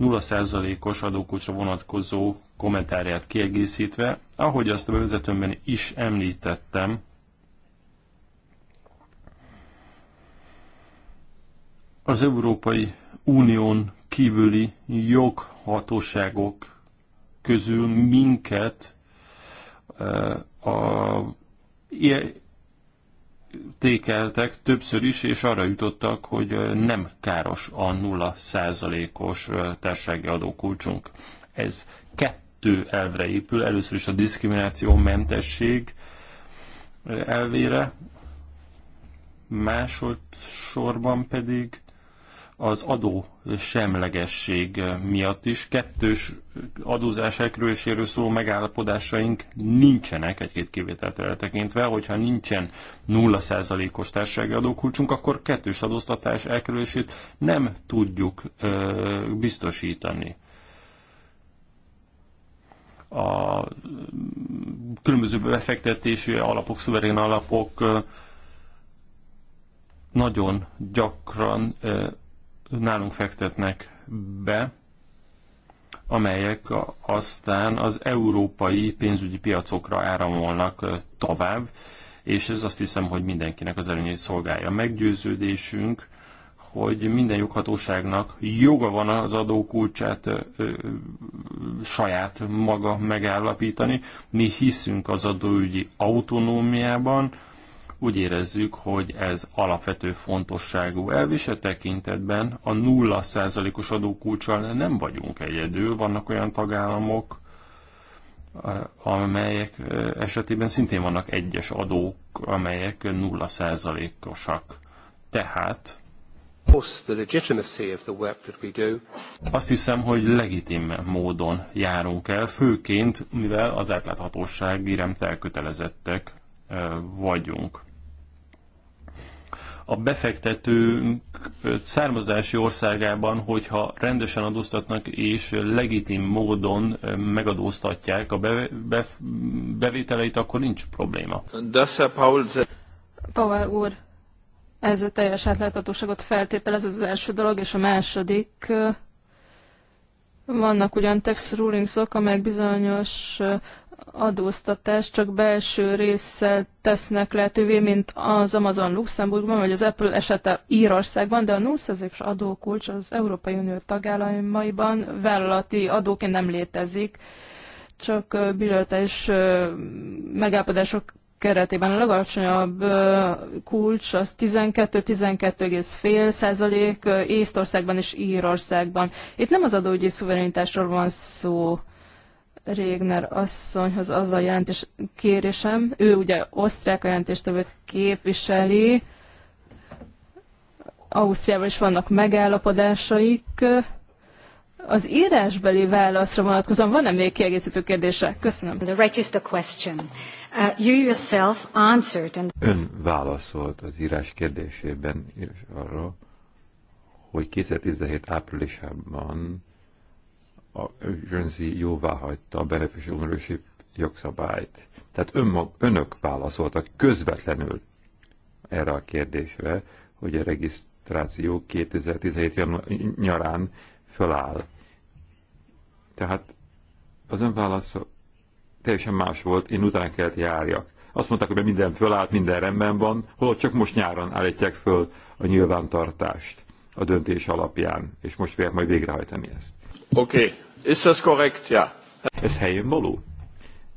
S2: 0%-os adókulcsra vonatkozó kommentárját kiegészítve, ahogy azt a bevezetőmben is említettem, az Európai Unión kívüli joghatóságok közül minket a tékeltek többször is, és arra jutottak, hogy nem káros a 0%-os társasági adókulcsunk. Ez kettő elvre épül, először is a diszkrimináció mentesség elvére, másodszorban pedig az adó semlegesség miatt is. Kettős adózás elkerüléséről szóló megállapodásaink nincsenek, egy-két kivételt eltekintve, hogyha nincsen 0%-os társasági adókulcsunk, akkor kettős adóztatás elkerülését nem tudjuk ö, biztosítani. A különböző befektetési alapok, szuverén alapok nagyon gyakran nálunk fektetnek be, amelyek aztán az európai pénzügyi piacokra áramolnak tovább, és ez azt hiszem, hogy mindenkinek az előnyét szolgálja. Meggyőződésünk, hogy minden joghatóságnak joga van az adókulcsát ö, ö, saját maga megállapítani. Mi hiszünk az adóügyi autonómiában, úgy érezzük, hogy ez alapvető fontosságú elvise tekintetben a 0%-os adókulcsal nem vagyunk egyedül, vannak olyan tagállamok, eh, amelyek eh, esetében szintén vannak egyes adók, amelyek 0%-osak. Tehát azt hiszem, hogy legitim módon járunk el, főként mivel az átláthatóságirem elkötelezettek eh, vagyunk a befektető származási országában, hogyha rendesen adóztatnak és legitim módon megadóztatják a be, be, bevételeit, akkor nincs probléma.
S3: Powell úr, ez a teljes átláthatóságot feltételez, ez az első dolog, és a második, vannak ugyan tax rulingsok, amelyek bizonyos adóztatást csak belső résszel tesznek lehetővé, mint az Amazon Luxemburgban, vagy az Apple esete Írországban, de a 0%-os adókulcs az Európai Unió tagállamaiban vállalati adóként nem létezik, csak bilaterális megállapodások keretében a legalacsonyabb kulcs az 12-12,5 százalék Észtországban és Írországban. Itt nem az adóügyi szuverenitásról van szó. Régner asszonyhoz az a jelentés kérésem. Ő ugye osztrák a jelentéstevőt képviseli. Ausztriával is vannak megállapodásaik. Az írásbeli válaszra vonatkozóan van-e még kiegészítő kérdése? Köszönöm. The register question. Uh,
S2: you yourself answered
S1: Ön válaszolt az írás kérdésében arról, hogy 2017 áprilisában a jönzi jóvá hagyta a beneficial ownership jogszabályt. Tehát önmag, önök válaszoltak közvetlenül erre a kérdésre, hogy a regisztráció 2017 nyarán föláll. Tehát az ön válasz teljesen más volt, én utána kellett járjak. Azt mondták, hogy minden fölállt, minden rendben van, holott csak most nyáron állítják föl a nyilvántartást a döntés alapján, és most fogják majd végrehajtani ezt. Oké, okay. korrekt? Ja. Ez helyén való?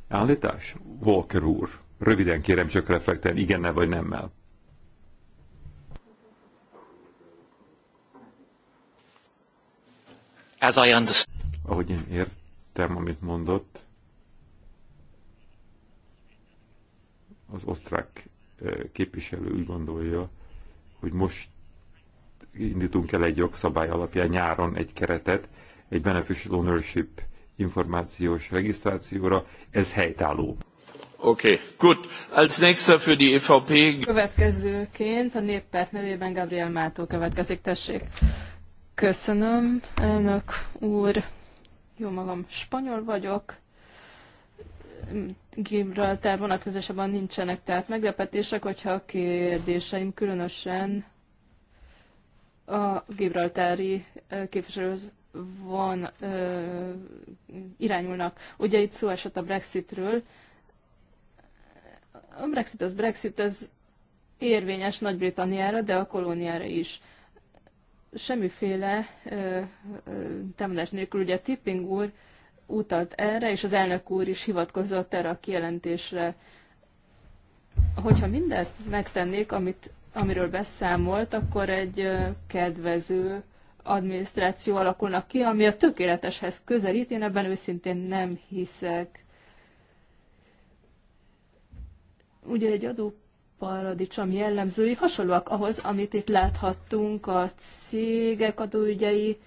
S1: Állítás? Walker úr. Röviden kérem csak reflektálni, igennel vagy nemmel. As I understand. Ahogy én értem, amit mondott, az osztrák eh, képviselő úgy gondolja, hogy most indítunk el egy jogszabály alapján nyáron egy keretet, egy beneficial ownership információs regisztrációra, ez helytálló. Oké, okay, gut. Als nächster für die EVP...
S3: Következőként a néppárt nevében Gabriel Mátó következik, tessék. Köszönöm, elnök úr. Jó magam, spanyol vagyok. Gibraltár vonatkozásában nincsenek tehát meglepetések, hogyha a kérdéseim különösen a gibraltári eh, képviselőhöz van, ö, irányulnak. Ugye itt szó esett a Brexitről. A Brexit az Brexit, ez érvényes Nagy-Britanniára, de a kolóniára is. Semmiféle ö, támadás nélkül, ugye Tipping úr utalt erre, és az elnök úr is hivatkozott erre a kijelentésre. Hogyha mindezt megtennék, amit, amiről beszámolt, akkor egy kedvező adminisztráció alakulnak ki, ami a tökéleteshez közelít, én ebben őszintén nem hiszek. Ugye egy adóparadicsom jellemzői hasonlóak ahhoz, amit itt láthattunk, a cégek adóügyei,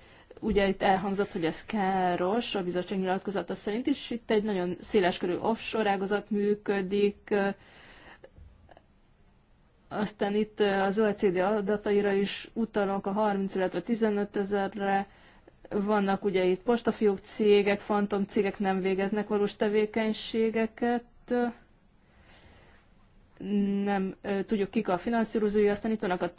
S3: ugye itt elhangzott, hogy ez káros, a bizottság nyilatkozata szerint is itt egy nagyon széleskörű offshore ágazat működik, aztán itt az OECD adataira is utalok a 30, illetve 15 ezerre. Vannak ugye itt postafiók cégek, fantom cégek nem végeznek valós tevékenységeket nem tudjuk kik a finanszírozói, aztán itt vannak a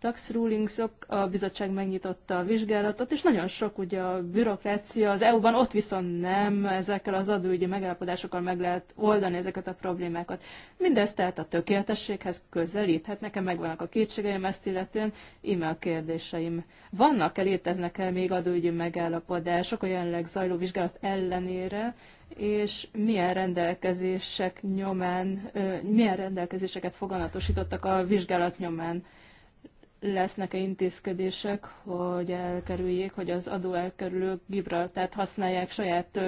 S3: tax rulingsok, -ok, a bizottság megnyitotta a vizsgálatot, és nagyon sok ugye a bürokrácia az EU-ban, ott viszont nem, ezekkel az adóügyi megállapodásokkal meg lehet oldani ezeket a problémákat. Mindez tehát a tökéletességhez közelít, hát nekem megvannak a kétségeim ezt illetően, íme a kérdéseim. Vannak-e, léteznek-e még adóügyi megállapodások a jelenleg zajló vizsgálat ellenére, és milyen rendelkezések nyomán, milyen rendelkezéseket foganatosítottak a vizsgálat nyomán? lesznek-e intézkedések, hogy elkerüljék, hogy az adóelkerülők Gibraltát használják saját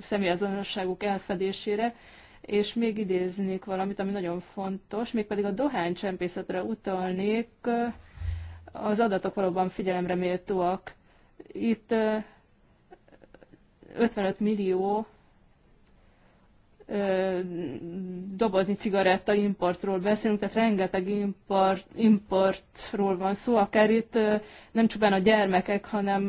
S3: személyazonosságuk elfedésére, és még idéznék valamit, ami nagyon fontos, mégpedig a dohánycsempészetre utalnék, az adatok valóban figyelemre méltóak. Itt 55 millió dobozni cigaretta importról beszélünk, tehát rengeteg import, importról van szó, akár itt nem csupán a gyermekek, hanem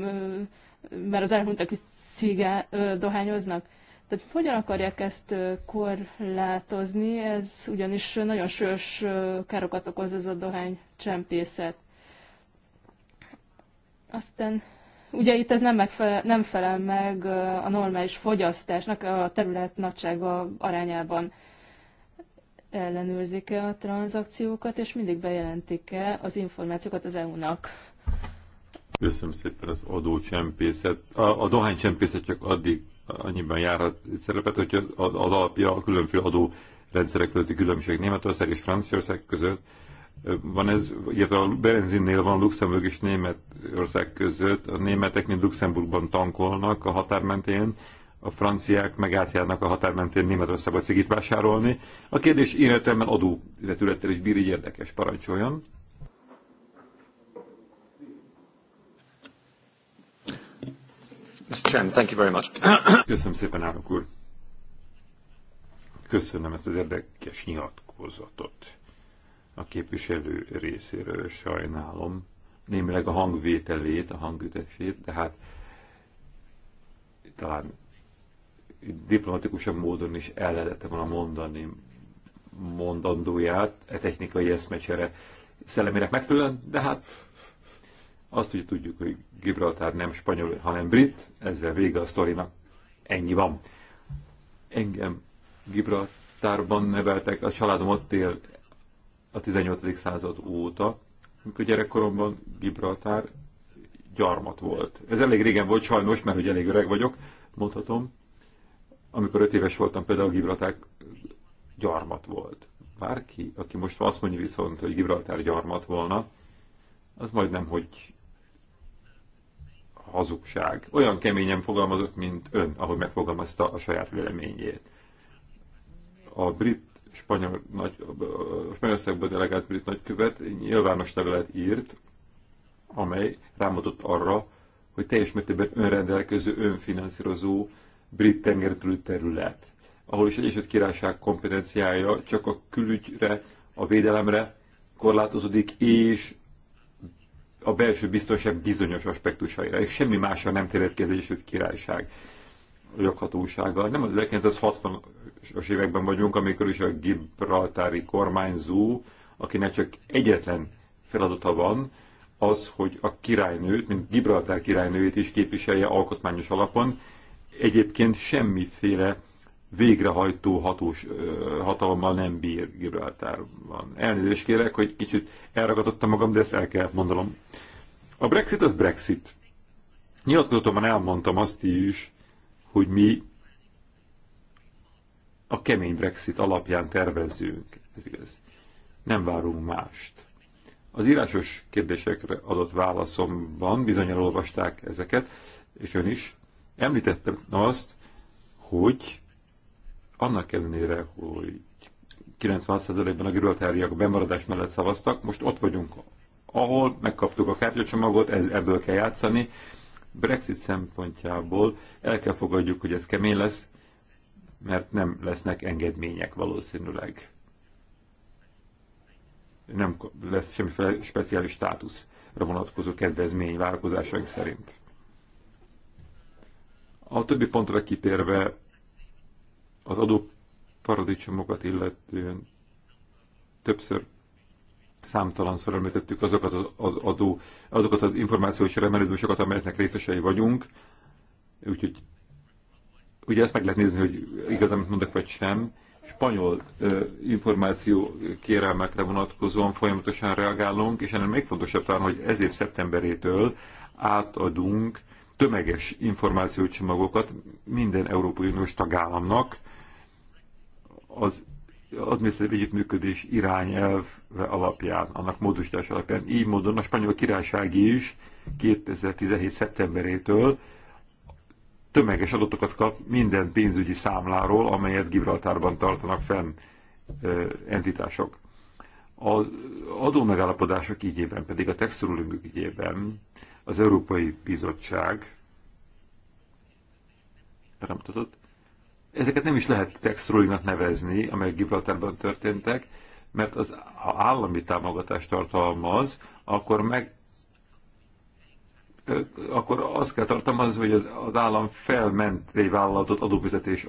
S3: mert az elhunytak is cigá, dohányoznak. Tehát hogyan akarják ezt korlátozni? Ez ugyanis nagyon sős károkat okoz ez a dohány csempészet. Aztán Ugye itt ez nem, megfelel, nem felel meg a normális fogyasztásnak a terület nagysága arányában. Ellenőrzik-e a tranzakciókat, és mindig bejelentik-e az információkat az EU-nak?
S1: Köszönöm szépen az adócsempészet. A, a dohánycsempészet csak addig annyiban járhat szerepet, hogy az alapja a különféle adórendszerek közötti különbség Németország és Franciaország között van ez, illetve a benzinnél van Luxemburg és Németország között, a németek mint Luxemburgban tankolnak a határ mentén, a franciák meg átjárnak a határ mentén Németországba cigit vásárolni. A kérdés én értelemben adó vetülettel is bír, így érdekes, parancsoljon. Thank you very much. Köszönöm szépen, állok úr. Köszönöm ezt az érdekes nyilatkozatot a képviselő részéről sajnálom, némileg a hangvételét, a hangütését, de hát talán diplomatikusabb módon is el lehetett volna mondani mondandóját, e technikai eszmecsere szellemének megfelelően, de hát azt ugye tudjuk, hogy Gibraltár nem spanyol, hanem brit, ezzel vége a sztorinak. Ennyi van. Engem Gibraltárban neveltek, a családom ott él, a 18. század óta, amikor gyerekkoromban Gibraltár gyarmat volt. Ez elég régen volt sajnos, mert hogy elég öreg vagyok, mondhatom. Amikor öt éves voltam, például Gibraltár gyarmat volt. Bárki, aki most azt mondja viszont, hogy Gibraltár gyarmat volna, az majdnem, hogy hazugság. Olyan keményen fogalmazott, mint ön, ahogy megfogalmazta a saját véleményét. A brit spanyol, nagy, Spanyolországban delegált brit nagykövet nyilvános levelet írt, amely rámutott arra, hogy teljes mértékben önrendelkező, önfinanszírozó brit tengertúli terület, ahol is Egyesült Királyság kompetenciája csak a külügyre, a védelemre korlátozódik, és a belső biztonság bizonyos aspektusaira, és semmi másra nem terjed ki az Egyesült Királyság joghatósága. Nem az 1960-as években vagyunk, amikor is a gibraltári kormányzó, akinek csak egyetlen feladata van, az, hogy a királynőt, mint Gibraltár királynőjét is képviselje alkotmányos alapon, egyébként semmiféle végrehajtó hatós, hatalommal nem bír Gibraltárban. Elnézést kérek, hogy kicsit elragadottam magam, de ezt el kell mondanom. A Brexit az Brexit. Nyilatkozatomban elmondtam azt is, hogy mi a kemény Brexit alapján tervezzünk. Ez igaz. Nem várunk mást. Az írásos kérdésekre adott válaszomban, bizonyára olvasták ezeket, és ön is, említettem azt, hogy annak ellenére, hogy 90 ban a gibraltáriak a bemaradás mellett szavaztak, most ott vagyunk, ahol megkaptuk a kártyacsomagot, ez, ebből kell játszani, Brexit szempontjából el kell fogadjuk, hogy ez kemény lesz, mert nem lesznek engedmények valószínűleg. Nem lesz semmiféle speciális státuszra vonatkozó kedvezmény várakozásaink szerint. A többi pontra kitérve az adó paradicsomokat illetően többször Számtalanszor említettük azokat az, az adó, azokat az információs remelődősokat, amelyeknek részesei vagyunk, úgyhogy ugye ezt meg lehet nézni, hogy igazán mondok, vagy sem. Spanyol uh, információ kérelmekre vonatkozóan folyamatosan reagálunk, és ennél még fontosabb talán, hogy ez év szeptemberétől átadunk tömeges információcsomagokat minden Európai Uniós tagállamnak az adminisztratív együttműködés irányelv alapján, annak módosítás alapján. Így módon a spanyol királyság is 2017. szeptemberétől tömeges adatokat kap minden pénzügyi számláról, amelyet Gibraltárban tartanak fenn entitások. Az adó megállapodások ígyében, pedig a textilünk ígyében az Európai Bizottság rámutatott, ezeket nem is lehet textrulinak nevezni, amelyek Gibraltárban történtek, mert az, ha állami támogatást tartalmaz, akkor meg akkor azt kell tartalmazni, hogy az, az állam felment egy vállalatot adófizetés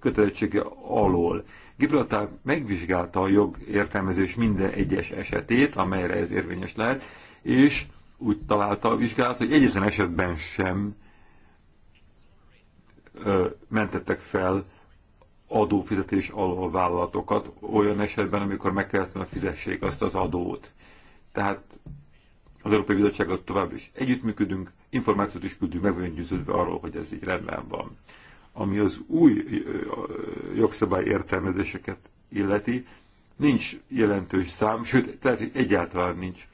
S1: kötelezettsége alól. Gibraltár megvizsgálta a jogértelmezés minden egyes esetét, amelyre ez érvényes lehet, és úgy találta a vizsgálat, hogy egyetlen esetben sem mentettek fel adófizetés alól vállalatokat olyan esetben, amikor meg kellett volna fizessék azt az adót. Tehát az Európai Bizottsággal tovább is együttműködünk, információt is küldünk, meg vagyunk győződve arról, hogy ez így rendben van. Ami az új jogszabály értelmezéseket illeti, nincs jelentős szám, sőt, tehát egyáltalán nincs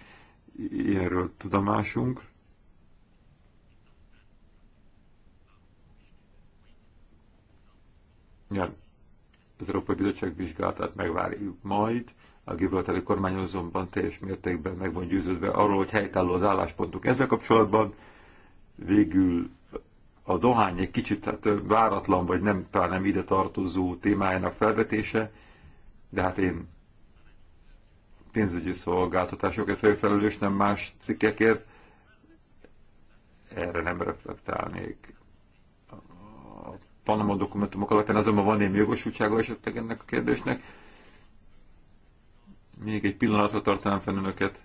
S1: ilyenről tudomásunk. nyilván az Európai Bizottság vizsgálatát megvárjuk majd, a gibraltári kormány azonban teljes mértékben meg van győződve arról, hogy helytálló az álláspontunk. Ezzel kapcsolatban végül a dohány egy kicsit tehát váratlan, vagy nem, talán nem ide tartozó témájának felvetése, de hát én pénzügyi szolgáltatásokért vagyok felelős, nem más cikkekért, erre nem reflektálnék. Panama dokumentumok alapján azonban van némi jogosultsága esetleg ennek a kérdésnek. Még egy pillanatra tartanám fenn önöket.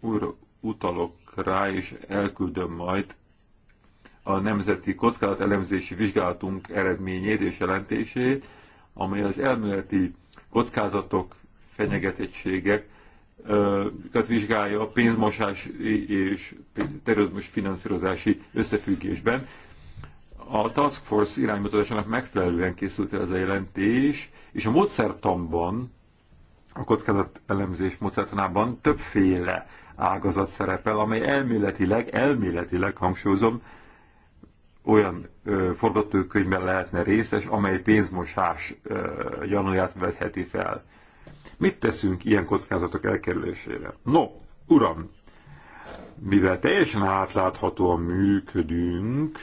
S1: Újra utalok rá, és elküldöm majd a Nemzeti Kockázat Elemzési Vizsgálatunk eredményét és jelentését, amely az elméleti kockázatok, fenyegetettségek vizsgálja a pénzmosás és terrorizmus finanszírozási összefüggésben. A Task Force iránymutatásának megfelelően készült el ez a jelentés, és a módszertanban, a kockázat elemzés módszertanában többféle ágazat szerepel, amely elméletileg, elméletileg hangsúlyozom, olyan ö, forgatókönyvben lehetne részes, amely pénzmosás ö, gyanúját vetheti fel. Mit teszünk ilyen kockázatok elkerülésére? No, uram, mivel teljesen átláthatóan működünk,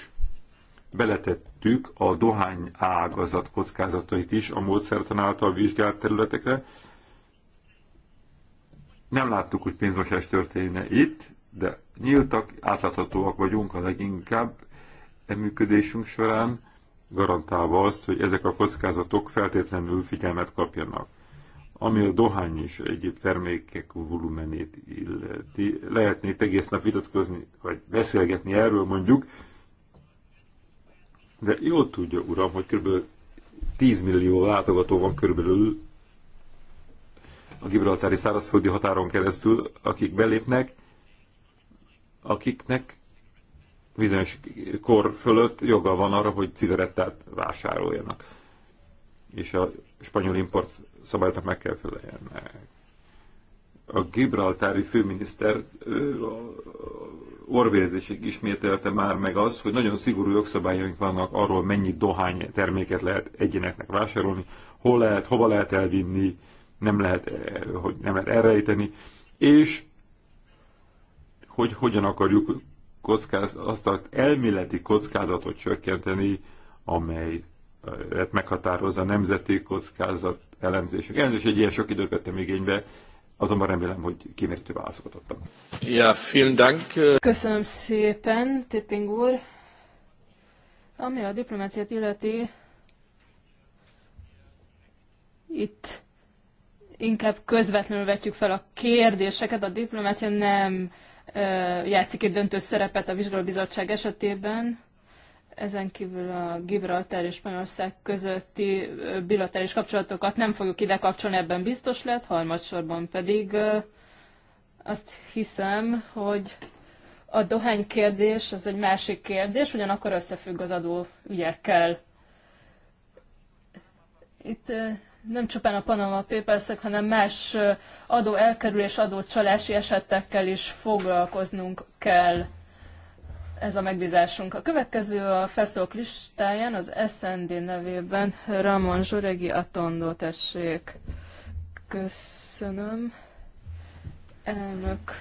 S1: beletettük a dohány ágazat kockázatait is a módszertan által vizsgált területekre. Nem láttuk, hogy pénzmosás történne itt, de nyíltak, átláthatóak vagyunk a leginkább e működésünk során, garantálva azt, hogy ezek a kockázatok feltétlenül figyelmet kapjanak ami a dohány és egyéb termékek volumenét illeti. Lehetné itt egész nap vitatkozni, vagy beszélgetni erről mondjuk, de jól tudja, uram, hogy kb. 10 millió látogató van körülbelül a gibraltári szárazföldi határon keresztül, akik belépnek, akiknek bizonyos kor fölött joga van arra, hogy cigarettát vásároljanak. És a spanyol import szabályoknak meg kell feleljenek. A gibraltári főminiszter orvérzésig ismételte már meg azt, hogy nagyon szigorú jogszabályaink vannak arról, mennyi dohány terméket lehet egyéneknek vásárolni, hol lehet, hova lehet elvinni, nem lehet, hogy nem lehet elrejteni, és hogy hogyan akarjuk kockáz, azt az elméleti kockázatot csökkenteni, amely meghatározza a nemzeti kockázat elemzések. Elnézést, egy ilyen sok időt vettem igénybe, azonban remélem, hogy kimértő válaszokat adtam. Ja, vielen Dank.
S3: Köszönöm szépen, Tipping úr. Ami a diplomáciát illeti, itt inkább közvetlenül vetjük fel a kérdéseket, a diplomácia nem ö, játszik egy döntő szerepet a vizsgálóbizottság esetében. Ezen kívül a Gibraltar és Spanyolország közötti bilaterális kapcsolatokat nem fogjuk ide kapcsolni, ebben biztos lett, harmadsorban pedig azt hiszem, hogy a dohány kérdés az egy másik kérdés, ugyanakkor összefügg az adó ügyekkel. Itt nem csupán a Panama papers hanem más adó elkerülés, adócsalási esetekkel is foglalkoznunk kell ez a megbízásunk. A következő a feszok listáján az SND nevében Ramon Zsuregi Atondó, tessék. Köszönöm. Elnök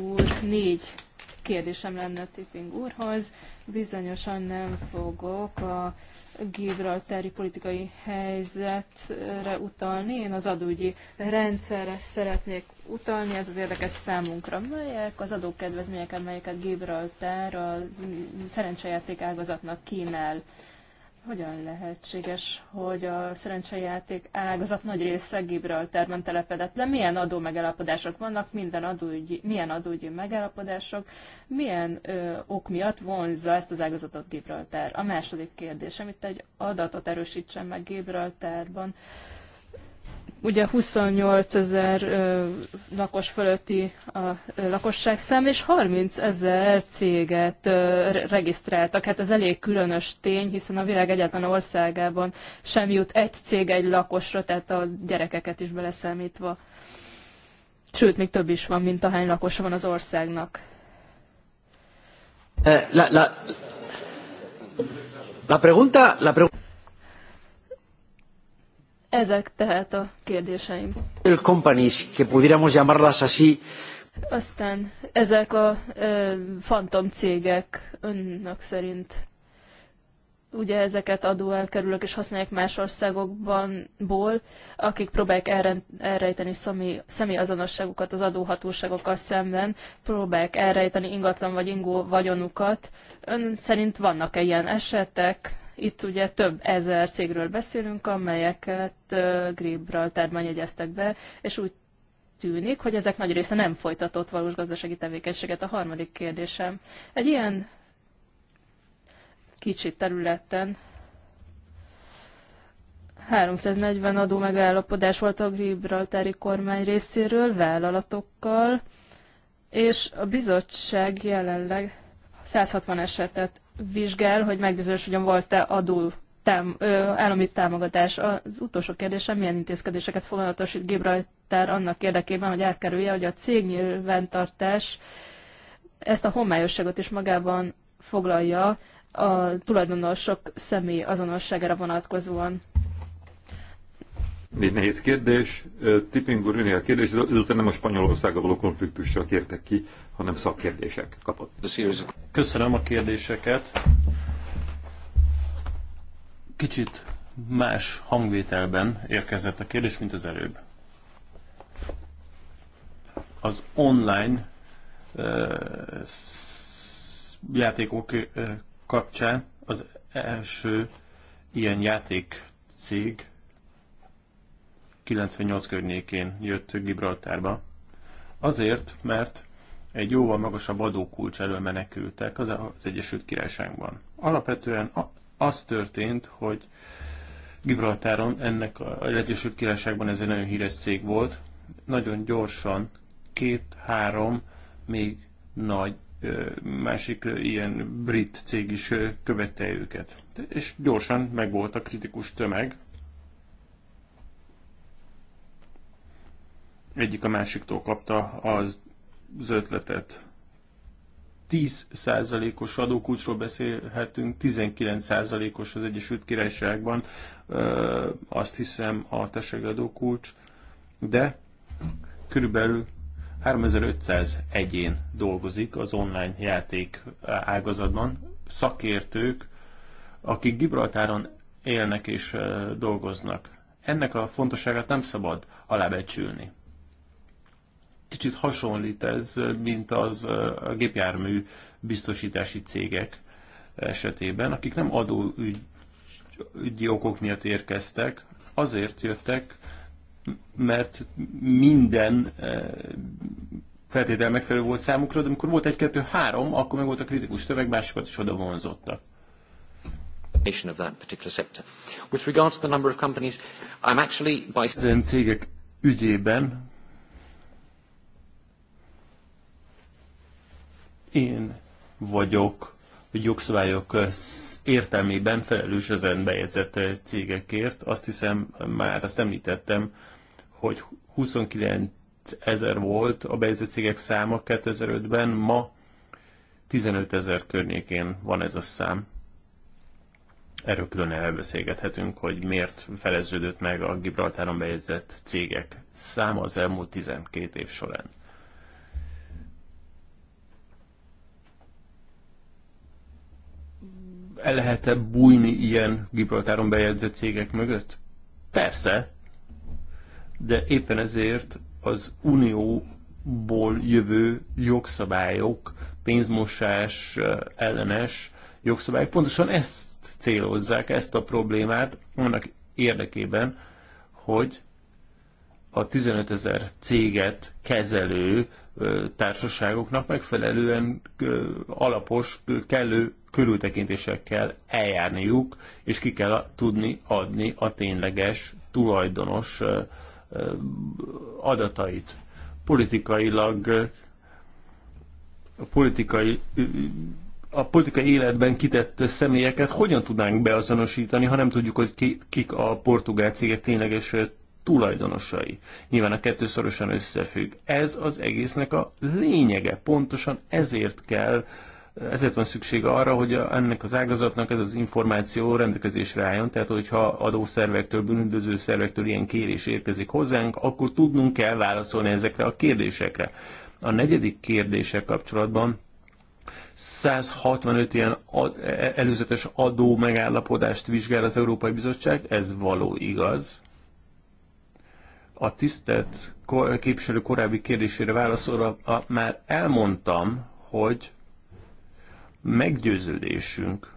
S3: úr, négy kérdésem lenne Tipping úrhoz. Bizonyosan nem fogok a gibraltári politikai helyzetre utalni, én az adógyi rendszerre szeretnék utalni, ez az érdekes számunkra, melyek az adókedvezmények, amelyeket Gibraltár a szerencsejáték ágazatnak kínál. Hogyan lehetséges, hogy a szerencsejáték ágazat nagy része Gibraltárban telepedett le? Milyen adó megállapodások vannak, minden adógyi, milyen adógyi megállapodások, milyen ö, ok miatt vonzza ezt az ágazatot Gibraltár? A második kérdés, amit egy adatot erősítsen meg Gibraltárban. Ö, Ugye 28 ezer lakos fölötti a lakosságszám, és 30 ezer céget regisztráltak. Hát ez elég különös tény, hiszen a világ egyetlen országában sem jut egy cég egy lakosra, tehát a gyerekeket is beleszámítva. Sőt, még több is van, mint ahány lakosa van az országnak.
S4: Eh, la, la, la pregunta, la pregunta.
S3: Ezek tehát a kérdéseim.
S4: El companies, que pudiéramos llamarlas así.
S3: Aztán ezek a fantom fantomcégek önök szerint ugye ezeket adóelkerülők és használják más országokban, ból, akik próbálják elrejteni személyazonosságukat az adóhatóságokkal szemben, próbálják elrejteni ingatlan vagy ingó vagyonukat. Ön szerint vannak-e ilyen esetek? Itt ugye több ezer cégről beszélünk, amelyeket Gibraltárban jegyeztek be, és úgy tűnik, hogy ezek nagy része nem folytatott valós gazdasági tevékenységet. A harmadik kérdésem. Egy ilyen kicsi területen 340 adó megállapodás volt a Gibraltári kormány részéről vállalatokkal, és a bizottság jelenleg 160 esetet vizsgál, hogy megbizonyosodjon, volt-e adó tám, ö, állami támogatás. Az utolsó kérdésem, milyen intézkedéseket foglalatosít Gibraltár annak érdekében, hogy elkerülje, hogy a cég nyilvántartás ezt a homályosságot is magában foglalja a tulajdonosok személy azonosságára vonatkozóan.
S1: Négy nehéz kérdés. Tipping úr, a kérdés, ezután nem a Spanyolországa való konfliktusra kértek ki, hanem szakkérdések kapott. Köszönöm a kérdéseket.
S2: Kicsit más hangvételben érkezett a kérdés, mint az előbb. Az online uh, játékok uh, kapcsán az első ilyen játék cég 98 környékén jött Gibraltárba. Azért, mert egy jóval magasabb adókulcs elől menekültek az, Egyesült Királyságban. Alapvetően az történt, hogy Gibraltáron ennek az Egyesült Királyságban ez egy nagyon híres cég volt, nagyon gyorsan két-három még nagy másik ilyen brit cég is követte őket. És gyorsan megvolt a kritikus tömeg, egyik a másiktól kapta az, az ötletet. 10%-os adókulcsról beszélhetünk, 19%-os az Egyesült Királyságban, ö, azt hiszem a tesegi adókulcs, de körülbelül 3500 egyén dolgozik az online játék ágazatban, szakértők, akik Gibraltáron élnek és dolgoznak. Ennek a fontosságát nem szabad alábecsülni. Kicsit hasonlít ez, mint az a gépjármű biztosítási cégek esetében, akik nem adóügyi okok miatt érkeztek, azért jöttek, mert minden feltétel megfelelő volt számukra, de amikor volt egy-kettő-három, akkor meg volt a kritikus tömeg, másokat is oda vonzottak. Of that particular sector. With to the number of companies, I'm actually by... Ezen cégek ügyében Én vagyok jogszabályok értelmében felelős az önbejegyzett cégekért. Azt hiszem, már azt említettem, hogy 29 ezer volt a bejegyzett cégek száma 2005-ben, ma 15 ezer környékén van ez a szám. Erről külön elbeszélgethetünk, hogy miért feleződött meg a Gibraltáron bejegyzett cégek száma az elmúlt 12 év során. el lehet-e bújni ilyen Gibraltáron bejegyzett cégek mögött? Persze, de éppen ezért az unióból jövő jogszabályok, pénzmosás eh, ellenes jogszabályok pontosan ezt célozzák, ezt a problémát annak érdekében, hogy a 15 ezer céget kezelő eh, társaságoknak megfelelően eh, alapos, kellő körültekintéssel kell eljárniuk, és ki kell tudni adni a tényleges tulajdonos adatait. Politikailag a politikai a politikai életben kitett személyeket hogyan tudnánk beazonosítani, ha nem tudjuk, hogy ki, kik a portugál cégek tényleges tulajdonosai. Nyilván a kettő szorosan összefügg. Ez az egésznek a lényege. Pontosan ezért kell uh, ezért van szükség arra, hogy ennek az ágazatnak ez az információ rendelkezésre álljon, tehát hogyha adószervektől, bűnüldöző szervektől ilyen kérés érkezik hozzánk, akkor tudnunk kell válaszolni ezekre a kérdésekre. A negyedik kérdéssel kapcsolatban 165 ilyen ad, e- előzetes adó megállapodást vizsgál az Európai Bizottság, ez való igaz. A tisztelt képviselő korábbi kérdésére válaszolva már elmondtam, hogy meggyőződésünk,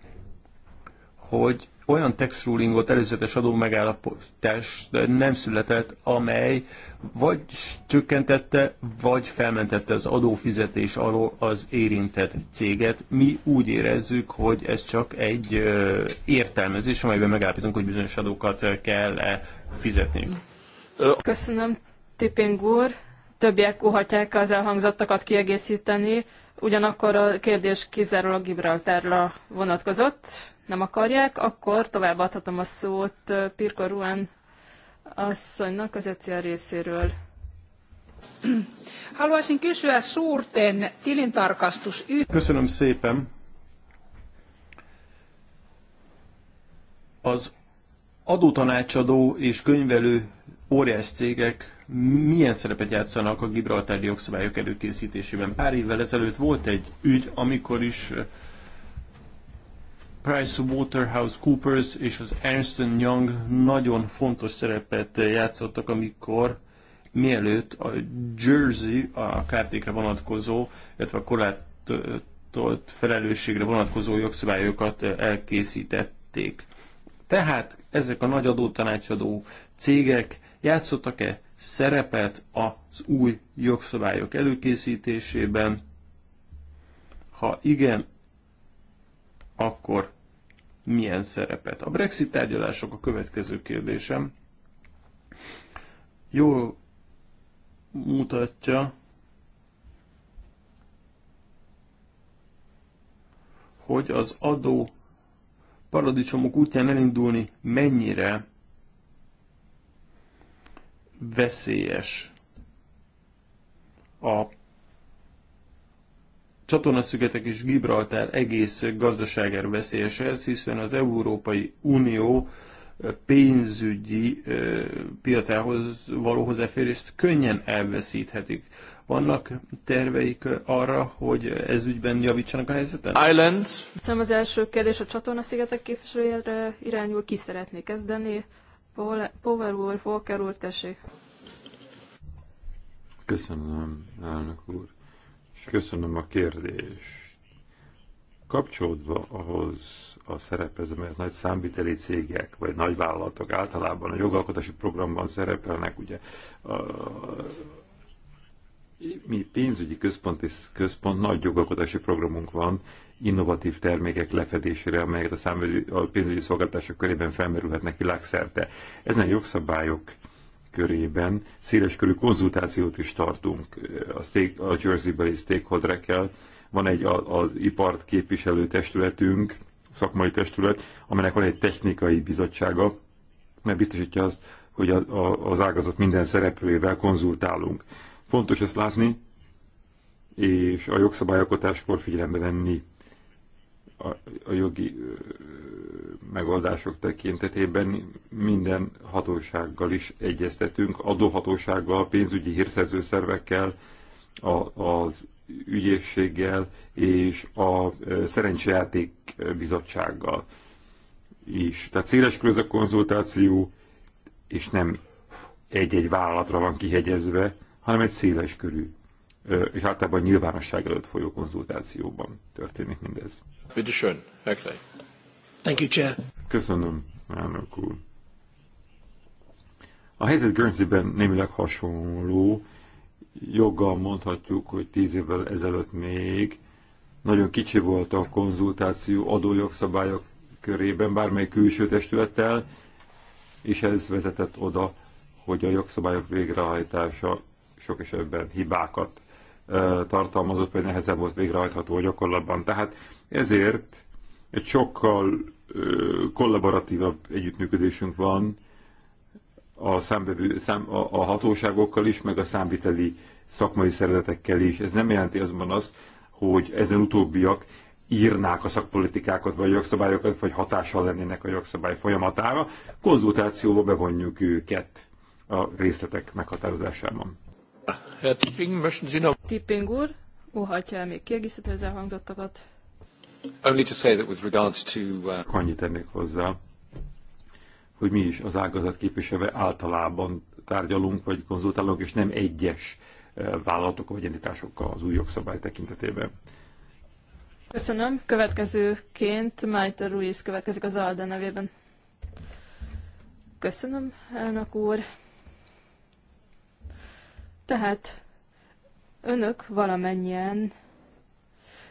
S2: hogy olyan tax rulingot, előzetes adó megállapotás nem született, amely vagy csökkentette, vagy felmentette az adófizetés alól az érintett céget. Mi úgy érezzük, hogy ez csak egy értelmezés, amelyben megállapítunk, hogy bizonyos adókat kell -e fizetni.
S3: Köszönöm, Tipping úr. Többiek kuhatják az elhangzottakat kiegészíteni ugyanakkor a kérdés kizárólag Gibraltárra vonatkozott, nem akarják, akkor továbbadhatom a szót Pirko Ruán asszonynak az ECR részéről. Haluaisin kysyä suurten tilintarkastus... Köszönöm
S2: szépen. Az adótanácsadó és könyvelő óriás cégek milyen szerepet játszanak a Gibraltári jogszabályok előkészítésében. Pár évvel ezelőtt volt egy ügy, amikor is eh, Price Waterhouse Coopers és az Ernst Young nagyon fontos szerepet játszottak, amikor mielőtt a Jersey, a kártékre vonatkozó, illetve a korlátott felelősségre vonatkozó jogszabályokat eh, elkészítették. Tehát ezek a nagy adótanácsadó cégek Játszottak-e szerepet az új jogszabályok előkészítésében? Ha igen, akkor milyen szerepet? A Brexit tárgyalások a következő kérdésem. Jól mutatja, hogy az adó paradicsomok útján elindulni mennyire veszélyes. A csatornaszügetek és Gibraltár egész gazdaságára veszélyes ez, hiszen az Európai Unió pénzügyi piacához való hozzáférést könnyen elveszíthetik. Vannak terveik arra, hogy ez ügyben javítsanak a helyzetet? Island.
S3: Hiszem az első kérdés a csatornaszigetek képviselőjére irányul. Ki szeretné kezdeni? Power úr, Volker úr, tessék.
S1: Köszönöm, elnök úr, és köszönöm a kérdést kapcsolódva ahhoz a szerephez, mert nagy számviteli cégek vagy nagy vállalatok általában a jogalkotási programban szerepelnek, ugye a, mi pénzügyi központ és központ nagy jogalkotási programunk van, innovatív termékek lefedésére, amelyeket a, számvevő, a pénzügyi szolgáltatások körében felmerülhetnek világszerte. Ezen jogszabályok körében széles körű konzultációt is tartunk a, stake, a Jersey-beli stakeholderekkel. Van egy az ipart képviselő testületünk, szakmai testület, amelynek van egy technikai bizottsága, mert biztosítja azt, hogy a, a, az ágazat minden szereplőjével konzultálunk. Fontos ezt látni, és a jogszabályalkotáskor figyelembe venni a, a jogi megoldások tekintetében minden hatósággal is egyeztetünk, adóhatósággal, pénzügyi hírszerző szervekkel, a, az ügyészséggel és a szerencsejáték bizottsággal is. Tehát széles köz a konzultáció, és nem egy-egy vállalatra van kihegyezve, hanem egy széles körű és általában nyilvánosság előtt folyó konzultációban történik mindez. Bitte Thank you, Chair. Köszönöm, elnök úr. A helyzet Guernseyben némileg hasonló. Joggal mondhatjuk, hogy tíz évvel ezelőtt még nagyon kicsi volt a konzultáció adójogszabályok körében bármely külső testülettel, és ez vezetett oda, hogy a jogszabályok végrehajtása sok esetben hibákat tartalmazott, vagy nehezebb volt végrehajtható a gyakorlatban. Tehát ezért egy sokkal kollaboratívabb együttműködésünk van a, számbevő, szám, a, a hatóságokkal is, meg a számviteli szakmai szervezetekkel is. Ez nem jelenti azonban azt, hogy ezen utóbbiak írnák a szakpolitikákat, vagy jogszabályokat, vagy hatással lennének a jogszabály folyamatára. Konzultációba bevonjuk őket a részletek meghatározásában. Herr Tipping, möchten Sie noch...
S3: Tipping úr, óhajtja el még kiegészítő az elhangzottakat?
S1: Only to say that with regards to... Uh... Annyit tennék hozzá, hogy mi is az ágazat képviselve általában tárgyalunk, vagy konzultálunk, és nem egyes uh, vállalatok vagy entitásokkal az új jogszabály tekintetében.
S3: Köszönöm. Következőként Májta Ruiz következik az ALDE nevében. Köszönöm, elnök úr. Tehát önök valamennyien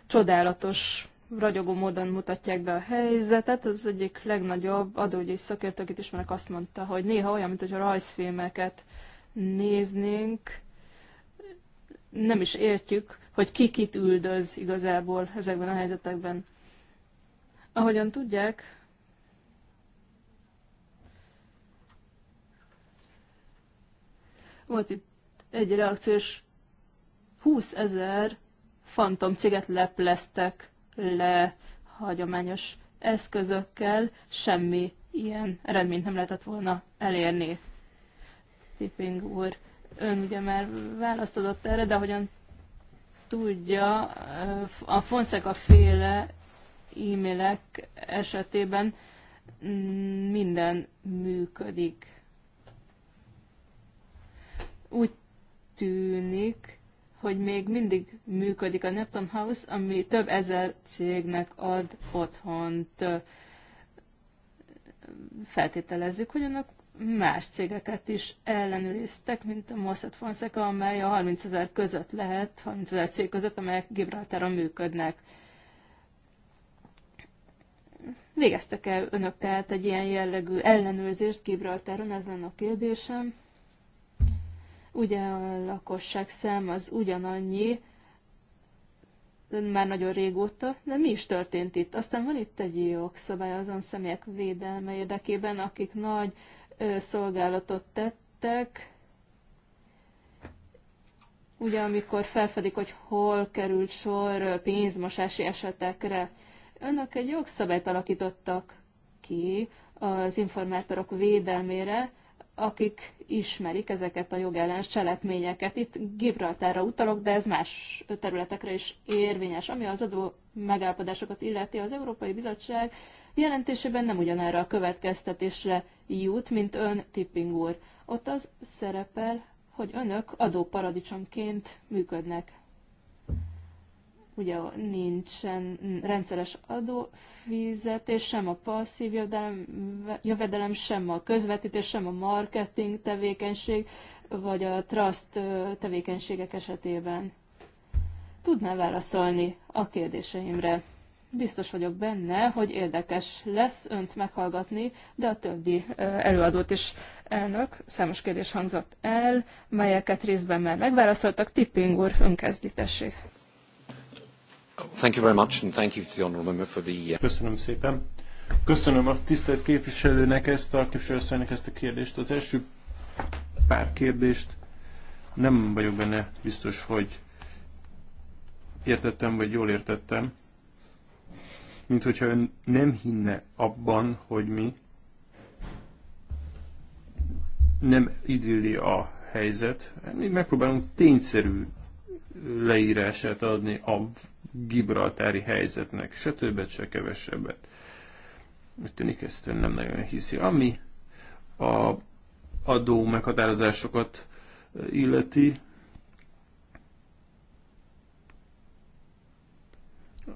S3: csodálatos, ragyogó módon mutatják be a helyzetet. Az egyik legnagyobb adógyi akit ismerek azt mondta, hogy néha olyan, mint hogy a rajzfilmeket néznénk, nem is értjük, hogy ki kit üldöz igazából ezekben a helyzetekben. Ahogyan tudják, volt itt egy reakciós 20 ezer fantom céget lepleztek le hagyományos eszközökkel, semmi ilyen eredményt nem lehetett volna elérni. Tipping úr, ön ugye már választodott erre, de hogyan tudja, a Fonseca féle e-mailek esetében minden működik. Úgy tűnik, hogy még mindig működik a Neptun House, ami több ezer cégnek ad otthont. Feltételezzük, hogy annak más cégeket is ellenőriztek, mint a Mossad Fonseca, amely a 30 ezer között lehet, 30 ezer cég között, amelyek Gibraltáron működnek. Végeztek-e önök tehát egy ilyen jellegű ellenőrzést Gibraltáron? Ez lenne a kérdésem. Ugye a lakosság szám az ugyanannyi, már nagyon régóta, de mi is történt itt? Aztán van itt egy jogszabály azon személyek védelme érdekében, akik nagy ö, szolgálatot tettek, ugye amikor felfedik, hogy hol került sor pénzmosási esetekre, önök egy jogszabályt alakítottak ki az informátorok védelmére, akik ismerik ezeket a jogellenes cselekményeket. Itt Gibraltárra utalok, de ez más területekre is érvényes. Ami az adó megállapodásokat illeti, az Európai Bizottság jelentésében nem ugyanerre a következtetésre jut, mint ön Tipping úr. Ott az szerepel, hogy önök adóparadicsomként működnek ugye nincsen rendszeres adófizetés, sem a passzív jövedelem, jövedelem, sem a közvetítés, sem a marketing tevékenység, vagy a trust tevékenységek esetében. Tudná válaszolni a kérdéseimre? Biztos vagyok benne, hogy érdekes lesz önt meghallgatni, de a többi előadót is elnök. Számos kérdés hangzott el, melyeket részben már megválaszoltak. Tipping úr, önkezdítessék.
S1: Thank you very much,
S2: and thank you to the honourable member for the... Uh, Köszönöm szépen. Köszönöm a tisztelt képviselőnek ezt a képviselőnek ezt a kérdést. Az első pár kérdést nem vagyok benne biztos, hogy értettem, vagy jól értettem. Mint hogyha ön nem hinne abban, hogy mi nem idilli a helyzet. Mi megpróbálunk tényszerű leírását adni a gibraltári helyzetnek, se többet, se kevesebbet. mert tűnik, ezt nem nagyon hiszi. Ami a adó meghatározásokat illeti,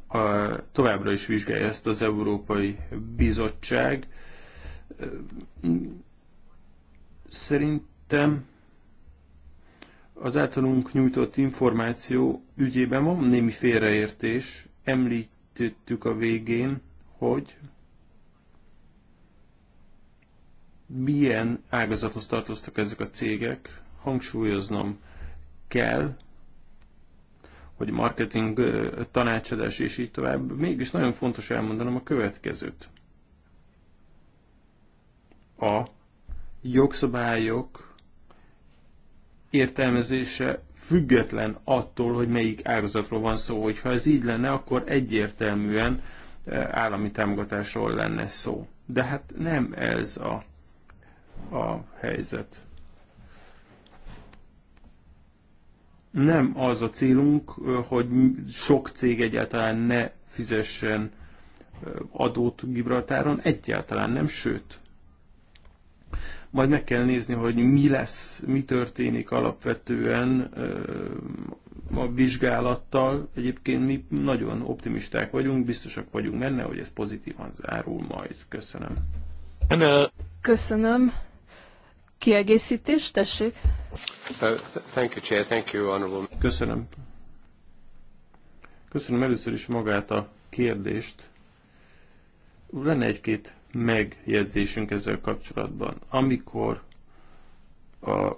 S2: a, továbbra is vizsgálja ezt az Európai Bizottság. Szerintem az általunk nyújtott információ ügyében van némi félreértés. Említettük a végén, hogy milyen ágazathoz tartoztak ezek a cégek. Hangsúlyoznom kell, hogy marketing tanácsadás és így tovább. Mégis nagyon fontos elmondanom a következőt. A jogszabályok értelmezése független attól, hogy melyik ágazatról van szó. Hogyha ez így lenne, akkor egyértelműen eh, állami támogatásról lenne szó. De hát nem ez a, a helyzet. Nem az a célunk, eh, hogy sok cég egyáltalán ne fizessen eh, adót Gibraltáron, egyáltalán nem, sőt. Majd meg kell nézni, hogy mi lesz, mi történik alapvetően a vizsgálattal. Egyébként mi nagyon optimisták vagyunk, biztosak vagyunk benne, hogy ez pozitívan zárul majd. Köszönöm.
S3: Köszönöm. Kiegészítés, tessék.
S2: Uh, thank you, Chair. Thank you, Honorable. Köszönöm. Köszönöm először is magát a kérdést. Lenne egy-két megjegyzésünk ezzel kapcsolatban. Amikor a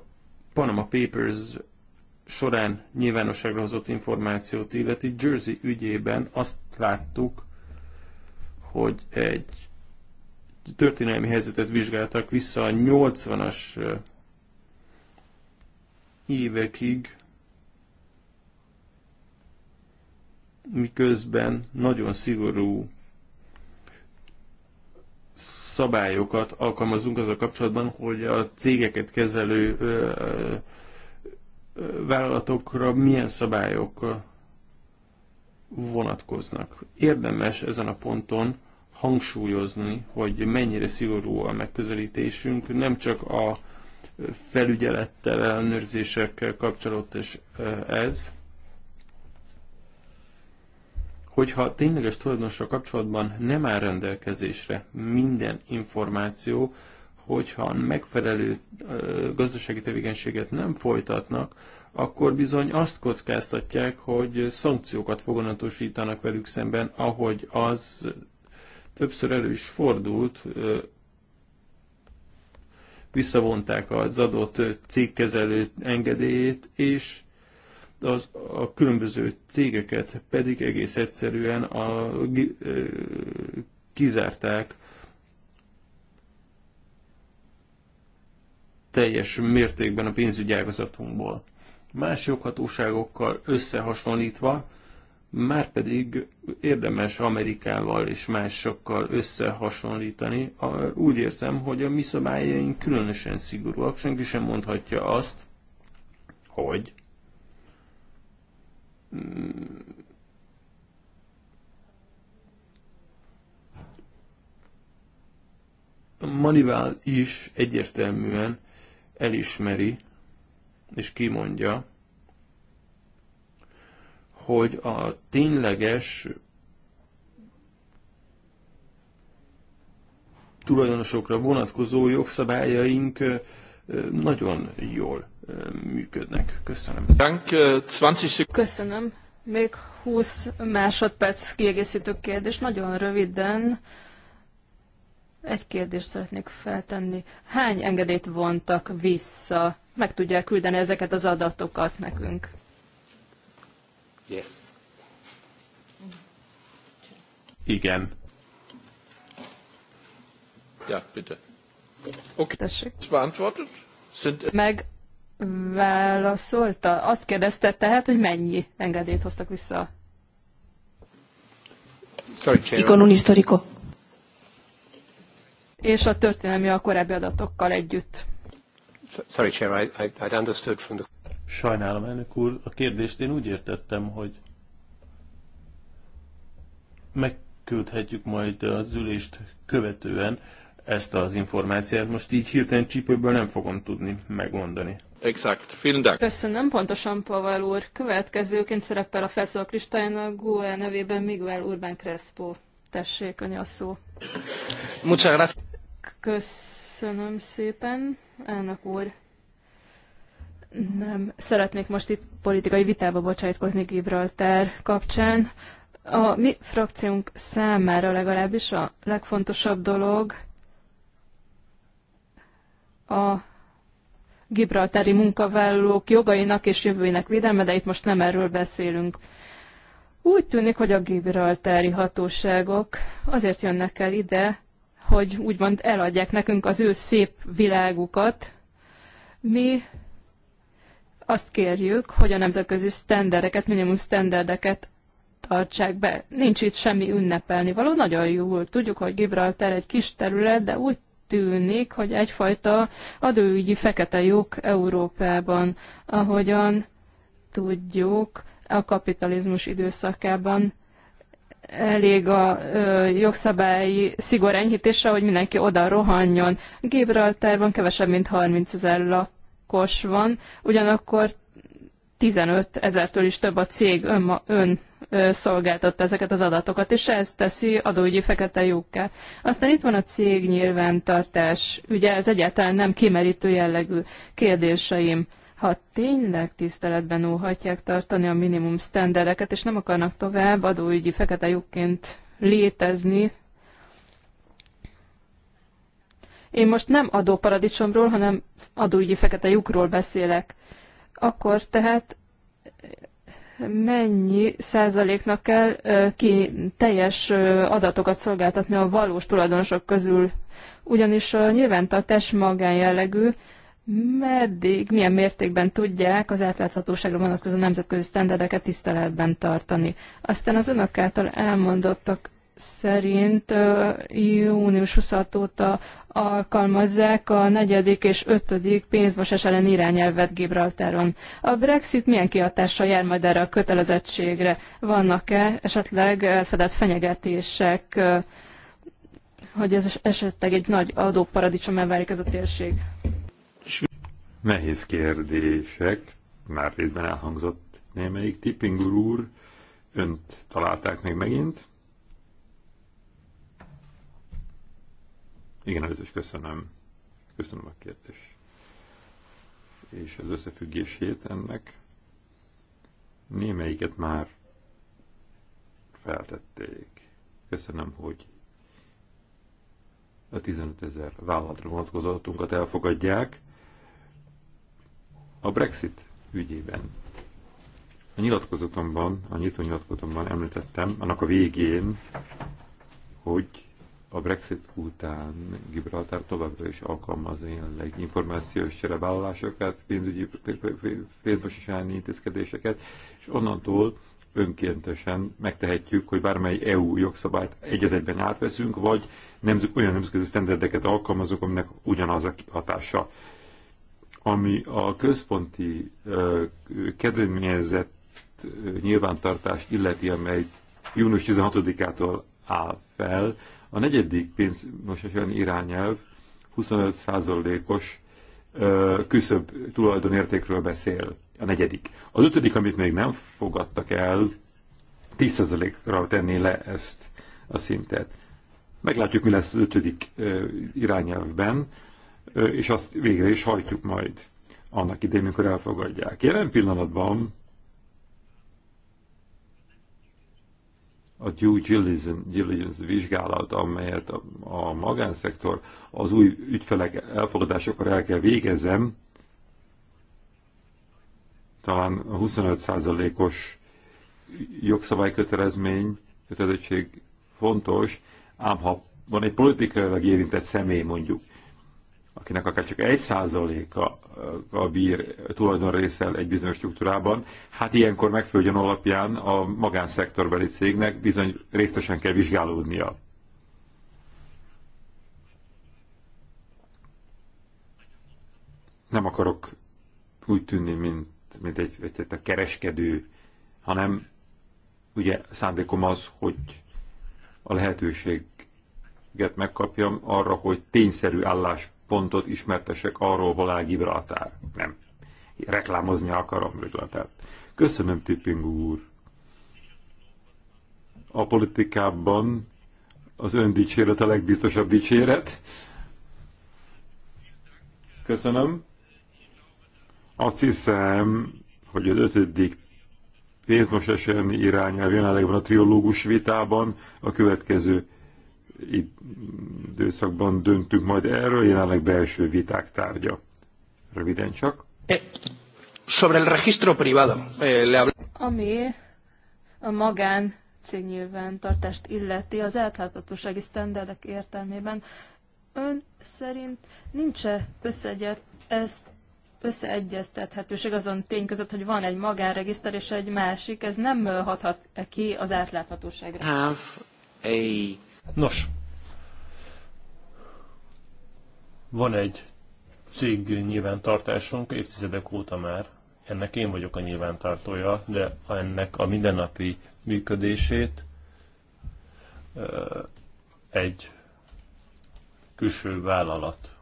S2: Panama Papers során nyilvánosságra hozott információt illeti, Jersey ügyében azt láttuk, hogy egy történelmi helyzetet vizsgáltak vissza a 80-as évekig, miközben nagyon szigorú szabályokat alkalmazunk a kapcsolatban, hogy a cégeket kezelő vállalatokra milyen szabályok vonatkoznak. Érdemes ezen a ponton hangsúlyozni, hogy mennyire szigorú a megközelítésünk, nem csak a felügyelettel, ellenőrzésekkel kapcsolatos ez, hogyha tényleges tulajdonosra kapcsolatban nem áll rendelkezésre minden információ, hogyha megfelelő gazdasági tevékenységet nem folytatnak, akkor bizony azt kockáztatják, hogy szankciókat foganatosítanak velük szemben, ahogy az többször elő is fordult, visszavonták az adott cégkezelő engedélyét, és az, a különböző cégeket pedig egész egyszerűen a, kizárták teljes mértékben a pénzügyi ágazatunkból. Más joghatóságokkal összehasonlítva, már pedig érdemes Amerikával és másokkal összehasonlítani. Úgy érzem, hogy a mi szabályaink különösen szigorúak, senki sem mondhatja azt, hogy Manivál mm. is egyértelműen elismeri és kimondja, hogy a tényleges tulajdonosokra vonatkozó jogszabályaink nagyon jól működnek. Köszönöm. Köszönöm.
S3: Még 20 másodperc kiegészítő kérdés. Nagyon röviden egy kérdést szeretnék feltenni. Hány engedélyt vontak vissza? Meg tudják küldeni ezeket az adatokat nekünk?
S2: Yes. Igen. Ja, bitte. Okay. Tessék.
S3: Meg válaszolta. Azt kérdezte tehát, hogy mennyi engedélyt hoztak vissza. Sorry, historico. És a történelmi a korábbi adatokkal együtt.
S2: Sorry, Chair, I, I, I'd understood from the... Sajnálom, elnök úr, a kérdést én úgy értettem, hogy megküldhetjük majd az ülést követően ezt az információt. Most így hirtelen csípőből nem fogom tudni megmondani. Exakt. Vielen Dank.
S3: Köszönöm, pontosan Pavel úr. Következőként szerepel a felszólalók listáján a GUE nevében Miguel Urban Crespo. Tessék, anya a szó. Köszönöm szépen, elnök úr. Nem szeretnék most itt politikai vitába bocsájtkozni Gibraltár kapcsán. A mi frakciónk számára legalábbis a legfontosabb dolog a gibraltári munkavállalók jogainak és jövőinek védelme, de itt most nem erről beszélünk. Úgy tűnik, hogy a gibraltári hatóságok azért jönnek el ide, hogy úgymond eladják nekünk az ő szép világukat. Mi azt kérjük, hogy a nemzetközi sztendereket, minimum sztenderdeket tartsák be. Nincs itt semmi ünnepelni való, nagyon jól tudjuk, hogy Gibraltar egy kis terület, de úgy tűnik, hogy egyfajta adóügyi fekete lyuk Európában, ahogyan tudjuk, a kapitalizmus időszakában
S1: elég
S3: a ö, jogszabályi szigor enyhítésre, hogy mindenki oda rohanjon. Gibraltárban kevesebb, mint 30 ezer lakos van, ugyanakkor 15 ezertől is több a cég ön, ön szolgáltatta ezeket az adatokat, és ez teszi adóügyi fekete lyukká. Aztán itt van a cég nyilvántartás. Ugye ez egyáltalán nem kimerítő jellegű kérdéseim ha tényleg tiszteletben óhatják tartani a minimum sztendereket, és nem akarnak tovább adóügyi fekete lyukként létezni, én most nem adóparadicsomról, hanem adóügyi fekete lyukról beszélek, akkor tehát mennyi százaléknak kell ki teljes adatokat szolgáltatni a valós tulajdonosok közül, ugyanis a nyilvántartás magánjellegű, meddig, milyen mértékben tudják az átláthatóságra vonatkozó nemzetközi sztenderdeket tiszteletben tartani. Aztán az önök által elmondottak szerint június 26 óta alkalmazzák a negyedik és ötödik pénzmosás ellen irányelvet Gibraltáron. A Brexit milyen kihatással jár majd erre a kötelezettségre? Vannak-e esetleg elfedett fenyegetések, hogy ez esetleg egy nagy adóparadicsom elvárik ez a térség?
S1: Nehéz kérdések, már részben elhangzott némelyik. Tipping úr, önt találták meg megint. Igen, ez is köszönöm. Köszönöm a kérdést. És az összefüggését ennek némelyiket már feltették. Köszönöm, hogy a 15 ezer vállalatra vonatkozatunkat elfogadják. A Brexit ügyében a nyilatkozatomban, a nyitó nyilatkozatomban említettem, annak a végén, hogy a Brexit után Gibraltár továbbra is alkalmaz jelenleg információs cserevállalásokat, pénzügyi pénzmosítási intézkedéseket, és onnantól önkéntesen megtehetjük, hogy bármely EU jogszabályt egy egyben átveszünk, vagy nemzet, olyan nemzetközi sztenderdeket alkalmazunk, aminek ugyanaz a hatása. Ami a központi uh, kedvezményezett uh, nyilvántartást illeti, amely június 16-ától áll fel, a negyedik pénz, olyan irányelv 25%-os küszöbb tulajdonértékről beszél. A negyedik. Az ötödik, amit még nem fogadtak el, 10%-ra tenné le ezt a szintet. Meglátjuk, mi lesz az ötödik irányelvben, és azt végre is hajtjuk majd annak idején, amikor elfogadják. Jelen pillanatban a due diligence, diligence vizsgálat, amelyet a, a magánszektor az új ügyfelek elfogadásakor el kell végezem, talán 25%-os jogszabálykötelezmény, kötelezettség fontos, ám ha van egy politikailag érintett személy mondjuk, akinek akár csak egy százaléka a bír tulajdonrészel egy bizonyos struktúrában, hát ilyenkor megfőgyön alapján a magánszektorbeli cégnek bizony részesen kell vizsgálódnia. Nem akarok úgy tűnni, mint, mint egy, egy, egy a kereskedő, hanem ugye szándékom az, hogy a lehetőséget megkapjam arra, hogy tényszerű állás pontot ismertesek arról, hol áll Gibraltár. Nem. Reklámozni akarom Gibraltárt. Köszönöm, Tipping úr. A politikában az dicséret a legbiztosabb dicséret. Köszönöm. Azt hiszem, hogy az ötödik pénzmos elleni irányelv jelenleg van a triológus vitában, a következő időszakban döntünk majd erről, jelenleg belső viták tárgya. Röviden csak.
S4: Eh, sobre
S1: el registro privado. Eh,
S3: Ami a magán cégnyilvántartást illeti az átláthatósági sztenderdek értelmében, ön szerint nincs-e összeegyet, ezt összeegyeztethetőség azon tény között, hogy van egy magánregiszter és egy másik, ez nem hathat -e ki az átláthatóságra?
S4: Have
S2: a Nos, van egy cég nyilvántartásunk évtizedek óta már, ennek én vagyok a nyilvántartója, de ennek a mindennapi működését egy külső vállalat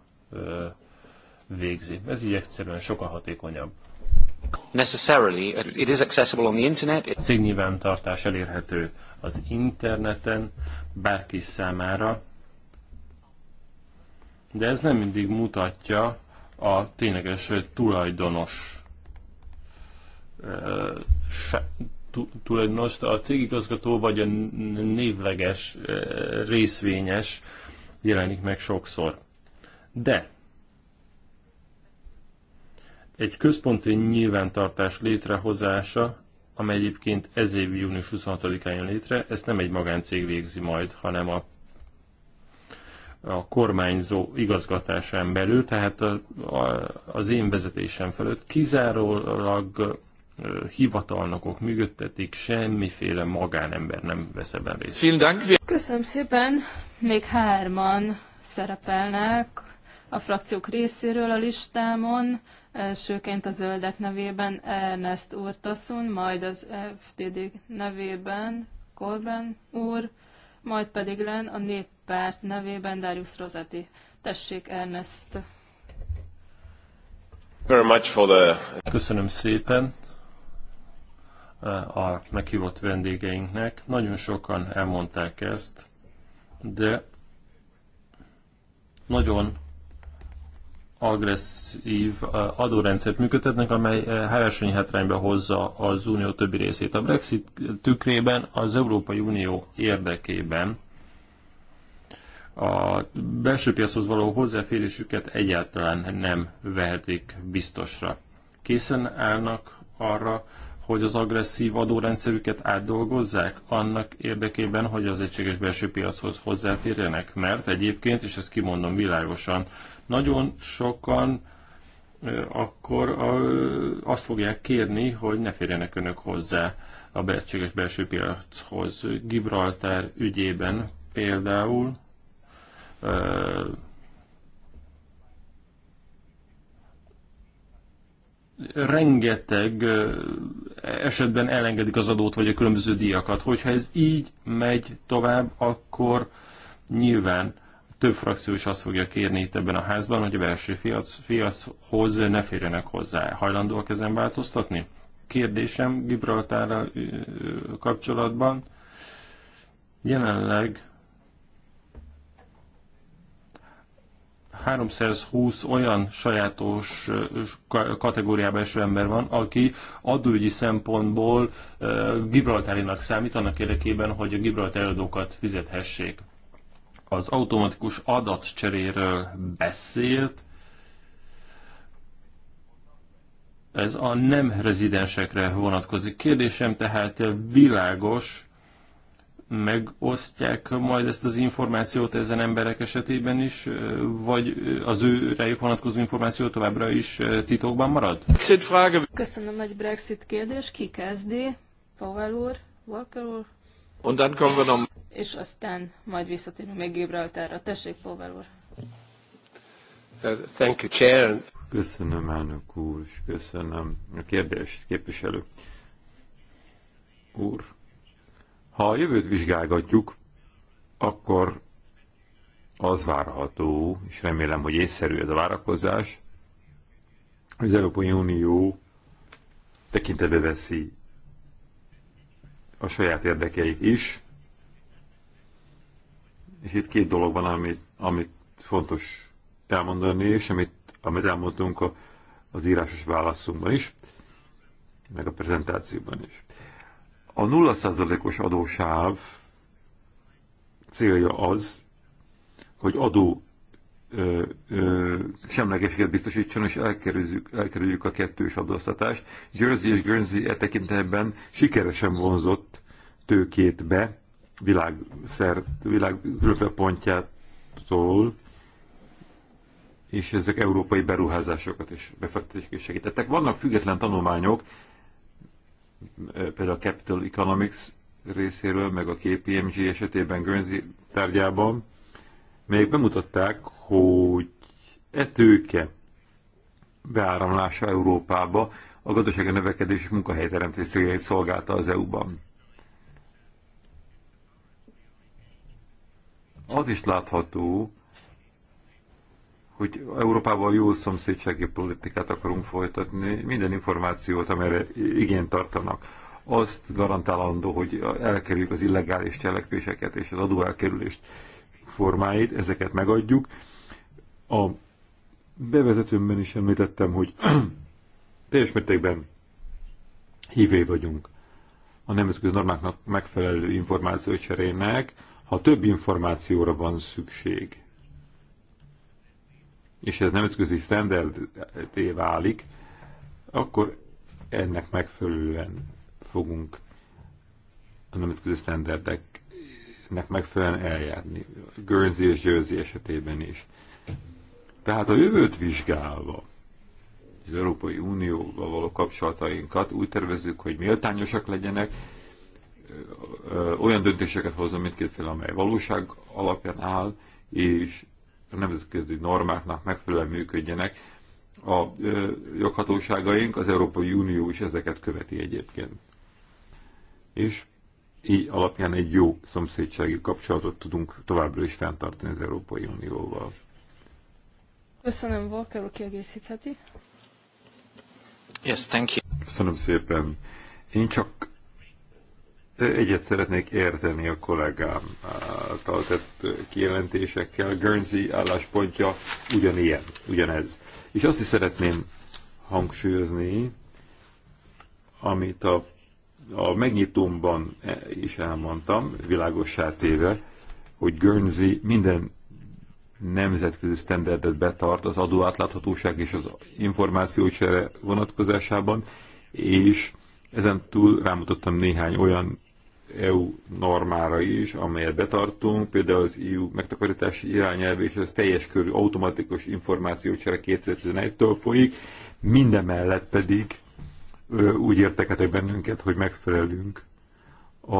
S2: végzi. Ez így egyszerűen sokkal hatékonyabb. Necessarily, it is accessible on the internet. Cégnyilvántartás elérhető az interneten bárki számára, de ez nem mindig mutatja a tényleges tulajdonos tulajdonos, a cégigazgató vagy a névleges részvényes jelenik meg sokszor. De egy központi nyilvántartás létrehozása amely egyébként ez év június 26-án jön létre, ezt nem egy magáncég végzi majd, hanem a, a kormányzó igazgatásán belül, tehát a, a, az én vezetésem felett kizárólag hivatalnokok működtetik, semmiféle magánember nem vesz ebben részt.
S3: Köszönöm szépen, még hárman szerepelnek a frakciók részéről a listámon. Elsőként a zöldek nevében Ernest úr majd az FDD nevében Korben úr, majd pedig len a néppárt nevében Darius Rosetti. Tessék Ernest!
S2: Köszönöm szépen eh, a meghívott vendégeinknek. Nagyon sokan elmondták ezt, de nagyon agresszív adórendszert működtetnek, amely hátrányba hozza az unió többi részét. A Brexit tükrében az Európai Unió érdekében a belső piachoz való hozzáférésüket egyáltalán nem vehetik biztosra. Készen állnak arra, hogy az agresszív adórendszerüket átdolgozzák annak érdekében, hogy az egységes belső piachoz hozzáférjenek. Mert egyébként, és ezt kimondom világosan, nagyon sokan akkor azt fogják kérni, hogy ne férjenek önök hozzá a egységes belső piachoz. Gibraltár ügyében például rengeteg esetben elengedik az adót vagy a különböző díjakat. Hogyha ez így megy tovább, akkor nyilván több frakció is azt fogja kérni itt ebben a házban, hogy a belső piac, piachoz ne férjenek hozzá. Hajlandóak ezen változtatni? Kérdésem Gibraltárral kapcsolatban. Jelenleg 320 olyan sajátos kategóriába eső ember van, aki adóügyi szempontból Gibraltárinak számít annak érdekében, hogy a Gibraltár adókat fizethessék. Az automatikus adatcseréről beszélt, ez a nem rezidensekre vonatkozik. Kérdésem tehát világos, megosztják majd ezt az információt ezen emberek esetében is, vagy az ő rájuk vonatkozó információ továbbra is titokban marad?
S3: Köszönöm egy Brexit kérdés. Ki kezdi? Powell úr? Walker úr? És aztán majd visszatérünk még Gibraltárra. Tessék, Powell úr.
S1: Uh, thank you, Chair. Köszönöm, elnök úr, és köszönöm a kérdést, képviselő úr ha a jövőt vizsgálgatjuk, akkor az várható, és remélem, hogy észszerű ez a várakozás, hogy az Európai Unió tekintetbe veszi a saját érdekeit is, és itt két dolog van, amit, amit fontos elmondani, és amit, amit elmondtunk a, az írásos válaszunkban is, meg a prezentációban is. A 0%-os adósáv célja az, hogy adó ö, ö, semlegességet biztosítson, és elkerüljük, elkerüljük a kettős adóztatást. Jersey és Guernsey e tekintetben sikeresen vonzott tőkét be világszert, világ különféle pontjától, és ezek európai beruházásokat és befektetéseket segítettek. Vannak független tanulmányok, például a Capital Economics részéről, meg a KPMG esetében Gönzi tárgyában, melyek bemutatták, hogy e tőke beáramlása Európába a gazdasági növekedés és munkahelyteremtés céljait szolgálta az EU-ban. Az is látható, hogy Európával jó szomszédsági politikát akarunk folytatni, minden információt, amelyre igényt tartanak, azt garantálandó, hogy elkerüljük az illegális cselekvéseket és az adóelkerülést formáit, ezeket megadjuk. A bevezetőmben is említettem, hogy teljes mértékben hívé vagyunk a nemzetközi normáknak megfelelő információ cserének, ha több információra van szükség és ez nemzetközi szendelté válik, akkor ennek megfelelően fogunk a nemzetközi standardeknek megfelelően eljárni. Guernsey és Jersey esetében is. Tehát a jövőt vizsgálva, az Európai Unióval való kapcsolatainkat úgy tervezzük, hogy méltányosak legyenek, olyan döntéseket hozom mindkét fél, amely valóság alapján áll, és a nemzetközi normáknak megfelelően működjenek a joghatóságaink, az Európai Unió is ezeket követi egyébként. És így alapján egy jó szomszédsági kapcsolatot tudunk továbbra is fenntartani az Európai Unióval.
S3: Köszönöm, Volker úr kiegészítheti.
S1: Yes, thank you. Köszönöm szépen. Én csak Egyet szeretnék érteni a kollégám által tett kijelentésekkel. Guernsey álláspontja ugyanilyen, ugyanez. És azt is szeretném hangsúlyozni, amit a, a megnyitómban is elmondtam, világossá téve, hogy Guernsey minden nemzetközi standardet betart az adóátláthatóság és az információcsere vonatkozásában, és ezen túl rámutattam néhány olyan EU normára is, amelyet betartunk, például az EU megtakarítási irányelv és az teljes körű automatikus információcsere 2011-től folyik, minden mellett pedig ö, úgy értekedek bennünket, hogy megfelelünk a,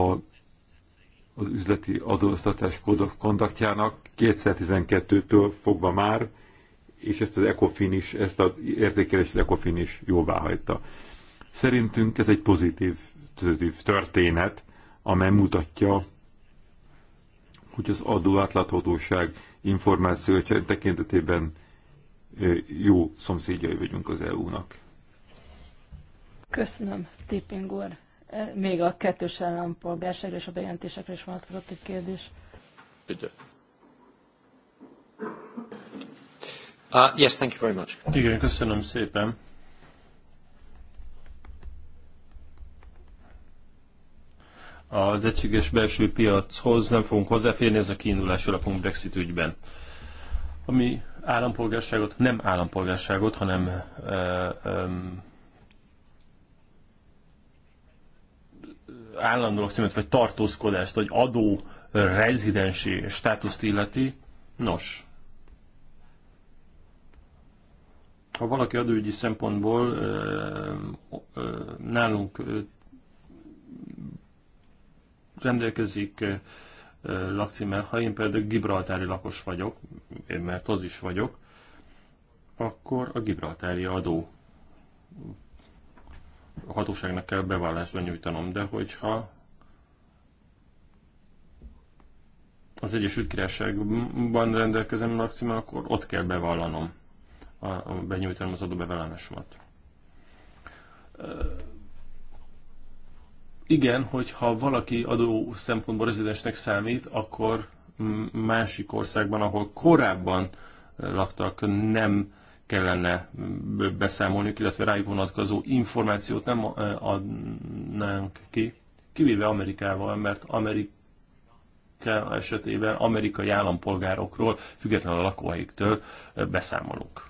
S1: az üzleti adóztatás kódok kontaktjának 2012-től fogva már, és ezt az ECOFIN is, ezt az értékelést az ECOFIN is jóvá hagyta. Szerintünk ez egy pozitív, pozitív történet, amely mutatja, hogy az adó átláthatóság információ tekintetében jó szomszédjai vagyunk az EU-nak.
S3: Köszönöm, Tipping úr. E, még a kettős állampolgárságra és a bejelentésekre is vonatkozott egy kérdés.
S2: Üdv. Uh, ah, yes, thank you very much. Igen, köszönöm szépen. az egységes belső piachoz nem fogunk hozzáférni, ez a kiindulási alapunk Brexit ügyben. Ami állampolgárságot, nem állampolgárságot, hanem ö, eh, ö, állandólag szemet, vagy tartózkodást, vagy adó rezidensi státuszt illeti. Nos, ha valaki adóügyi szempontból nálunk rendelkezik lakcímmel, ha én például gibraltári lakos vagyok, én mert az is vagyok, akkor a gibraltári adó a hatóságnak kell bevallást benyújtanom, de hogyha az Egyesült Királyságban rendelkezem lakcímmel, akkor ott kell bevallanom, a, a, benyújtanom az adóbevallásomat igen, hogyha valaki adó szempontból rezidensnek számít, akkor másik országban, ahol korábban laktak, nem kellene beszámolni, illetve rájuk vonatkozó információt nem adnánk ki, kivéve Amerikával, mert Amerika esetében amerikai állampolgárokról, függetlenül a lakóhelyiktől beszámolunk.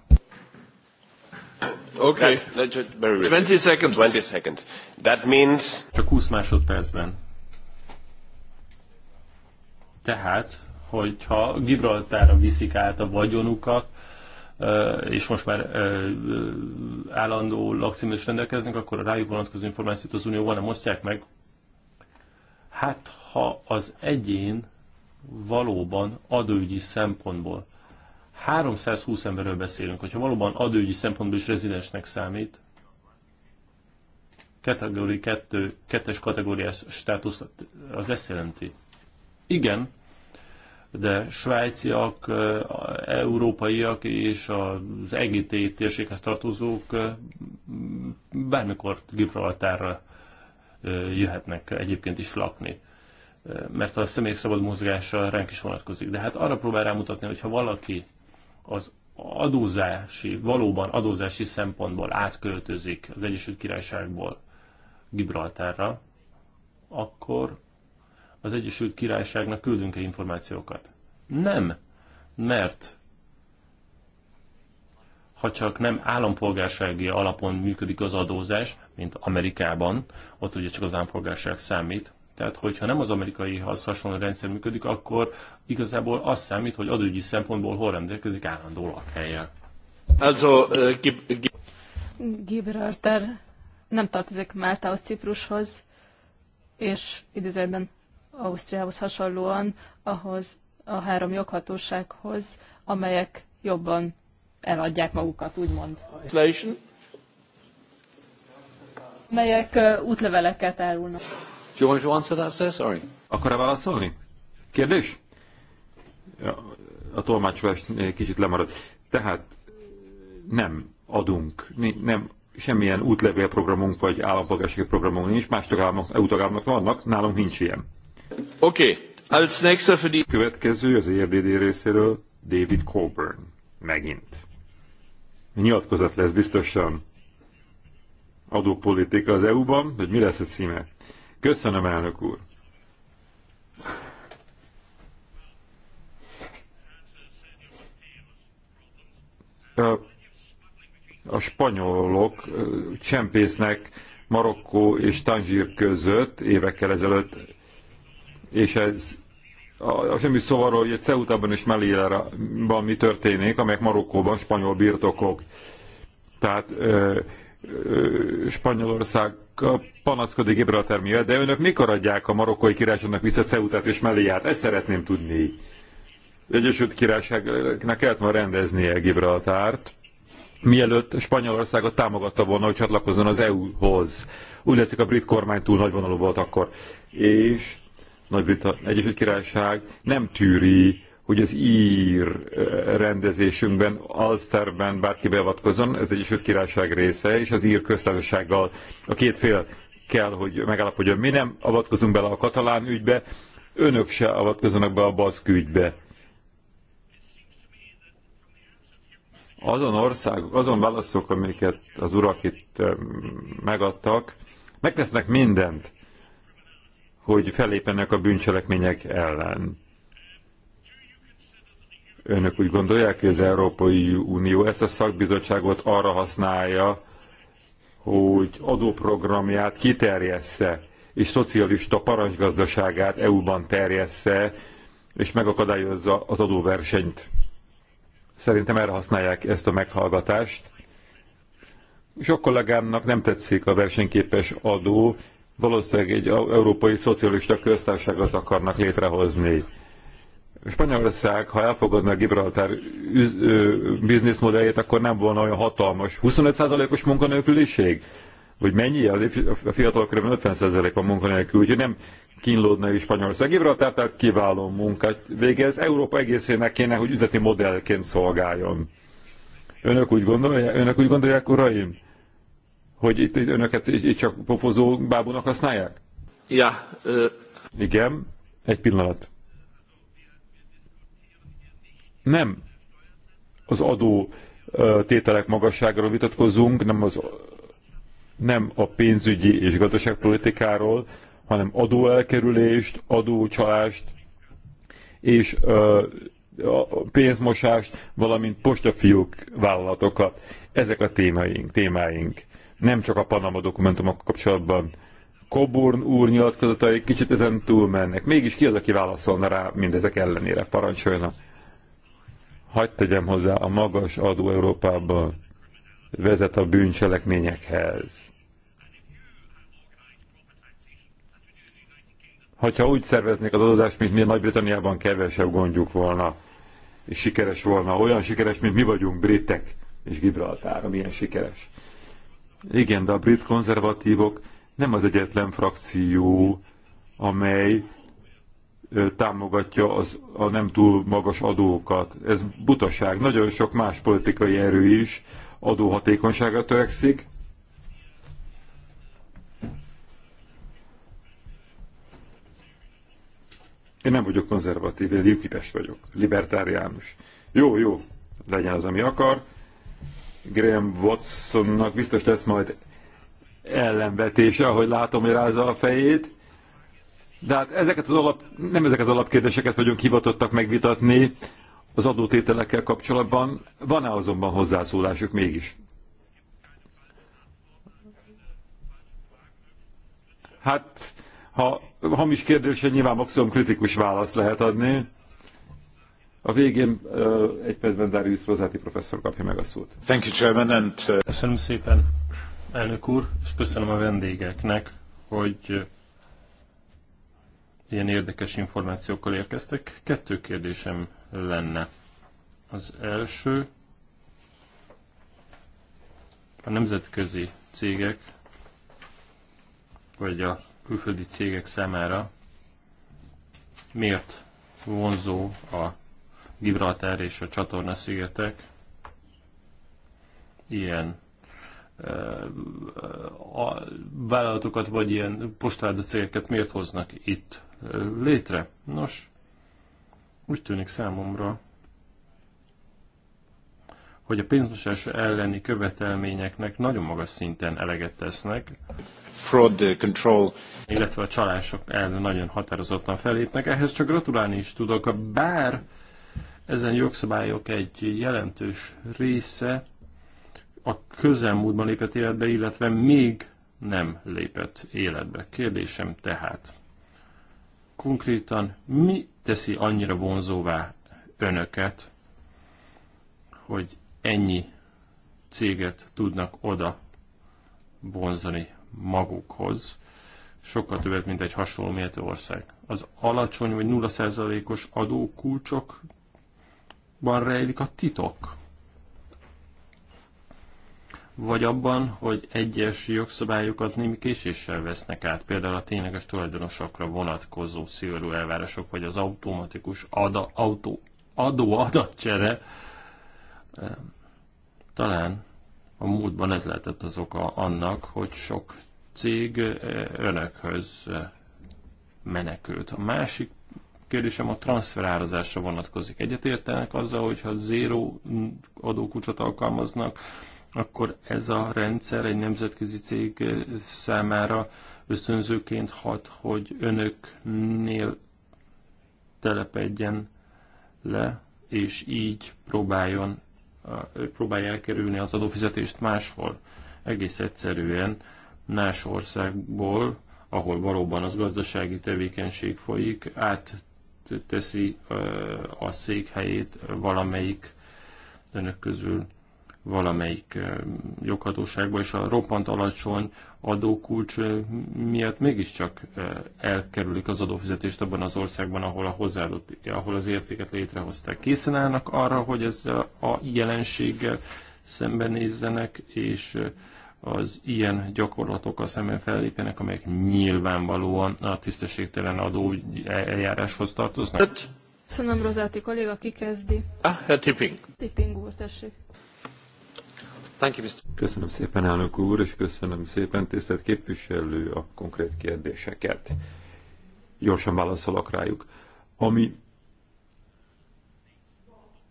S2: Okay. That, just very 20 seconds. 20 seconds. That means... Csak 20 másodpercben. Tehát, hogyha Gibraltára viszik át a vagyonukat, és most már állandó lakcímet rendelkeznek, akkor a rájuk vonatkozó információt az Unióban nem osztják meg. Hát, ha az egyén valóban adóügyi szempontból 320 emberről beszélünk, hogyha valóban adőgyi szempontból is rezidensnek számít, kategóri 2, 2-es kategóriás státusz az ezt jelenti. Igen, de svájciak, európaiak és az EGT térséghez tartozók bármikor Gibraltárra jöhetnek egyébként is lakni mert a személyek szabad mozgása ránk is vonatkozik. De hát arra próbál rámutatni, hogy ha valaki az adózási, valóban adózási szempontból átköltözik az Egyesült Királyságból Gibraltárra, akkor az Egyesült Királyságnak küldünk-e információkat? Nem, mert ha csak nem állampolgársági alapon működik az adózás, mint Amerikában, ott ugye csak az állampolgárság számít, tehát, hogyha nem az amerikai hasonló rendszer működik, akkor igazából az számít, hogy adőgyi szempontból hol rendelkezik állandó lakhelyen. Also, a äh,
S3: Gibraltar nem tartozik Máltához, Ciprushoz, és időzőben Ausztriához hasonlóan ahhoz a három joghatósághoz, amelyek jobban eladják magukat, úgymond. Melyek útleveleket árulnak.
S1: Do you want to answer that, sir? Sorry. Akar-e válaszolni? Kérdés? A a tolmácsvás eh, kicsit lemarad. Tehát eh, nem adunk, nem, semmilyen útlevélprogramunk vagy állampolgársági programunk nincs, más tagállamok, EU tagállamok vannak, nálunk nincs ilyen. Oké, okay. als nächster für die... Következő az ERDD részéről David Coburn. Megint. Nyilatkozat lesz biztosan adópolitika az EU-ban, hogy mi lesz a címe. Köszönöm, elnök úr. A spanyolok csempésznek Marokkó és Tanzsír között évekkel ezelőtt, és ez a, a semmi szóval, arról, hogy Ceutában és Melillában mi történik, amelyek Marokkóban spanyol birtokok. Tehát Spanyolország panaszkodik Gibraltar miatt, de önök mikor adják a marokkói királyságnak vissza Ceutát és Meliát? Ezt szeretném tudni. Egyesült Királyságnak kellett volna rendeznie Gibraltárt, mielőtt Spanyolországot támogatta volna, hogy csatlakozzon az EU-hoz. Úgy látszik, a brit kormány túl nagyvonalú volt akkor. És nagy Egyesült Királyság nem tűri hogy az ír rendezésünkben, Alsterben bárki beavatkozon, ez egy sőt Királyság része, és az ír köztársasággal a két fél kell, hogy megállapodjon. Mi nem avatkozunk bele a katalán ügybe, önök se avatkoznak be a baszk ügybe. Azon országok, azon válaszok, amiket az urak itt megadtak, megtesznek mindent, hogy fellépenek a bűncselekmények ellen Önök úgy gondolják, hogy az Európai Unió ezt a szakbizottságot arra használja, hogy adóprogramját kiterjessze, és szocialista parancsgazdaságát EU-ban terjessze, és megakadályozza az adóversenyt. Szerintem erre használják ezt a meghallgatást. Sok kollégámnak nem tetszik a versenyképes adó, valószínűleg egy európai szocialista köztársaságot akarnak létrehozni. Spanyolország, ha elfogadna a Gibraltár bizniszmodelljét, akkor nem volna olyan hatalmas. 25%-os munkanélküliség? Vagy mennyi? A fiatalok kb. 50% a munkanélkül, úgyhogy nem kínlódna is Spanyolország. Gibraltár tehát kiváló munkát végez. Európa egészének kéne, hogy üzleti modellként szolgáljon. Önök úgy gondolják, önök úgy gondolják uraim, hogy itt, itt önöket itt csak pofozó bábúnak használják? Ja. Ö... Igen, egy pillanat nem az adó tételek magasságról vitatkozunk, nem, az, nem a pénzügyi és gazdaságpolitikáról, hanem adóelkerülést, adócsalást és ö, pénzmosást, valamint postafiók vállalatokat. Ezek a témáink, témáink. Nem csak a Panama dokumentumok kapcsolatban. Coburn úr nyilatkozatai kicsit ezen mennek. Mégis ki az, aki válaszolna rá mindezek ellenére? Parancsoljon hagyd tegyem hozzá, a magas adó Európában vezet a bűncselekményekhez. Hogyha úgy szerveznék az adózást, mint mi Nagy-Britanniában, kevesebb gondjuk volna, és sikeres volna. Olyan sikeres, mint mi vagyunk, britek, és Gibraltár, milyen sikeres. Igen, de a brit konzervatívok nem az egyetlen frakció, amely támogatja az, a nem túl magas adókat. Ez butaság. Nagyon sok más politikai erő is adóhatékonyságra törekszik. Én nem vagyok konzervatív, én Jukipest vagyok, libertáriánus. Jó, jó, legyen az, ami akar. Graham Watsonnak biztos lesz majd ellenvetése, ahogy látom, hogy rázza a fejét. De hát ezeket az alap, nem ezeket az alapkérdéseket vagyunk hivatottak megvitatni az adótételekkel kapcsolatban. Van-e azonban hozzászólásuk mégis? Hát, ha hamis kérdése nyilván maximum kritikus választ lehet adni. A végén uh, egy percben Darius Rozáti professzor kapja meg a szót. Thank you, Chairman, and, Köszönöm szépen, elnök úr, és köszönöm a vendégeknek,
S2: hogy ilyen érdekes információkkal érkeztek. Kettő kérdésem lenne. Az első, a nemzetközi cégek, vagy a külföldi cégek számára miért vonzó a Gibraltár és a csatorna szigetek ilyen a vállalatokat, vagy ilyen postáda cégeket miért hoznak itt létre. Nos, úgy tűnik számomra, hogy a pénzmosás elleni követelményeknek nagyon magas szinten eleget tesznek, fraud uh, control, illetve a csalások ellen nagyon határozottan felépnek. Ehhez csak gratulálni is tudok, bár ezen jogszabályok egy jelentős része a közelmúltban lépett életbe, illetve még nem lépett életbe. Kérdésem tehát, konkrétan mi teszi annyira vonzóvá önöket, hogy ennyi céget tudnak oda vonzani magukhoz, sokkal többet, mint egy hasonló méretű ország. Az alacsony vagy 0%-os adókulcsokban rejlik a titok vagy abban, hogy egyes jogszabályokat némi késéssel vesznek át, például a tényleges tulajdonosokra vonatkozó szigorú elvárások, vagy az automatikus ada, autó, adó adatcsere. Talán a múltban ez lehetett az oka annak, hogy sok cég önökhöz menekült. A másik kérdésem a transferározásra vonatkozik. Egyetértenek azzal, hogyha zéró adókulcsot alkalmaznak, akkor ez a rendszer egy nemzetközi cég eh, számára ösztönzőként hat, hogy önöknél telepedjen le, és így próbáljon, próbálja elkerülni az adófizetést máshol. Egész egyszerűen más országból, ahol valóban az gazdasági tevékenység folyik, átteszi eh, a székhelyét valamelyik önök közül valamelyik joghatóságba, és a roppant alacsony adókulcs miatt mégiscsak elkerülik az adófizetést abban az országban, ahol, a hozzáadott, ahol az értéket létrehozták. Készen állnak arra, hogy ezzel a jelenséggel szembenézzenek, és az ilyen gyakorlatok a szemben fellépjenek, amelyek nyilvánvalóan a tisztességtelen adó eljáráshoz tartoznak?
S3: Köszönöm, Rozáti kolléga, ki kezdi?
S1: Ah, Tipping.
S3: Tipping úr, tessék.
S1: Köszönöm szépen, elnök úr, és köszönöm szépen, tisztelt képviselő, a konkrét kérdéseket. Gyorsan válaszolok rájuk. Ami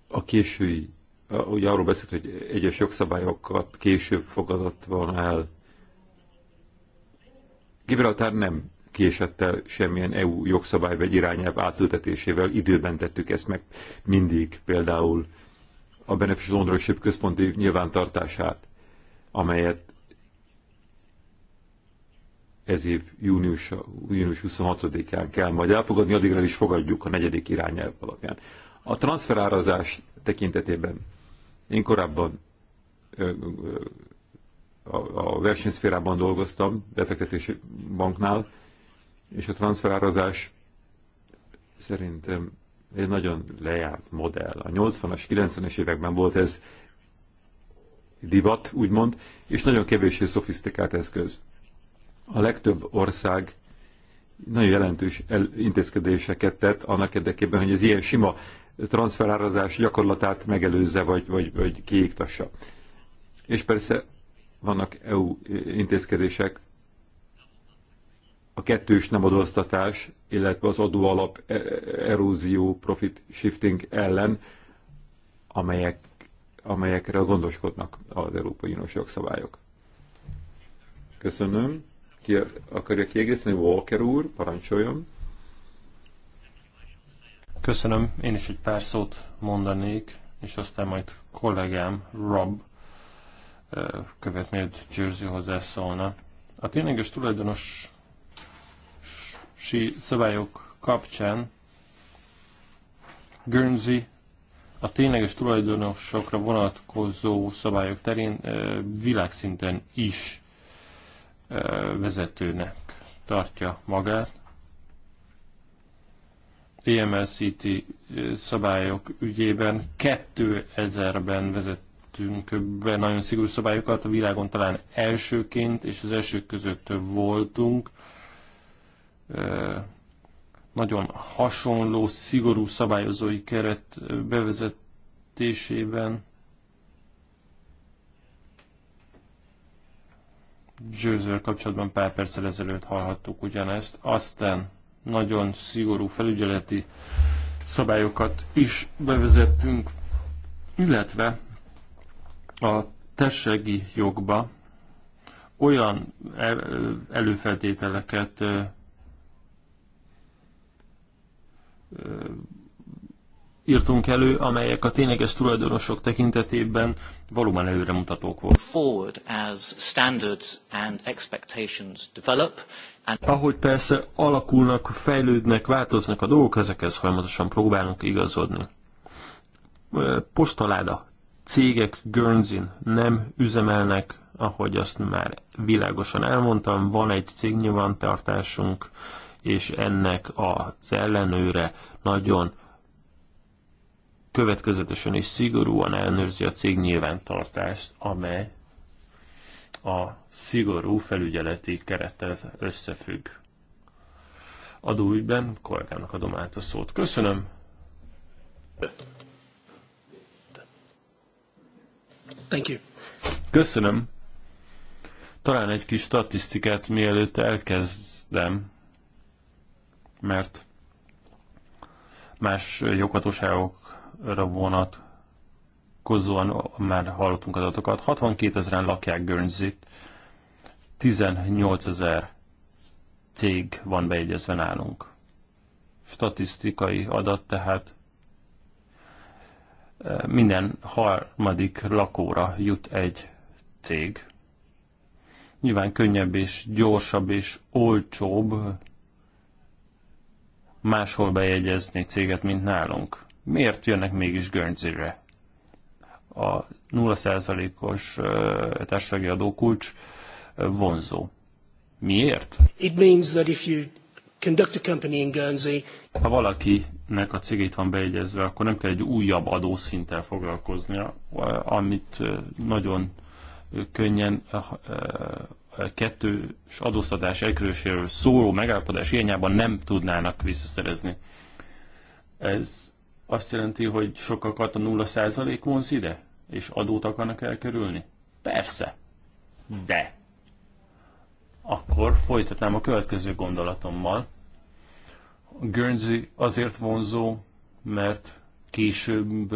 S1: a késői, ugye arról beszélt, hogy egyes jogszabályokat később fogadott volna el. Gibraltár nem késett el semmilyen EU jogszabály vagy irányelv átültetésével, időben tettük ezt meg mindig, például a Beneficial Ownership központi nyilvántartását, amelyet ez év június, június 26-án kell majd elfogadni, addigra is fogadjuk a negyedik irányelv alapján. A transferárazás tekintetében én korábban ö, ö, a, a versenyszférában dolgoztam, befektetési banknál, és a transferárazás szerintem egy nagyon lejárt modell. A 80-as, 90-es években volt ez divat, úgymond, és nagyon kevéssé szofisztikált eszköz. A legtöbb ország nagyon jelentős intézkedéseket tett annak érdekében, hogy az ilyen sima transferárazás gyakorlatát megelőzze, vagy, vagy, vagy kiiktassa. És persze vannak EU intézkedések, a kettős nem adóztatás, illetve az adóalap e- erózió profit shifting ellen, amelyek, amelyekre gondoskodnak az Európai Uniós jogszabályok. Köszönöm. Ki akarja kiegészíteni? Walker úr, parancsoljon.
S2: Köszönöm. Én is egy pár szót mondanék, és aztán majd kollégám Rob követ, mielőtt Jersey hozzászólna. A tényleges tulajdonos si szabályok kapcsán Guernsey a tényleges tulajdonosokra vonatkozó szabályok terén világszinten is vezetőnek tartja magát. PMLCT szabályok ügyében 2000-ben vezettünk be nagyon szigorú szabályokat, a világon talán elsőként és az elsők között voltunk nagyon hasonló, szigorú szabályozói keret bevezetésében Győzővel kapcsolatban pár perccel ezelőtt hallhattuk ugyanezt, aztán nagyon szigorú felügyeleti szabályokat is bevezettünk, illetve a tessegi jogba olyan előfeltételeket írtunk elő, amelyek a tényleges tulajdonosok tekintetében valóban előremutatók voltak. Ahogy persze alakulnak, fejlődnek, változnak a dolgok, ezekhez folyamatosan próbálunk igazodni. Postaláda cégek guernsey nem üzemelnek, ahogy azt már világosan elmondtam, van egy cégnyilvántartásunk, tartásunk, és ennek az ellenőre nagyon következetesen és szigorúan ellenőrzi a cég nyilvántartást, amely a szigorú felügyeleti kerettel összefügg. Adóügyben kollégának adom át a szót. Köszönöm. Thank you. Köszönöm. Talán egy kis statisztikát mielőtt elkezdem mert más joghatóságokra vonatkozóan már hallottunk adatokat. 62 ezeren lakják guernsey 18 ezer cég van beegyezve nálunk. Statisztikai adat tehát e, minden harmadik lakóra jut egy cég. Nyilván könnyebb és gyorsabb és olcsóbb máshol bejegyezni céget, mint nálunk. Miért jönnek mégis Guernsey-re? A 0%-os társasági adókulcs vonzó. Miért? It means that if you conduct a company in Guernsey, ha valakinek a cégét van bejegyezve, akkor nem kell egy újabb adószinttel foglalkoznia, amit nagyon könnyen kettős adóztatás elkerüléséről szóló megállapodás hiányában nem tudnának visszaszerezni. Ez azt jelenti, hogy sokakat a 0% vonz ide? És adót akarnak elkerülni? Persze. De. Akkor folytatnám a következő gondolatommal. A Guernsey azért vonzó, mert később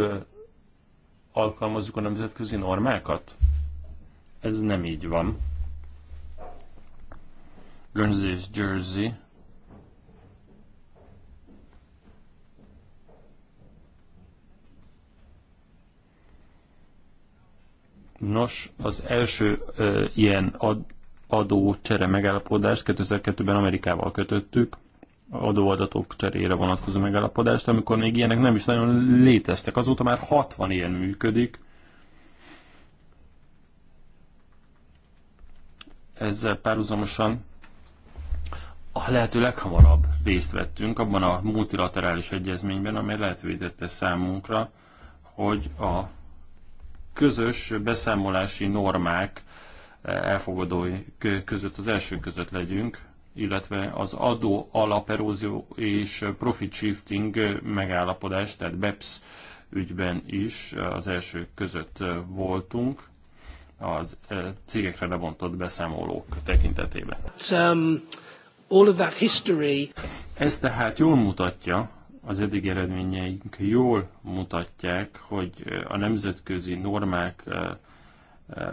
S2: alkalmazzuk a nemzetközi normákat? Ez nem így van. Guernsey's Jersey. Nos, az első ö, ilyen ad, adócsere megállapodást 2002-ben Amerikával kötöttük, adóadatok cserére vonatkozó megállapodást, amikor még ilyenek nem is nagyon léteztek. Azóta már 60 ilyen működik. Ezzel párhuzamosan a lehető leghamarabb részt vettünk abban a multilaterális egyezményben, amely lehetővé tette számunkra, hogy a közös beszámolási normák eh, elfogadói között az első között legyünk, illetve az adó alaperózió és profit shifting megállapodás, tehát BEPS ügyben is az első között voltunk az eh, cégekre lebontott beszámolók tekintetében. Um... All of that history. Ez tehát jól mutatja, az eddig eredményeink jól mutatják, hogy a nemzetközi normák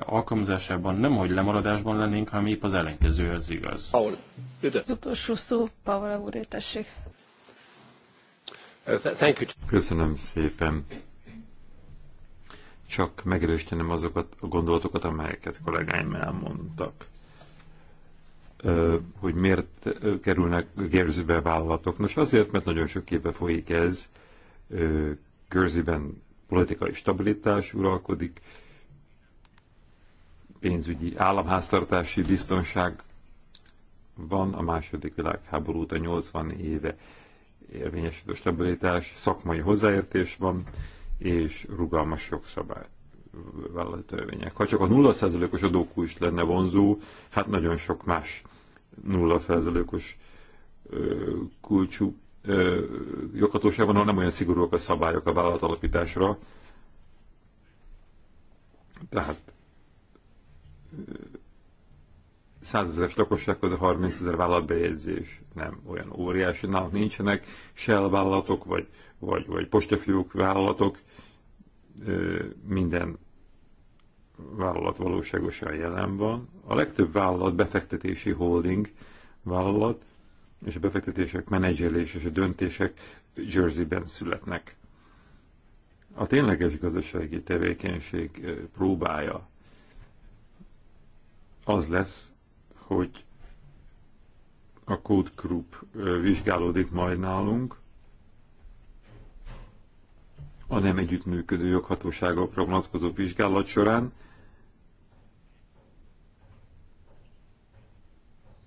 S2: alkalmazásában nem, hogy lemaradásban lennénk, hanem épp az ellenkező, ez igaz. Paul,
S3: üde. Az utolsó szó, Paul úr, tessék.
S1: Uh, thank you. Köszönöm szépen. Csak megerősítenem azokat a gondolatokat, amelyeket kollégáim elmondtak hogy miért kerülnek Gerzőbe vállalatok. Nos, azért, mert nagyon sok képe folyik ez, Görziben politikai stabilitás uralkodik, pénzügyi államháztartási biztonság van a második világháború a 80 éve érvényesítő stabilitás, szakmai hozzáértés van, és rugalmas jogszabály vállalati törvények. Ha csak a 0%-os adókulcs lenne vonzó, hát nagyon sok más 0%-os kulcsú joghatóságban, ahol nem olyan szigorúak a szabályok a alapításra. Tehát százezeres lakossághoz a 30 ezer vállalatbejegyzés nem olyan óriási. Nálunk nincsenek shell vállalatok, vagy, vagy, vagy postafiók vállalatok, minden vállalat valóságosan jelen van. A legtöbb vállalat befektetési holding vállalat, és a befektetések menedzselés és a döntések Jerseyben születnek. A tényleges gazdasági tevékenység próbája az lesz, hogy a Code Group vizsgálódik majd nálunk, a nem együttműködő joghatóságokra vonatkozó vizsgálat során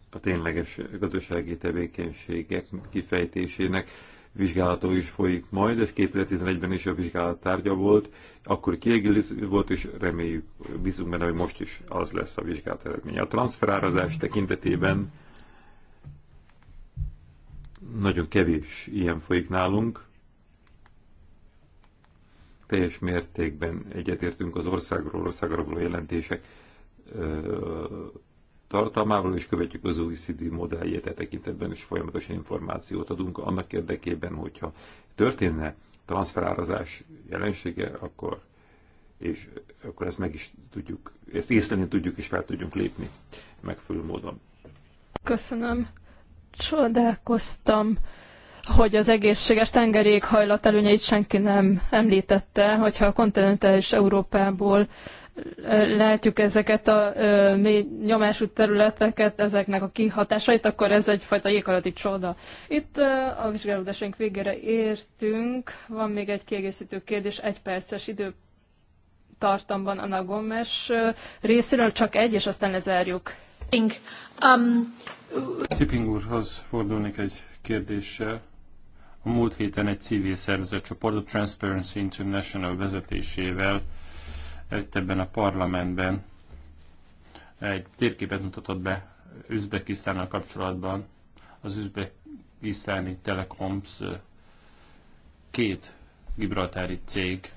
S1: a tényleges gazdasági tevékenységek kifejtésének vizsgálata is folyik majd. Ez 2011-ben is a vizsgálat tárgya volt, akkor kiegészítő volt, és reméljük, bízunk benne, hogy most is az lesz a vizsgálat eredménye. A transferárazás tekintetében nagyon kevés ilyen folyik nálunk teljes mértékben egyetértünk az országról, országra való jelentések tartalmával, és követjük az OECD modelljét e tekintetben, és folyamatosan információt adunk annak érdekében, hogyha történne transferárazás jelensége, akkor és akkor ezt meg is tudjuk, ezt észlelni tudjuk, és fel tudjunk lépni megfelelő módon.
S3: Köszönöm. Csodálkoztam hogy az egészséges tengeri éghajlat előnyeit senki nem említette, hogyha a kontinentális Európából látjuk ezeket a mély nyomású területeket, ezeknek a kihatásait, akkor ez egyfajta éghajlati csoda. Itt ö, a vizsgálódásaink végére értünk. Van még egy kiegészítő kérdés, egy perces idő tartamban a Nagomes részéről, csak egy, és aztán lezárjuk. Um...
S2: Ciping úrhoz fordulnék egy kérdéssel. A múlt héten egy civil szervezetcsoport, a Transparency International vezetésével itt ebben a parlamentben egy térképet mutatott be Üzbekisztánnal kapcsolatban. Az üzbekisztáni Telekoms két gibraltári cég,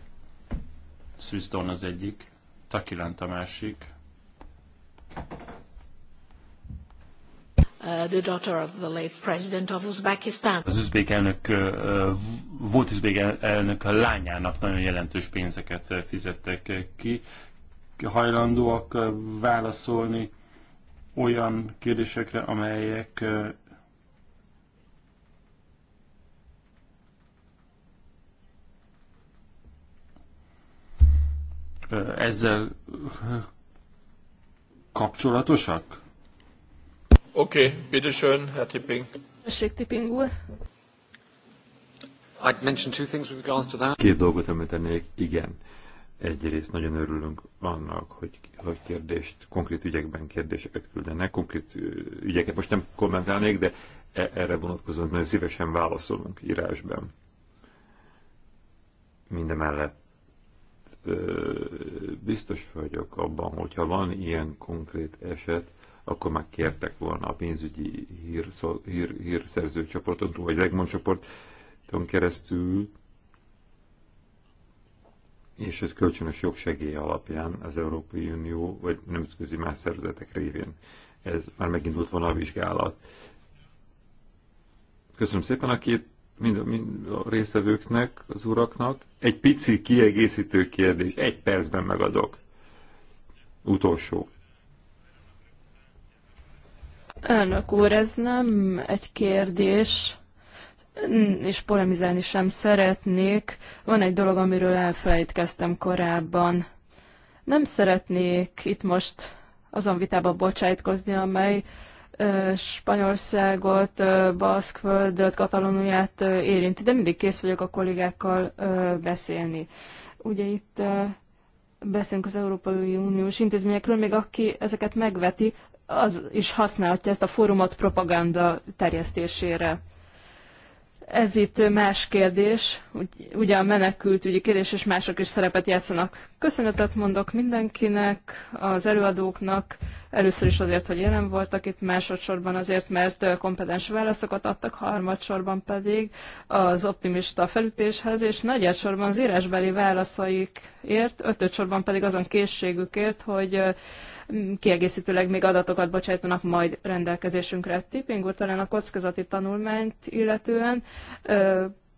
S2: Swiston az egyik, Takilant a másik,
S3: Uh, the daughter of the late president of Uzbekistan. Az
S2: üzbék elnök, uh, uh, volt üzbék elnök a lányának nagyon jelentős pénzeket fizettek ki. Hajlandóak válaszolni olyan kérdésekre, amelyek ezzel kapcsolatosak? Oké, okay, bitteschön, Herr Tipping.
S3: Tessék, Tipping úr.
S2: I'd mention two things
S1: with regards to that. Két dolgot említenék, igen. Egyrészt nagyon örülünk annak, hogy, hogy kérdést, konkrét ügyekben kérdéseket küldenek, konkrét ügyeket most nem kommentálnék, de e, erre vonatkozóan nagyon szívesen válaszolunk írásban. Mindemellett biztos vagyok abban, hogyha van ilyen konkrét eset, akkor már kértek volna a pénzügyi hír, hír, hírszerző csoporton, vagy Legmond csoporton keresztül, és ez kölcsönös jogsegély alapján az Európai Unió, vagy nemzetközi más szervezetek révén. Ez már megindult volna a vizsgálat. Köszönöm szépen a két mind, mind a részvevőknek, az uraknak. Egy pici kiegészítő kérdés, egy percben megadok. Utolsó.
S3: Elnök úr, ez nem egy kérdés, és polemizálni sem szeretnék. Van egy dolog, amiről elfelejtkeztem korábban. Nem szeretnék itt most azon vitába bocsájtkozni, amely Spanyolországot, Baszkföldöt, Katalonuját érinti, de mindig kész vagyok a kollégákkal beszélni. Ugye itt beszélünk az Európai Uniós intézményekről, még aki ezeket megveti, az is használhatja ezt a fórumot propaganda terjesztésére. Ez itt más kérdés, ugye a menekültügyi kérdés és mások is szerepet játszanak Köszönetet mondok mindenkinek, az előadóknak, először is azért, hogy jelen voltak itt, másodszorban azért, mert kompetens válaszokat adtak, harmadsorban pedig az optimista felütéshez, és negyedsorban az írásbeli válaszaikért, ötödsorban pedig azon készségükért, hogy kiegészítőleg még adatokat bocsájtanak majd rendelkezésünkre. Tipping úr talán a kockázati tanulmányt illetően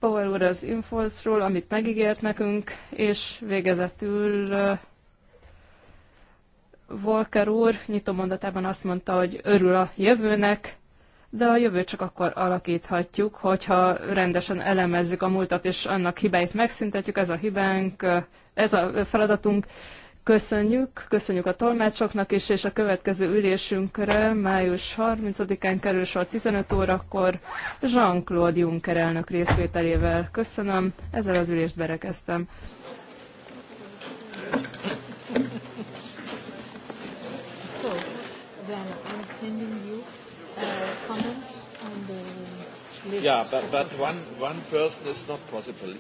S3: Power úr az infoszról, amit megígért nekünk, és végezetül Volker úr nyitó mondatában azt mondta, hogy örül a jövőnek, de a jövőt csak akkor alakíthatjuk, hogyha rendesen elemezzük a múltat, és annak hibáit megszüntetjük, ez a hibánk, ez a feladatunk, Köszönjük, köszönjük a tolmácsoknak is, és a következő ülésünkre május 30-án kerül sor 15 órakor Jean-Claude Juncker elnök részvételével. Köszönöm, ezzel az ülést berekeztem. So, I'm sending you uh,
S4: comments on the list. Yeah, but, but
S3: one, one person is not possible.